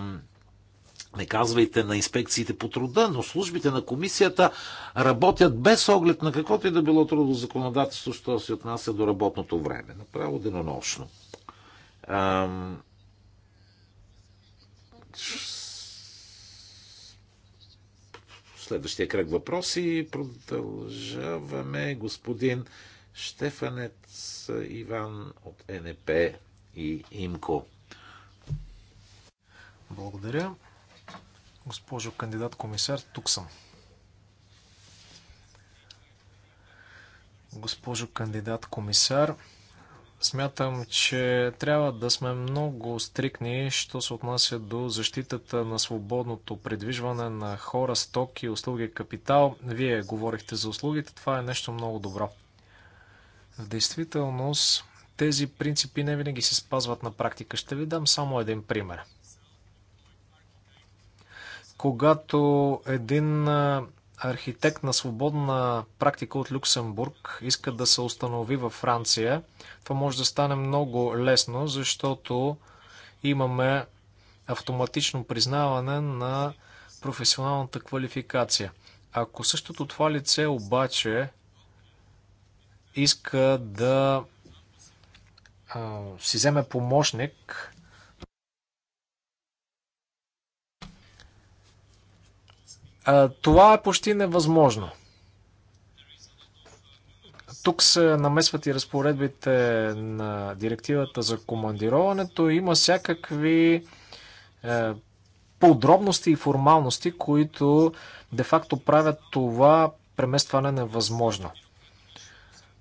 A: не казвайте на инспекциите по труда, но службите на комисията работят без оглед на каквото и да било трудово законодателство, що се отнася до работното време. Направо денонощно. Ам... Следващия кръг въпроси. Продължаваме господин Штефанец Иван от НП и ИМКО.
D: Благодаря. Госпожо кандидат комисар, тук съм. Госпожо кандидат комисар, смятам, че трябва да сме много стрикни, що се отнася до защитата на свободното предвижване на хора, стоки, услуги, капитал. Вие говорихте за услугите, това е нещо много добро. В действителност тези принципи не винаги се спазват на практика. Ще ви дам само един пример – когато един архитект на свободна практика от Люксембург иска да се установи във Франция, това може да стане много лесно, защото имаме автоматично признаване на професионалната квалификация. Ако същото това лице обаче иска да а, си вземе помощник, това е почти невъзможно. Тук се намесват и разпоредбите на директивата за командироването. Има всякакви е, подробности и формалности, които де-факто правят това преместване невъзможно.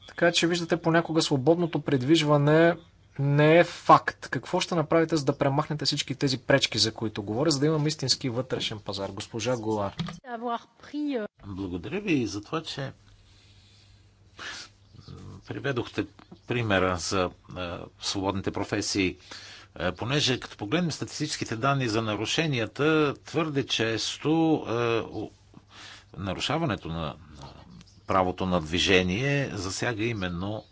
D: Така че виждате понякога свободното придвижване не е факт. Какво ще направите, за да премахнете всички тези пречки, за които говоря, за да имам истински вътрешен пазар? Госпожа Голар.
A: Благодаря ви за това, че приведохте примера за е, свободните професии. Е, понеже като погледнем статистическите данни за нарушенията, твърде често е, нарушаването на правото на движение засяга именно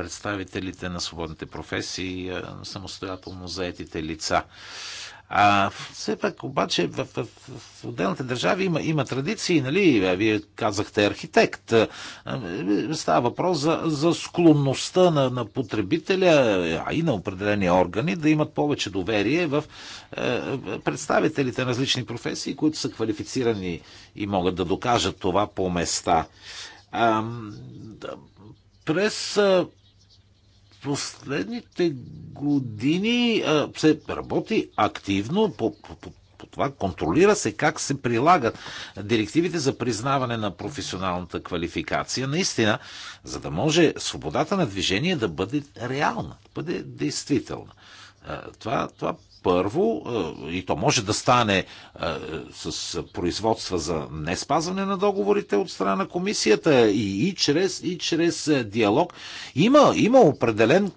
A: представителите на свободните професии, самостоятелно заетите лица. А, все пак обаче в, в, в отделните държави има, има традиции, нали? Е, вие казахте архитект. Е, става въпрос за, за склонността на, на потребителя, а и на определени органи да имат повече доверие в е, представителите на различни професии, които са квалифицирани и могат да докажат това по места. А, да, през последните години а, се работи активно по, по, по, по това, контролира се как се прилагат директивите за признаване на професионалната квалификация, наистина, за да може свободата на движение да бъде реална, да бъде действителна. Това, това първо, и то може да стане с производства за не спазване на договорите от страна на комисията и, и, чрез, и чрез диалог. Има, има определен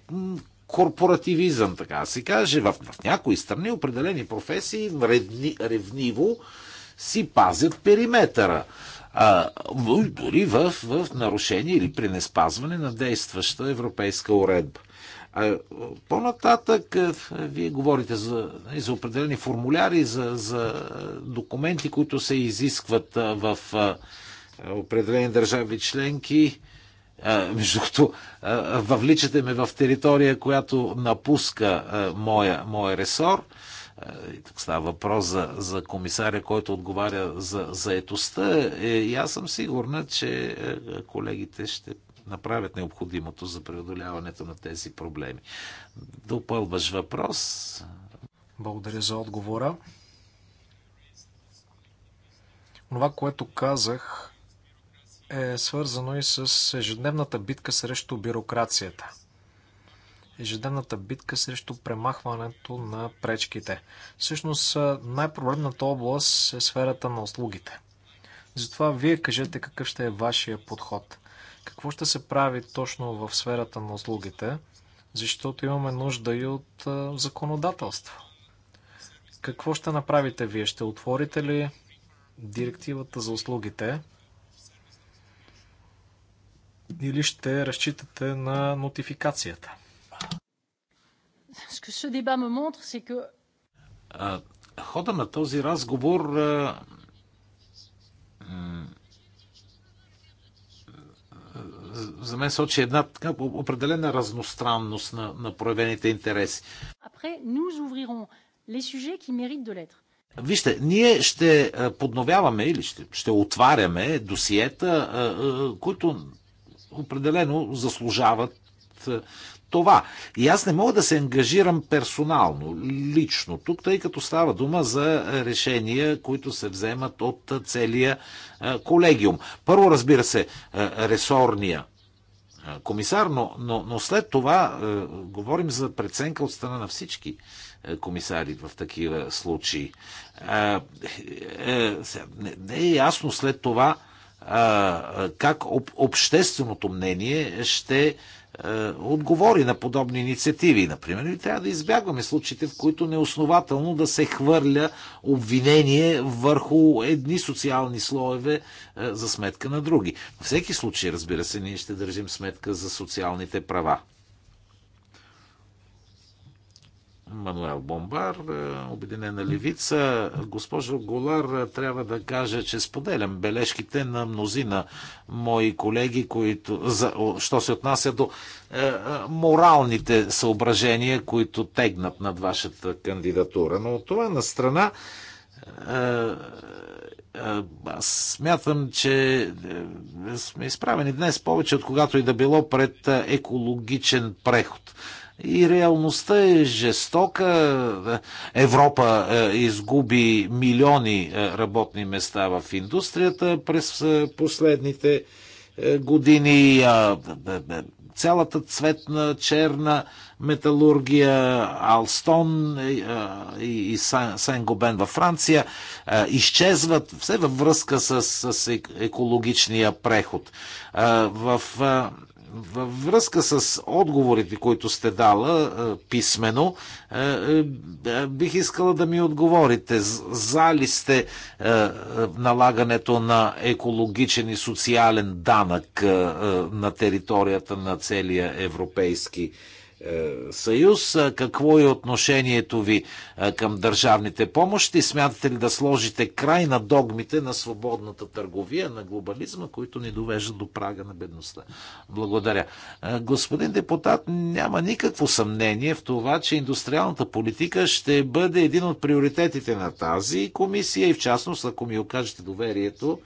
A: корпоративизъм, така се каже. В, в някои страни определени професии ревни, ревниво си пазят периметъра. А, дори в, в нарушение или при неспазване на действаща европейска уредба. А по-нататък е, вие говорите за, за определени формуляри, за, за документи, които се изискват в определени държави членки. Между другото, въвличате ме в територия, която напуска моя, моя ресор. Тук става въпрос за, за комисаря, който отговаря за заетостта. Е, и аз съм сигурна, че колегите ще направят необходимото за преодоляването на тези проблеми. Допълваш въпрос. Благодаря за
D: отговора. Това, което казах, е свързано и с ежедневната битка срещу бюрокрацията. Ежедневната битка срещу премахването на пречките. Всъщност най-проблемната област е сферата на услугите. Затова вие кажете какъв ще е вашия подход. Какво ще се прави точно в сферата на услугите? Защото имаме нужда и от законодателство. Какво ще направите вие? Ще отворите ли директивата за услугите? Или ще разчитате на нотификацията?
A: Хода на този разговор за мен сочи една така, определена разностранност на, на проявените интереси.
C: Après, nous ouvrirons les sujets qui méritent de l'être.
A: Вижте, ние ще подновяваме или ще, ще отваряме досиета, които определено заслужават това. И аз не мога да се ангажирам персонално, лично тук, тъй като става дума за решения, които се вземат от целия колегиум. Първо, разбира се, ресорния комисар, но, но, но след това говорим за преценка от страна на всички комисари в такива случаи. Е, е, не, не е ясно след това как общественото мнение ще е, отговори на подобни инициативи. Например, и трябва да избягваме случаите, в които неоснователно да се хвърля обвинение върху едни социални слоеве е, за сметка на други. Във всеки случай, разбира се, ние ще държим сметка за социалните права. Мануел Бомбар, е, Обединена левица. Госпожо Голар, е, трябва да кажа, че споделям бележките на мнозина мои колеги, които, за, що се отнася до е, е, моралните съображения, които тегнат над вашата кандидатура. Но от това на страна е, аз смятам, че сме изправени днес повече от когато и да било пред екологичен преход. И реалността е жестока. Европа е, изгуби милиони е, работни места в индустрията през е, последните години. Цялата цветна, черна металургия, Алстон и Сен-Гобен във Франция изчезват все във връзка с екологичния преход. В във връзка с отговорите, които сте дала е, писмено, е, е, бих искала да ми отговорите. За ли сте налагането на екологичен и социален данък на територията на целия Европейски съюз? съюз. Какво е отношението ви към държавните помощи? Смятате ли да сложите край на догмите на свободната търговия, на глобализма, които ни довеждат до прага на бедността? Благодаря. Господин депутат, няма никакво съмнение в това, че индустриалната политика ще бъде един от приоритетите на тази комисия и в частност, ако ми окажете доверието,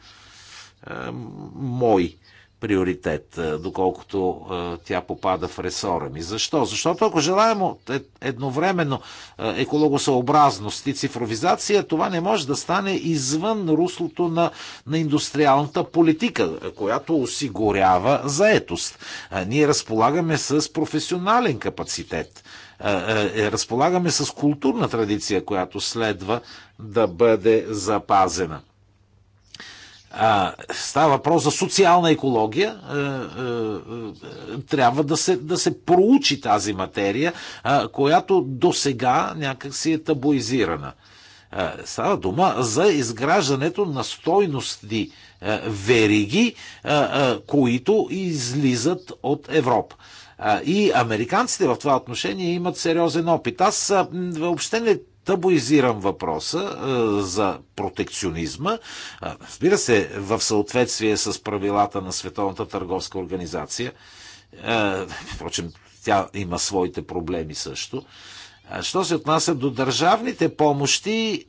A: мой приоритет, е, доколкото е, тя попада в ресора ми. Защо? Защото ако желаем е, едновременно екологосъобразност и цифровизация, това не може да стане извън руслото на, на индустриалната политика, която осигурява заетост. Ние разполагаме с професионален капацитет. Разполагаме с културна традиция, която следва да бъде запазена. А, става въпрос за социална екология. А, е, а, е, е, трябва да се, да се проучи тази материя, а, която до сега някакси е табуизирана. А, става дума за изграждането на стойности а, вериги, а, а, които излизат от Европа. И американците в това отношение имат сериозен опит. Аз въобще не табуизирам въпроса е, за протекционизма, е, разбира се, в съответствие с правилата на Световната търговска организация. Е, впрочем, тя има своите проблеми също. Що се отнася до държавните помощи,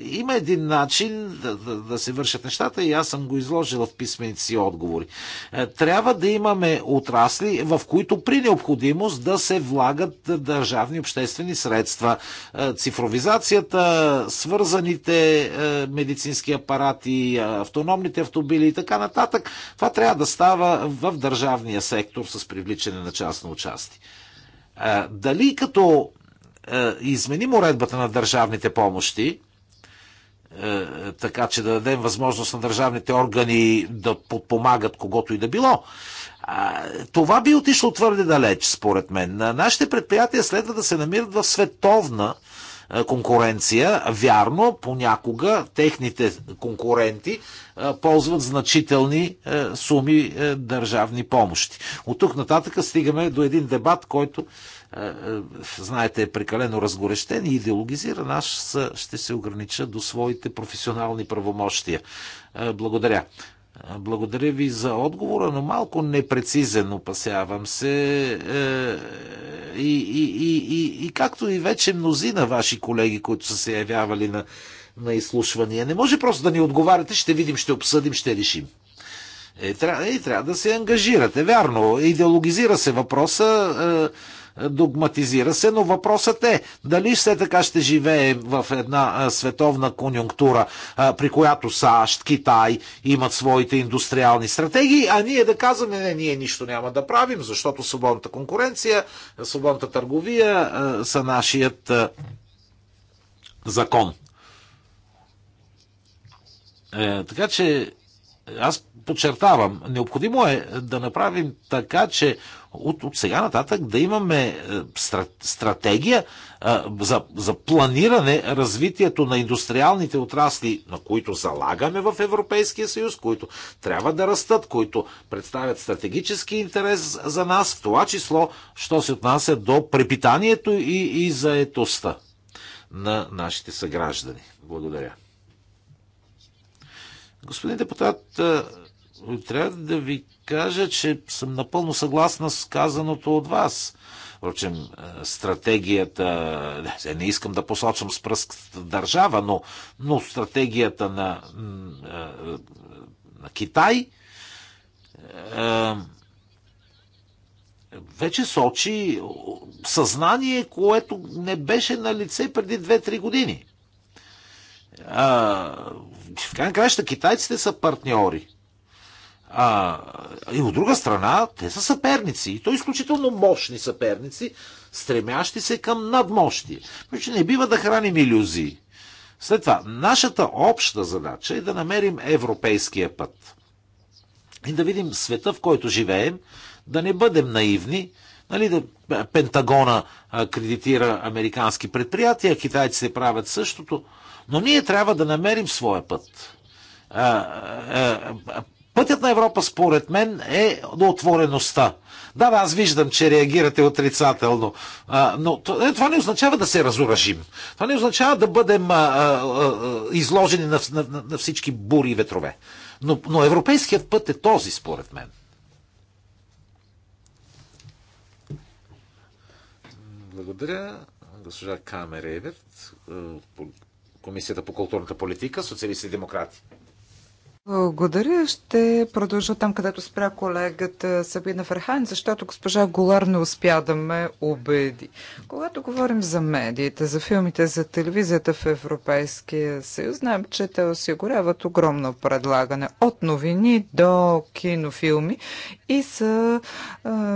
A: има един начин да, да, да се вършат нещата и аз съм го изложил в писмените си отговори. Е, трябва да имаме отрасли, в които при необходимост да се влагат държавни обществени средства. Е, цифровизацията, свързаните е, медицински апарати, автономните автобили и така нататък. Това трябва да става в държавния сектор с привличане на частно участие. Дали като изменим уредбата на държавните помощи, е, така че да дадем възможност на държавните органи да подпомагат когото и да било. това би отишло твърде далеч, според мен. Нашите предприятия следва да се намират в световна е, конкуренция. Вярно, понякога техните конкуренти е, ползват значителни суми държавни помощи. От тук нататък стигаме до един дебат, който е, е, знаете, е прекалено разгорещен и идеологизиран, аз ще се огранича до своите професионални правомощия. Е, благодаря. Благодаря ви за отговора, но малко непрецизен, опасявам се. И, и, и, и, и както и вече мнозина ваши колеги, които са се явявали на, на изслушвания, не може просто да ни отговаряте, ще видим, ще обсъдим, ще решим. Е, трябва, е, трябва да се ангажирате, вярно. Идеологизира се въпроса. Е, догматизира се, но въпросът е дали все така ще живеем в една световна конюнктура, при която САЩ, Китай имат своите индустриални стратегии, а ние да казваме, не, ние нищо няма да правим, защото свободната конкуренция, свободната търговия са нашият закон. Е, така че аз подчертавам, необходимо е да направим така, че от, от сега нататък да имаме е, стратегия е, за, за планиране развитието на индустриалните отрасли, на които залагаме в Европейския съюз, които трябва да растат, които представят стратегически интерес за нас, в това число, що се отнася до препитанието и, и заетостта на нашите съграждани. Благодаря. Господин депутат, е, трябва да ви кажа, че съм напълно съгласна с казаното от вас. Впрочем, е, стратегията, не искам да посочвам с пръст държава, но, но стратегията на, е, е, на Китай вече сочи съзнание, което не беше на лице преди 2-3 години. в крайна краща китайците са партньори а, и от друга страна, те са съперници. И то изключително мощни съперници, стремящи се към надмощи. Значи не бива да храним иллюзии. След това, нашата обща задача е да намерим европейския път. И да видим света, в който живеем, да не бъдем наивни, нали, да, Пентагона а, кредитира американски предприятия, китайците правят същото, но ние трябва да намерим своя път. А, а, Пътят на Европа, според мен, е до отвореността. Да, да, аз виждам, че реагирате отрицателно, а, но е, това не означава да се разоръжим. Това не означава да бъдем а, а, а, изложени на, на, на всички бури и ветрове. Но, но европейският път е този, според мен. Благодаря. Госпожа Еверт, е, Комисията по културната политика, социалисти и демократи.
B: Благодаря. Ще продължа там, където спря колегата Сабина Ферхайн, защото госпожа Голар не успя да ме убеди. Когато говорим за медиите, за филмите, за телевизията в Европейския съюз, знаем, че те осигуряват огромно предлагане от новини до кинофилми и са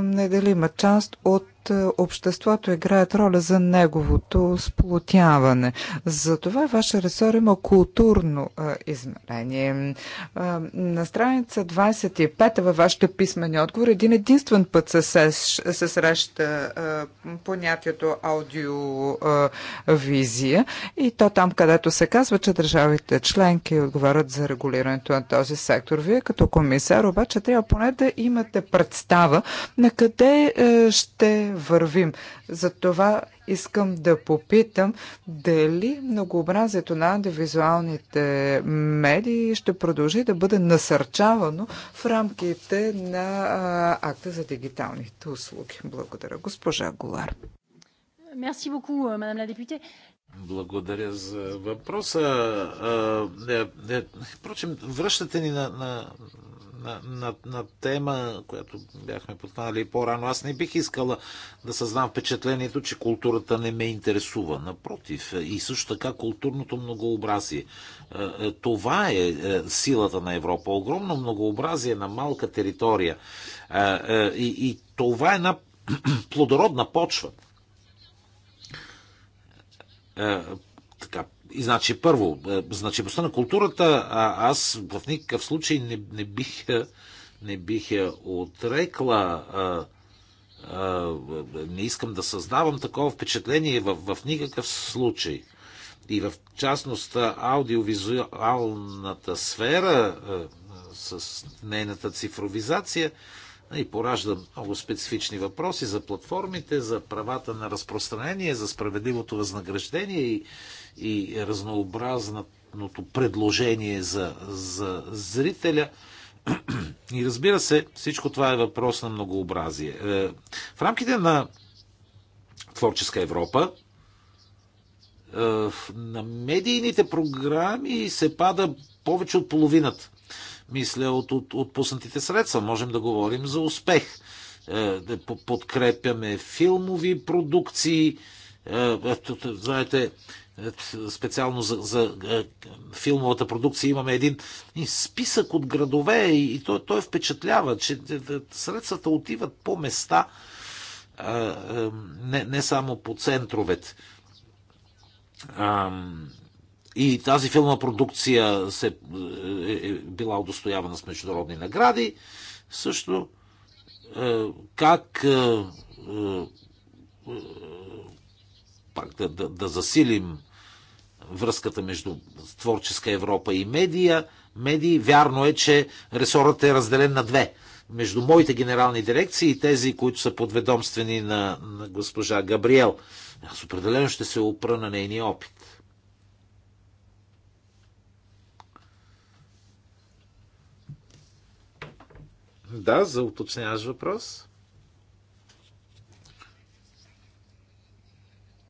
B: неделима част от е, обществото играят роля за неговото сплотяване. Затова ваша ресор има културно а, е, измерение. А, е, на страница 25 във вашите писмени отговори един единствен път се, се, се среща а, понятието аудиовизия и то там, където се казва, че държавите членки отговарят за регулирането на този сектор. Вие като комисар обаче трябва поне да имате представа на къде ще вървим. Затова искам да попитам дали многообразието на аудиовизуалните медии ще продължи да бъде насърчавано в рамките на а, акта за дигиталните услуги. Благодаря, госпожа Голар.
C: Мерси боку, мадам ла депуте.
A: Благодаря за въпроса. Е, е, впрочем, връщате ни на, на, на, на, на тема, която бяхме подхванали по-рано. Аз не бих искала да създам впечатлението, че културата не ме интересува. Напротив, и също така културното многообразие. Е, е, това е, е силата на Европа. Огромно многообразие на малка територия. И, и това е една плодородна почва и значи, първо, е, значимостта на културата, а аз в никакъв случай не, не бих е, не бих отрекла. А, е, а, не искам да създавам такова впечатление в, в никакъв случай. И в частност аудиовизуалната сфера а, с нейната цифровизация и поражда много специфични въпроси за платформите, за правата на разпространение, за справедливото възнаграждение и, и разнообразното предложение за, за зрителя. И разбира се, всичко това е въпрос на многообразие. Е, в рамките на Творческа Европа, е, на медийните програми се пада повече от половината. Мисля, от, от отпуснатите средства можем да говорим за успех. Е, да Подкрепяме филмови продукции. Знаете, специално за, за е, филмовата продукция имаме един списък от градове и той, той впечатлява, че е, е, средствата отиват по места, не, не само по центровете. И тази филмова продукция се, е, била удостоявана с международни награди. Също как пак да, да, да засилим връзката между творческа Европа и медия. Медии, вярно е, че ресорът е разделен на две. Между моите генерални дирекции и тези, които са подведомствени на, на госпожа Габриел. Аз определено ще се опра на нейния опит. Да, за уточняваш въпрос.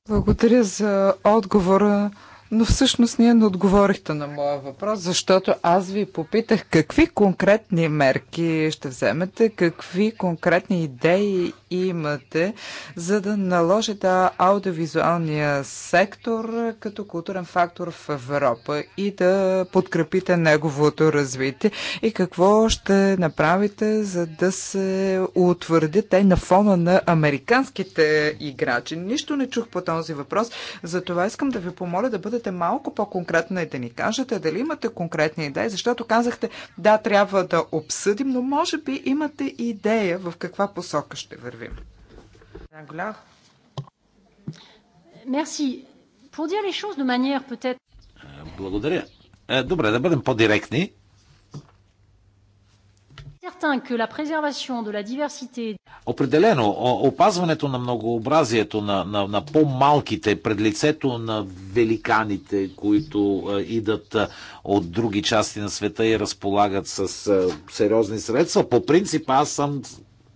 B: Благодаря за отговора но всъщност ние не отговорихте на моя въпрос, защото аз ви попитах какви конкретни мерки ще вземете, какви конкретни идеи имате, за да наложите аудиовизуалния сектор като културен фактор в Европа и да подкрепите неговото развитие и какво ще направите, за да се утвърдите на фона на американските играчи. Нищо не чух по този въпрос, затова искам да ви помоля да бъдете бъдете малко по-конкретна и да ни кажете дали имате конкретни идеи, защото казахте, да, трябва да обсъдим, но може би имате идея в каква посока ще вървим.
C: Мерси.
A: Благодаря. Е, добре, да бъдем по-директни. Определено, опазването на многообразието на, на, на по-малките пред лицето на великаните, които а, е, идат е, от други части на света и разполагат с а, е, сериозни средства, по принцип аз съм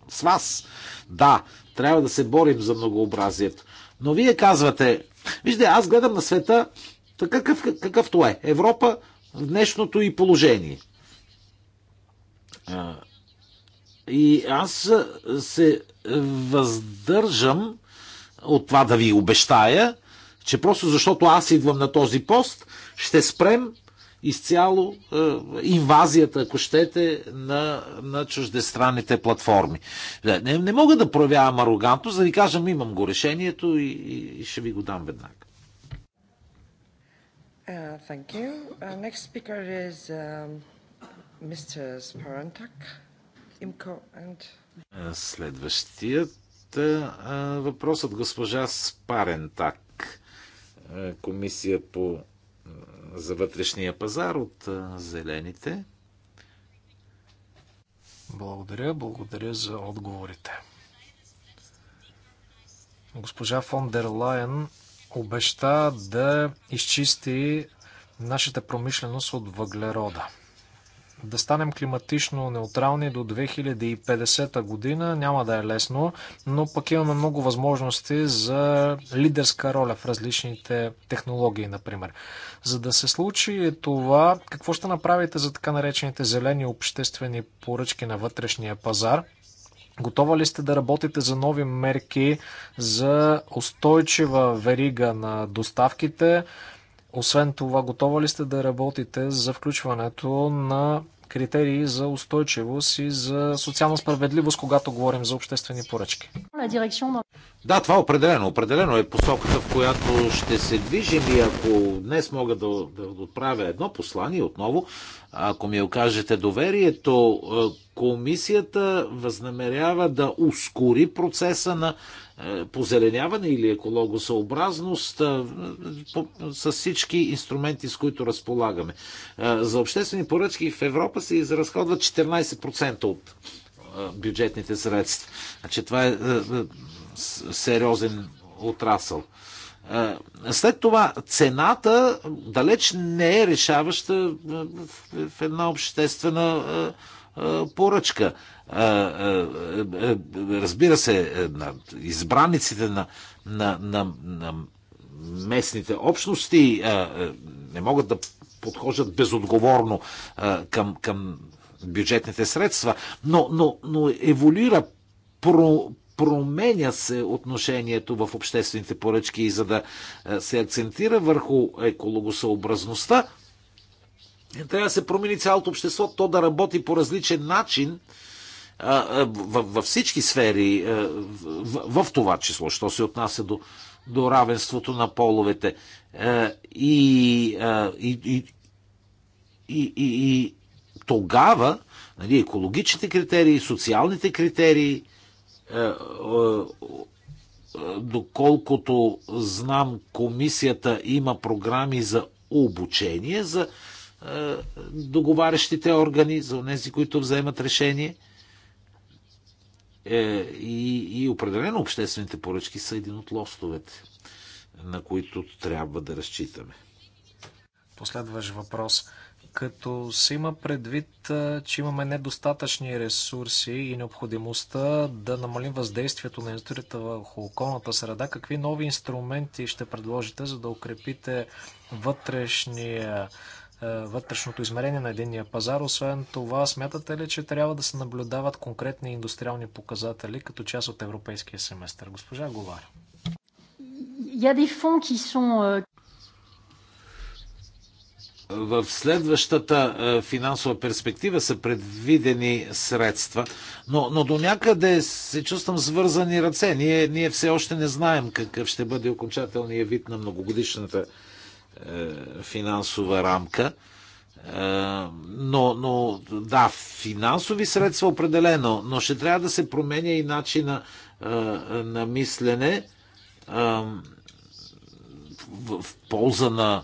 A: с вас. Да, трябва да се борим за многообразието. Но вие казвате, вижте, аз гледам на света такъв какъвто е. Европа в днешното и положение. И аз се въздържам от това да ви обещая, че просто защото аз идвам на този пост, ще спрем изцяло е, инвазията, ако щете, на, на чуждестранните платформи. Не, не мога да проявявам арогантно, за да ви кажам имам го решението и, и ще ви го дам веднага.
B: Uh, thank you. Uh, next speaker is uh... Мистер Sparantak, Имко and...
A: Следващият е, въпросът госпожа Спарентак, е, комисия по е, за вътрешния пазар от Зелените. Благодаря,
D: благодаря за отговорите. Госпожа фон дер Лайен обеща да изчисти нашата промишленост от въглерода да станем климатично неутрални до 2050 година. Няма да е лесно, но пък имаме много възможности за лидерска роля в различните технологии, например. За да се случи това, какво ще направите за така наречените зелени обществени поръчки на вътрешния пазар? Готова ли сте да работите за нови мерки за устойчива верига на доставките? Освен това, готова ли сте да работите за включването на критерии за устойчивост и за социална справедливост, когато говорим за обществени поръчки?
A: Да, това определено. Определено е посоката, в която ще се движим и ако днес мога да, да отправя едно послание отново, ако ми окажете доверието, е, комисията възнамерява да ускори процеса на е, позеленяване или екологосъобразност е, с всички инструменти, с които разполагаме. Е, за обществени поръчки в Европа се изразходва 14% от бюджетните средства. Значи това е сериозен отрасъл. След това цената далеч не е решаваща в една обществена поръчка разбира се, е, на избраниците на, на, на, на местните общности не могат да подхождат безотговорно към, към бюджетните средства, но, но, но еволюира про, променя се отношението в обществените поръчки и за да се акцентира върху екологосъобразността, трябва да се промени цялото общество, то да работи по различен начин, във всички сфери, в, в това число, що се отнася до, до равенството на половете. И, и, и, и, и тогава нали, екологичните критерии, социалните критерии, доколкото знам, комисията има програми за обучение за договарящите органи, за тези, които вземат решение – е, и, и определено обществените поръчки са един от лостовете, на които трябва да разчитаме.
D: Последващ въпрос. Като се има предвид, че имаме недостатъчни ресурси и необходимостта да намалим въздействието на индустрията върху околната среда, какви нови инструменти ще предложите, за да укрепите вътрешния е, вътрешното измерение на единния пазар. Освен това, смятате ли, че трябва да се наблюдават конкретни индустриални показатели като част от европейския
A: семестър? Госпожа Говар. Euh, В следващата е, финансова перспектива са предвидени средства, но, но до някъде се чувствам свързани ръце. Ние, ние все още не знаем какъв ще бъде окончателният вид на многогодишната е, финансова рамка. Е, но, но да, финансови средства определено, но ще трябва да се променя и начина е, на мислене в полза на,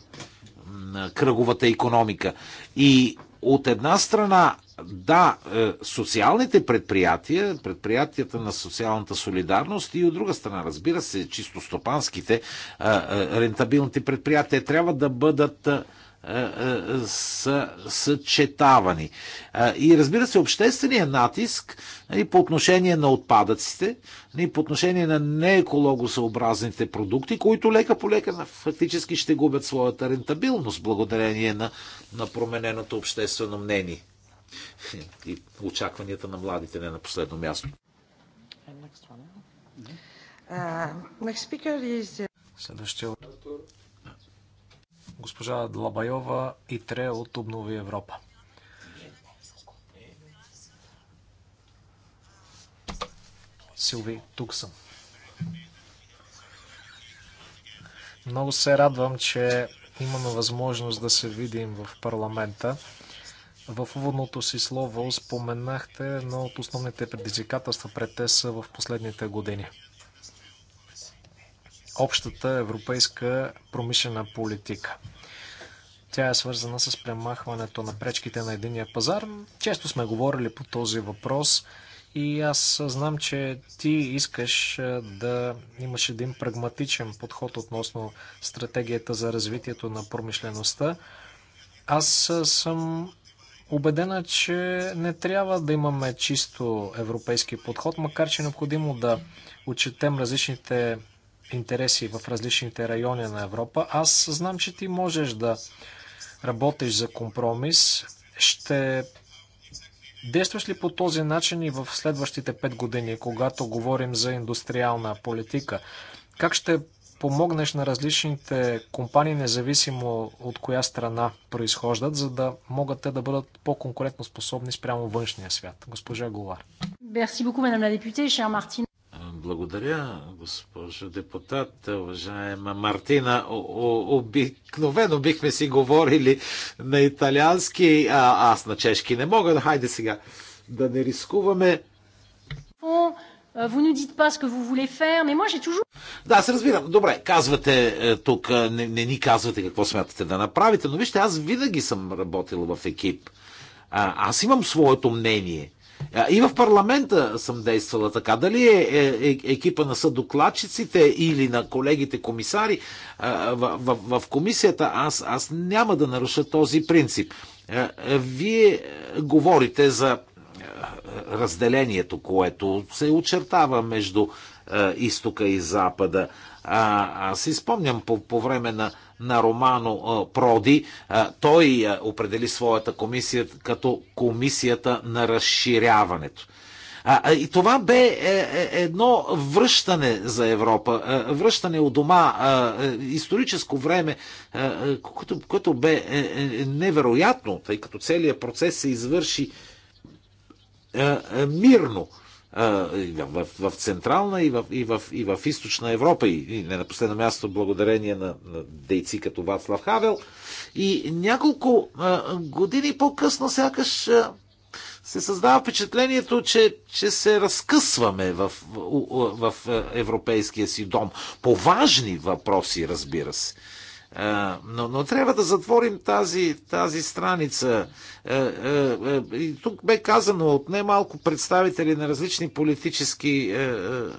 A: на кръговата економика. И от една страна да, е, социалните предприятия, предприятията на социалната солидарност и от друга страна, разбира се, чисто стопанските, е, е, рентабилните предприятия трябва да бъдат съчетавани. И разбира се, обществения натиск и по отношение на отпадъците, и по отношение на неекологосъобразните продукти, които лека по лека фактически ще губят своята рентабилност благодарение на, на промененото обществено мнение и очакванията на младите не на последно място.
B: Следващия
D: Госпожа Длабайова и Тре от Обнови Европа. Силви, тук съм. Много се радвам, че имаме възможност да се видим в парламента. В уводното си слово споменахте едно от основните предизвикателства пред ТЕС в последните години. Общата европейска промишлена политика. Тя е свързана с премахването на пречките на единия пазар. Често сме говорили по този въпрос и аз знам, че ти искаш да имаш един прагматичен подход относно стратегията за развитието на промишлеността. Аз съм Обедена, че не трябва да имаме чисто европейски подход, макар че е необходимо да отчетем различните интереси в различните райони на Европа. Аз знам, че ти можеш да работиш за компромис. Ще действаш ли по този начин и в следващите пет години, когато говорим за индустриална политика? Как ще помогнеш на различните компании, независимо от коя страна произхождат, за да могат те да бъдат по-конкурентно способни спрямо външния свят. Госпожа Голар.
A: Благодаря, госпожо депутат, уважаема Мартина. О, обикновено бихме си говорили на италиански, а аз на чешки не мога. Хайде сега да не рискуваме.
C: Euh, vous nous dites pas ce que vous voulez faire, mais moi j'ai toujours...
A: Да, се, разбира, Добре, казвате е, тук, е, не, не ни казвате какво смятате да направите, но вижте, аз винаги съм работил в екип. А, аз имам своето мнение. И в парламента съм действала така. Дали е, е, е екипа на съдокладчиците или на колегите комисари в, в, в комисията, аз, аз няма да наруша този принцип. Вие е, говорите за разделението, което се очертава между е, изтока и запада. А, аз си спомням по, по време на, на Романо а, е, Проди, а, е, той а, определи своята комисия като комисията на разширяването. А, и това бе е, едно връщане за Европа, връщане от дома, историческо време, което, което бе невероятно, тъй като целият процес се извърши е, е, мирно е, в, в Централна и в, и, в, и в Източна Европа, и, и не на последно място благодарение на, на дейци като Вацлав Хавел. И няколко а, години по-късно сякаш а, се създава впечатлението, че, че се разкъсваме в, в, в Европейския си дом. По важни въпроси, разбира се. Но, но трябва да затворим тази, тази страница. И тук бе казано от немалко представители на различни политически е, е,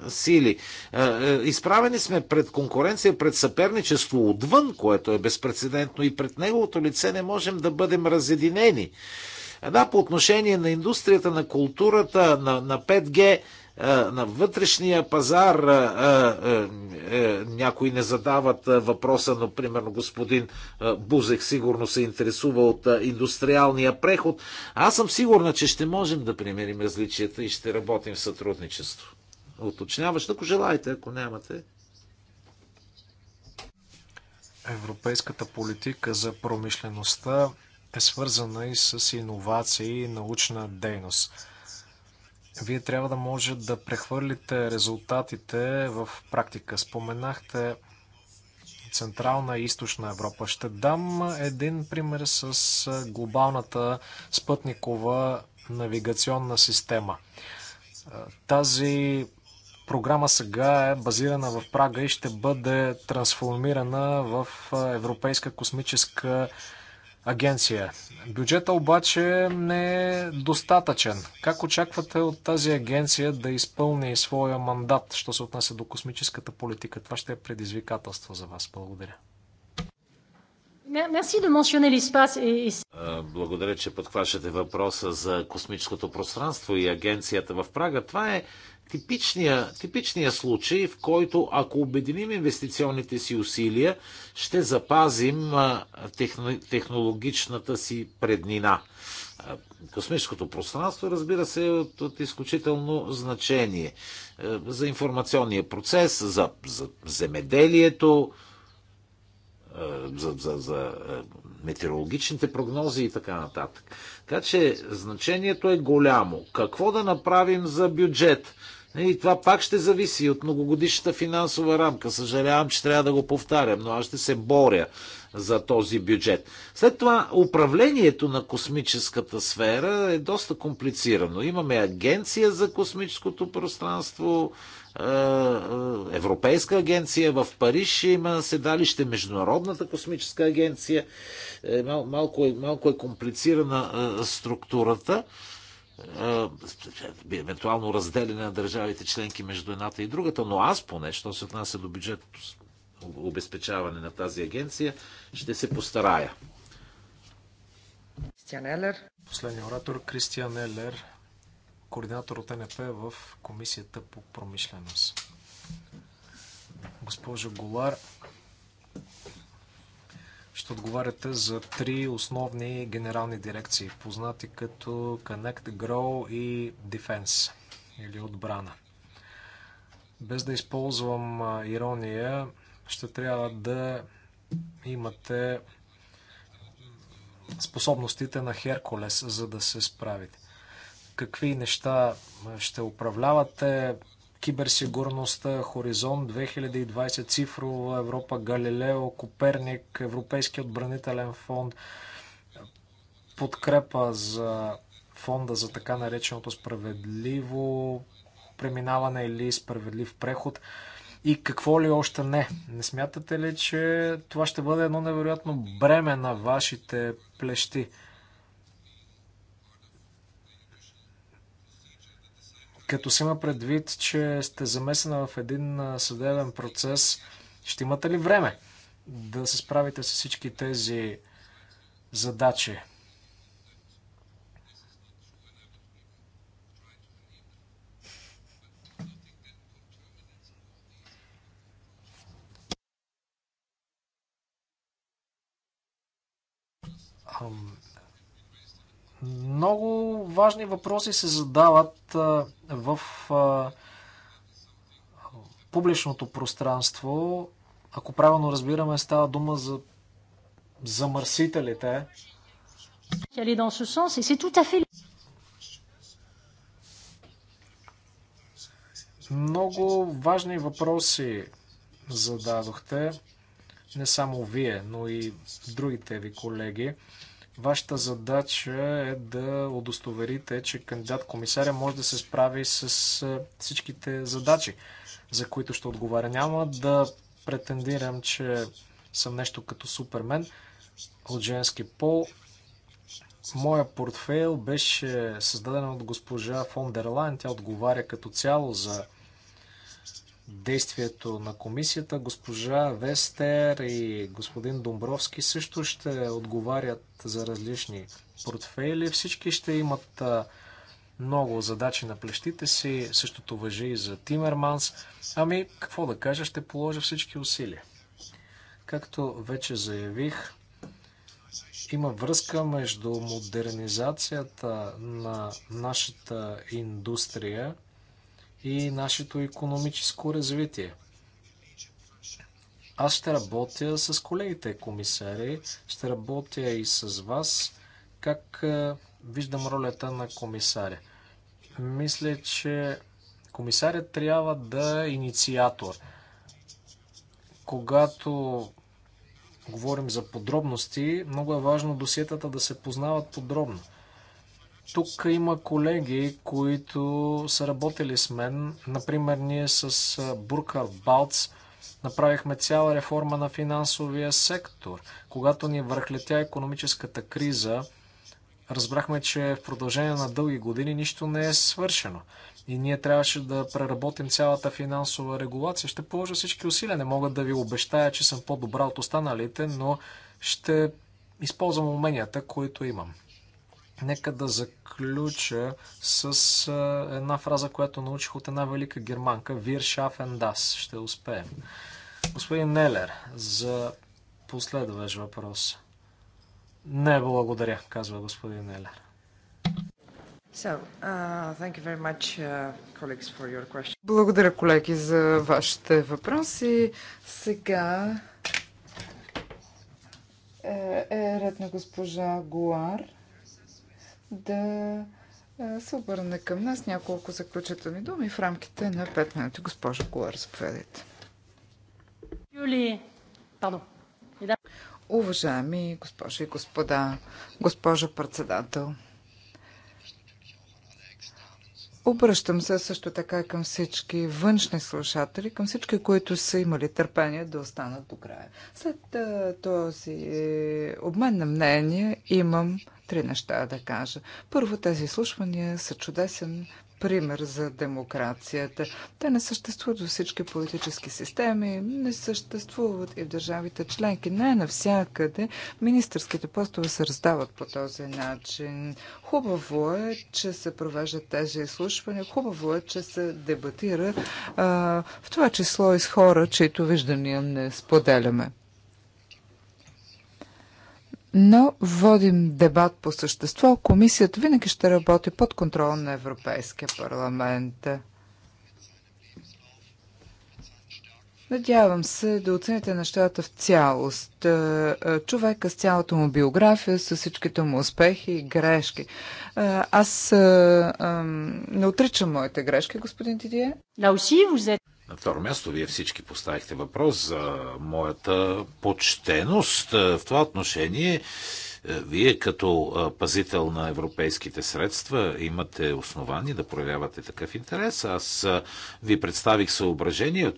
A: сили. Е, изправени сме пред конкуренция, пред съперничество отвън, което е безпредседентно и пред неговото лице не можем да бъдем разединени. Да, по отношение на индустрията, на културата, на, на 5G, на вътрешния пазар. Е, е, някои не задават въпроса, но примерно господин Бузек сигурно се интересува от индустриалния преход. Аз съм сигурна, че ще можем да примерим различията и ще работим в сътрудничество. Уточняваш, ако желаете, ако нямате.
D: Европейската политика за промишлеността е свързана и с иновации и научна дейност. Вие трябва да може да прехвърлите резултатите в практика. Споменахте Централна и Източна Европа. Ще дам един пример с глобалната спътникова навигационна система. Тази програма сега е базирана в Прага и ще бъде трансформирана в Европейска космическа агенция. Бюджета обаче не е достатъчен. Как очаквате от тази агенция да изпълни своя мандат, що се отнася до космическата политика? Това ще е предизвикателство за вас. Благодаря.
A: Благодаря, че подхващате въпроса за космическото пространство и агенцията в Прага. Това е типичния, типичния случай, в който ако обединим инвестиционните си усилия, ще запазим техно, технологичната си преднина. Космическото пространство, разбира се, е от, от изключително значение за информационния процес, за, за земеделието, е, за, за, за е, метеорологичните прогнози и така нататък. Така че значението е голямо. Какво да направим за бюджет? Е, и това пак ще зависи от многогодишната финансова рамка. Съжалявам, че трябва да го повтарям, но аз ще се боря за този бюджет. След това управлението на космическата сфера е доста комплицирано. Имаме агенция за космическото пространство, е, е, Европейска агенция в Париж има седалище Международната космическа агенция. Е, мал, малко, е, малко е комплицирана структурата. Евентуално разделяне на държавите членки между едната и другата, но аз поне, що се отнася до бюджетното обезпечаване на тази агенция, ще се постарая.
D: Кристиан Елер. Последният оратор Кристиан Елер координатор от НП в Комисията по промишленост. Госпожа Голар, ще отговаряте за три основни генерални дирекции, познати като Connect, Grow и Defense или отбрана. Без да използвам ирония, ще трябва да имате способностите на Херкулес, за да се справите какви неща ще управлявате, киберсигурността, Хоризонт 2020, Цифрова Европа, Галилео, Коперник, Европейския отбранителен фонд, подкрепа за фонда за така нареченото справедливо преминаване или справедлив преход и какво ли още не. Не смятате ли, че това ще бъде едно невероятно бреме на вашите плещи? Като се има предвид, че сте замесена в един съдебен процес, ще имате ли време да се справите с всички тези задачи?
A: Um, много важни
D: въпроси се задават в публичното пространство. Ако правилно разбираме, става дума за замърсителите. Много важни въпроси зададохте, не само вие, но и другите ви колеги. Вашата задача е да удостоверите, че кандидат комисаря може да се справи с е, всичките задачи, за които ще отговаря. Няма да претендирам, че съм нещо като супермен от женски пол. Моя портфейл беше създаден от госпожа фон Дерлайн. Тя отговаря като цяло за действието на комисията. Госпожа Вестер и господин Домбровски също ще отговарят за различни портфейли. Всички ще имат много задачи на плещите си. Същото въжи и за Тимерманс. Ами, какво да кажа, ще положа всички усилия. Както вече заявих, има връзка между модернизацията на нашата индустрия и нашето економическо развитие. Аз ще работя с колегите комисари, ще работя и с вас, как виждам ролята на комисаря. Мисля, че комисарят трябва да е инициатор. Когато говорим за подробности, много е важно досиетата да се познават подробно. Тук има колеги, които са работили с мен. Например, ние с Буркар Балц направихме цяла реформа на финансовия сектор. Когато ни върхлетя економическата криза, разбрахме, че в продължение на дълги години нищо не е свършено. И ние трябваше да преработим цялата финансова регулация. Ще положа всички усилия. Не мога да ви обещая, че съм по-добра от останалите, но ще използвам уменията, които имам. Нека да заключа с една фраза, която научих от една велика германка. Вир шафен дас. Ще успеем. Господин Нелер, за последващ въпрос. Не, благодаря, казва господин Нелер.
B: So, uh, much, uh, Благодаря, колеги, за вашите въпроси. Сега е, е ред на госпожа Гуар да се обърне към нас няколко заключителни думи в рамките на 5 минути. Госпожа Голар, заповядайте. Юли, пардон. Уважаеми госпожи и господа, госпожа председател, Обръщам се също така към всички външни слушатели, към всички, които са имали търпение да останат до края. След този обмен на мнение имам три неща да кажа. Първо, тези слушвания са чудесен пример за демокрацията. Те не съществуват във всички политически системи, не съществуват и в държавите членки. Не навсякъде министрските постове се раздават по този начин. Хубаво е, че се провеждат тези изслушвания, хубаво е, че се дебатира, а, в това число и с хора, чието виждания не споделяме но водим дебат по същество. Комисията винаги ще работи под контрол на Европейския парламент. Надявам се да оцените нещата в цялост. Е, е, човека с цялата му биография, с всичките му успехи и грешки. Е, аз не отричам моите грешки, господин Дидие.
A: На второ място, вие всички поставихте въпрос за моята почтеност е, в това отношение. Е, вие като е, пазител на европейските средства имате основани да проявявате такъв интерес. Аз ви представих съображения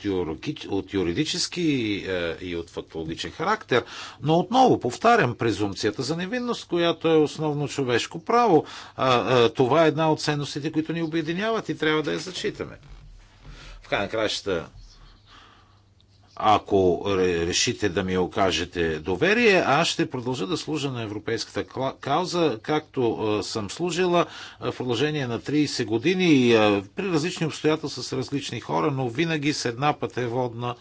A: от юридически и от фактологичен характер, но отново повтарям презумцията за невинност, която е основно човешко право. Това е една от ценностите, които ни обединяват и трябва да я зачитаме край на краща, ако решите да ми окажете доверие, аз ще продължа да служа на европейската кауза, както съм служила в продължение на 30 години при различни обстоятелства с различни хора, но винаги с една пътеводна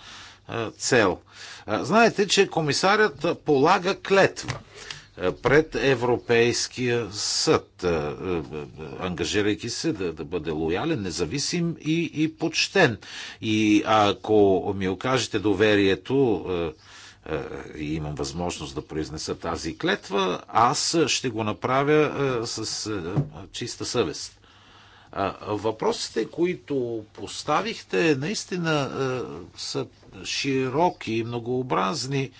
A: цел. Знаете, че комисарят полага клетва пред Европейския съд, е, е, е, ангажирайки се да, да бъде лоялен, независим и, и почтен. И ако ми окажете доверието и имам възможност да произнеса тази клетва, аз ще го направя с чиста съвест. Въпросите, които поставихте, наистина са широки и многообразни.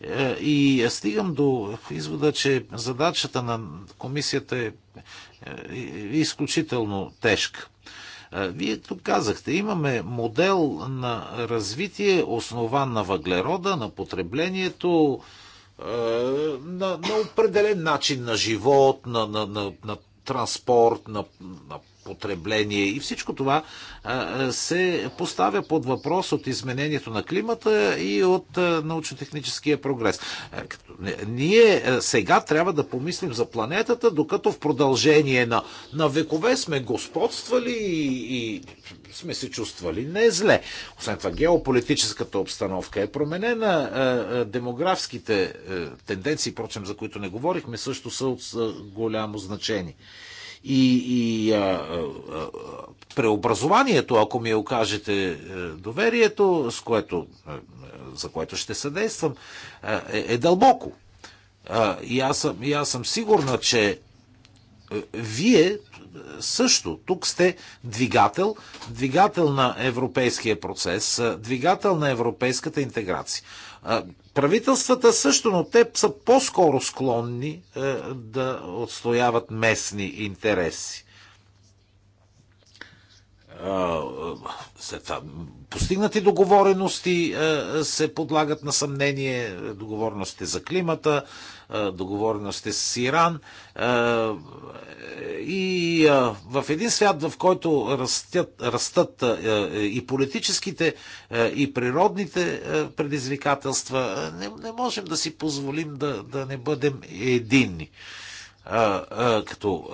A: Е, и стигам до извода, че задачата на комисията е, е, е изключително тежка. Вие тук казахте, имаме модел на развитие, основан на въглерода, на потреблението, на, на определен начин на живот, на, на, на, на транспорт, на, на потребление. И всичко това се поставя под въпрос от изменението на климата и от научно-техническия прогрес. Е, ние е, сега трябва да помислим за планетата, докато в продължение на, на векове сме господствали и, и сме се чувствали не зле. Освен това, геополитическата обстановка е променена, е, демографските тенденции, прочим, за които не говорихме, също са от голямо значение и, и а, а, преобразованието, ако ми окажете е, доверието, с което, е, е, за което ще съдействам, е, е дълбоко. И аз, съм, и аз съм сигурна, че вие също тук сте двигател, двигател на европейския процес, двигател на европейската интеграция. Правителствата също, но те са по-скоро склонни е, да отстояват местни интереси след това постигнати договорености се подлагат на съмнение, договорностите за климата, договорености с Иран. И в един свят, в който растят, растат и политическите, и природните предизвикателства, не, не можем да си позволим да, да не бъдем единни като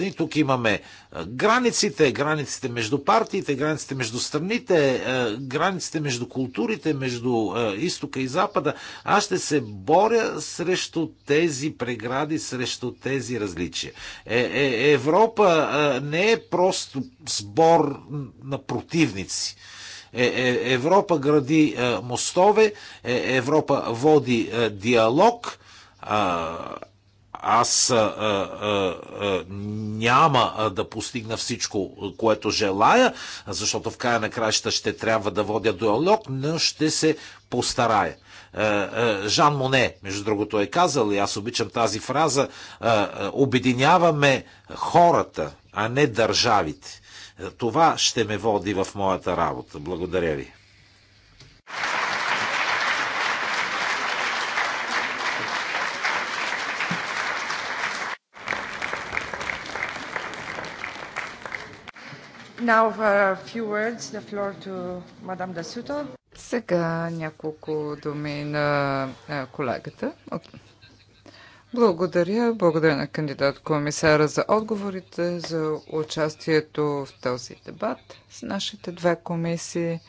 A: и тук имаме границите, границите между партиите, границите между страните, границите между културите, между изтока и запада. Аз ще се боря срещу тези прегради, срещу тези различия. Е, е, Европа не е просто сбор на противници. Е, е, Европа гради мостове, е, Европа води диалог, аз а, а, а, няма да постигна всичко, което желая, защото в края на краища ще трябва да водя диалог, но ще се постарая. Е, е, Жан Моне, между другото, е казал, и аз обичам тази фраза, е, обединяваме хората, а не държавите. Това ще ме води в моята работа. Благодаря ви.
B: Now uh, few words, the floor to Madame Сега няколко думи на колегата. Благодаря. Благодаря на кандидат комисара за отговорите, за участието в този дебат с нашите две комисии. Е,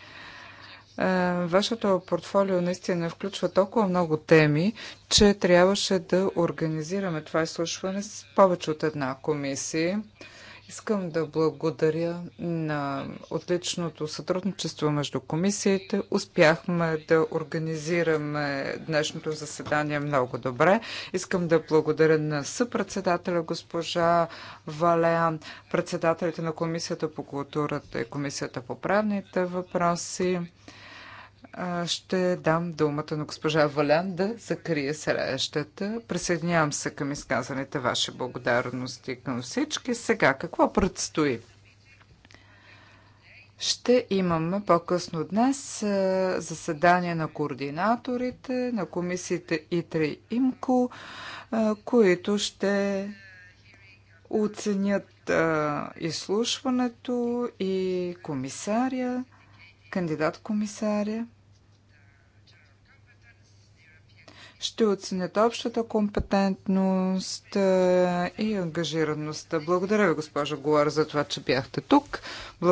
B: вашето портфолио наистина включва толкова много теми, че трябваше да организираме това изслушване с повече от една комисия. Искам да благодаря на отличното сътрудничество между комисиите. Успяхме да организираме днешното заседание много добре. Искам да благодаря на съпредседателя госпожа Валеан, председателите на Комисията по културата и Комисията по правните въпроси ще дам думата на госпожа Валян да закрие срещата. Присъединявам се към изказаните ваши благодарности към всички. Сега какво предстои? Ще имаме по-късно днес заседание на координаторите, на комисиите ИТРА ИМКО, които ще оценят изслушването и комисаря, кандидат-комисаря. ще оценят общата компетентност е, и ангажираността. Благодаря ви, госпожа Голар, за това, че бяхте тук.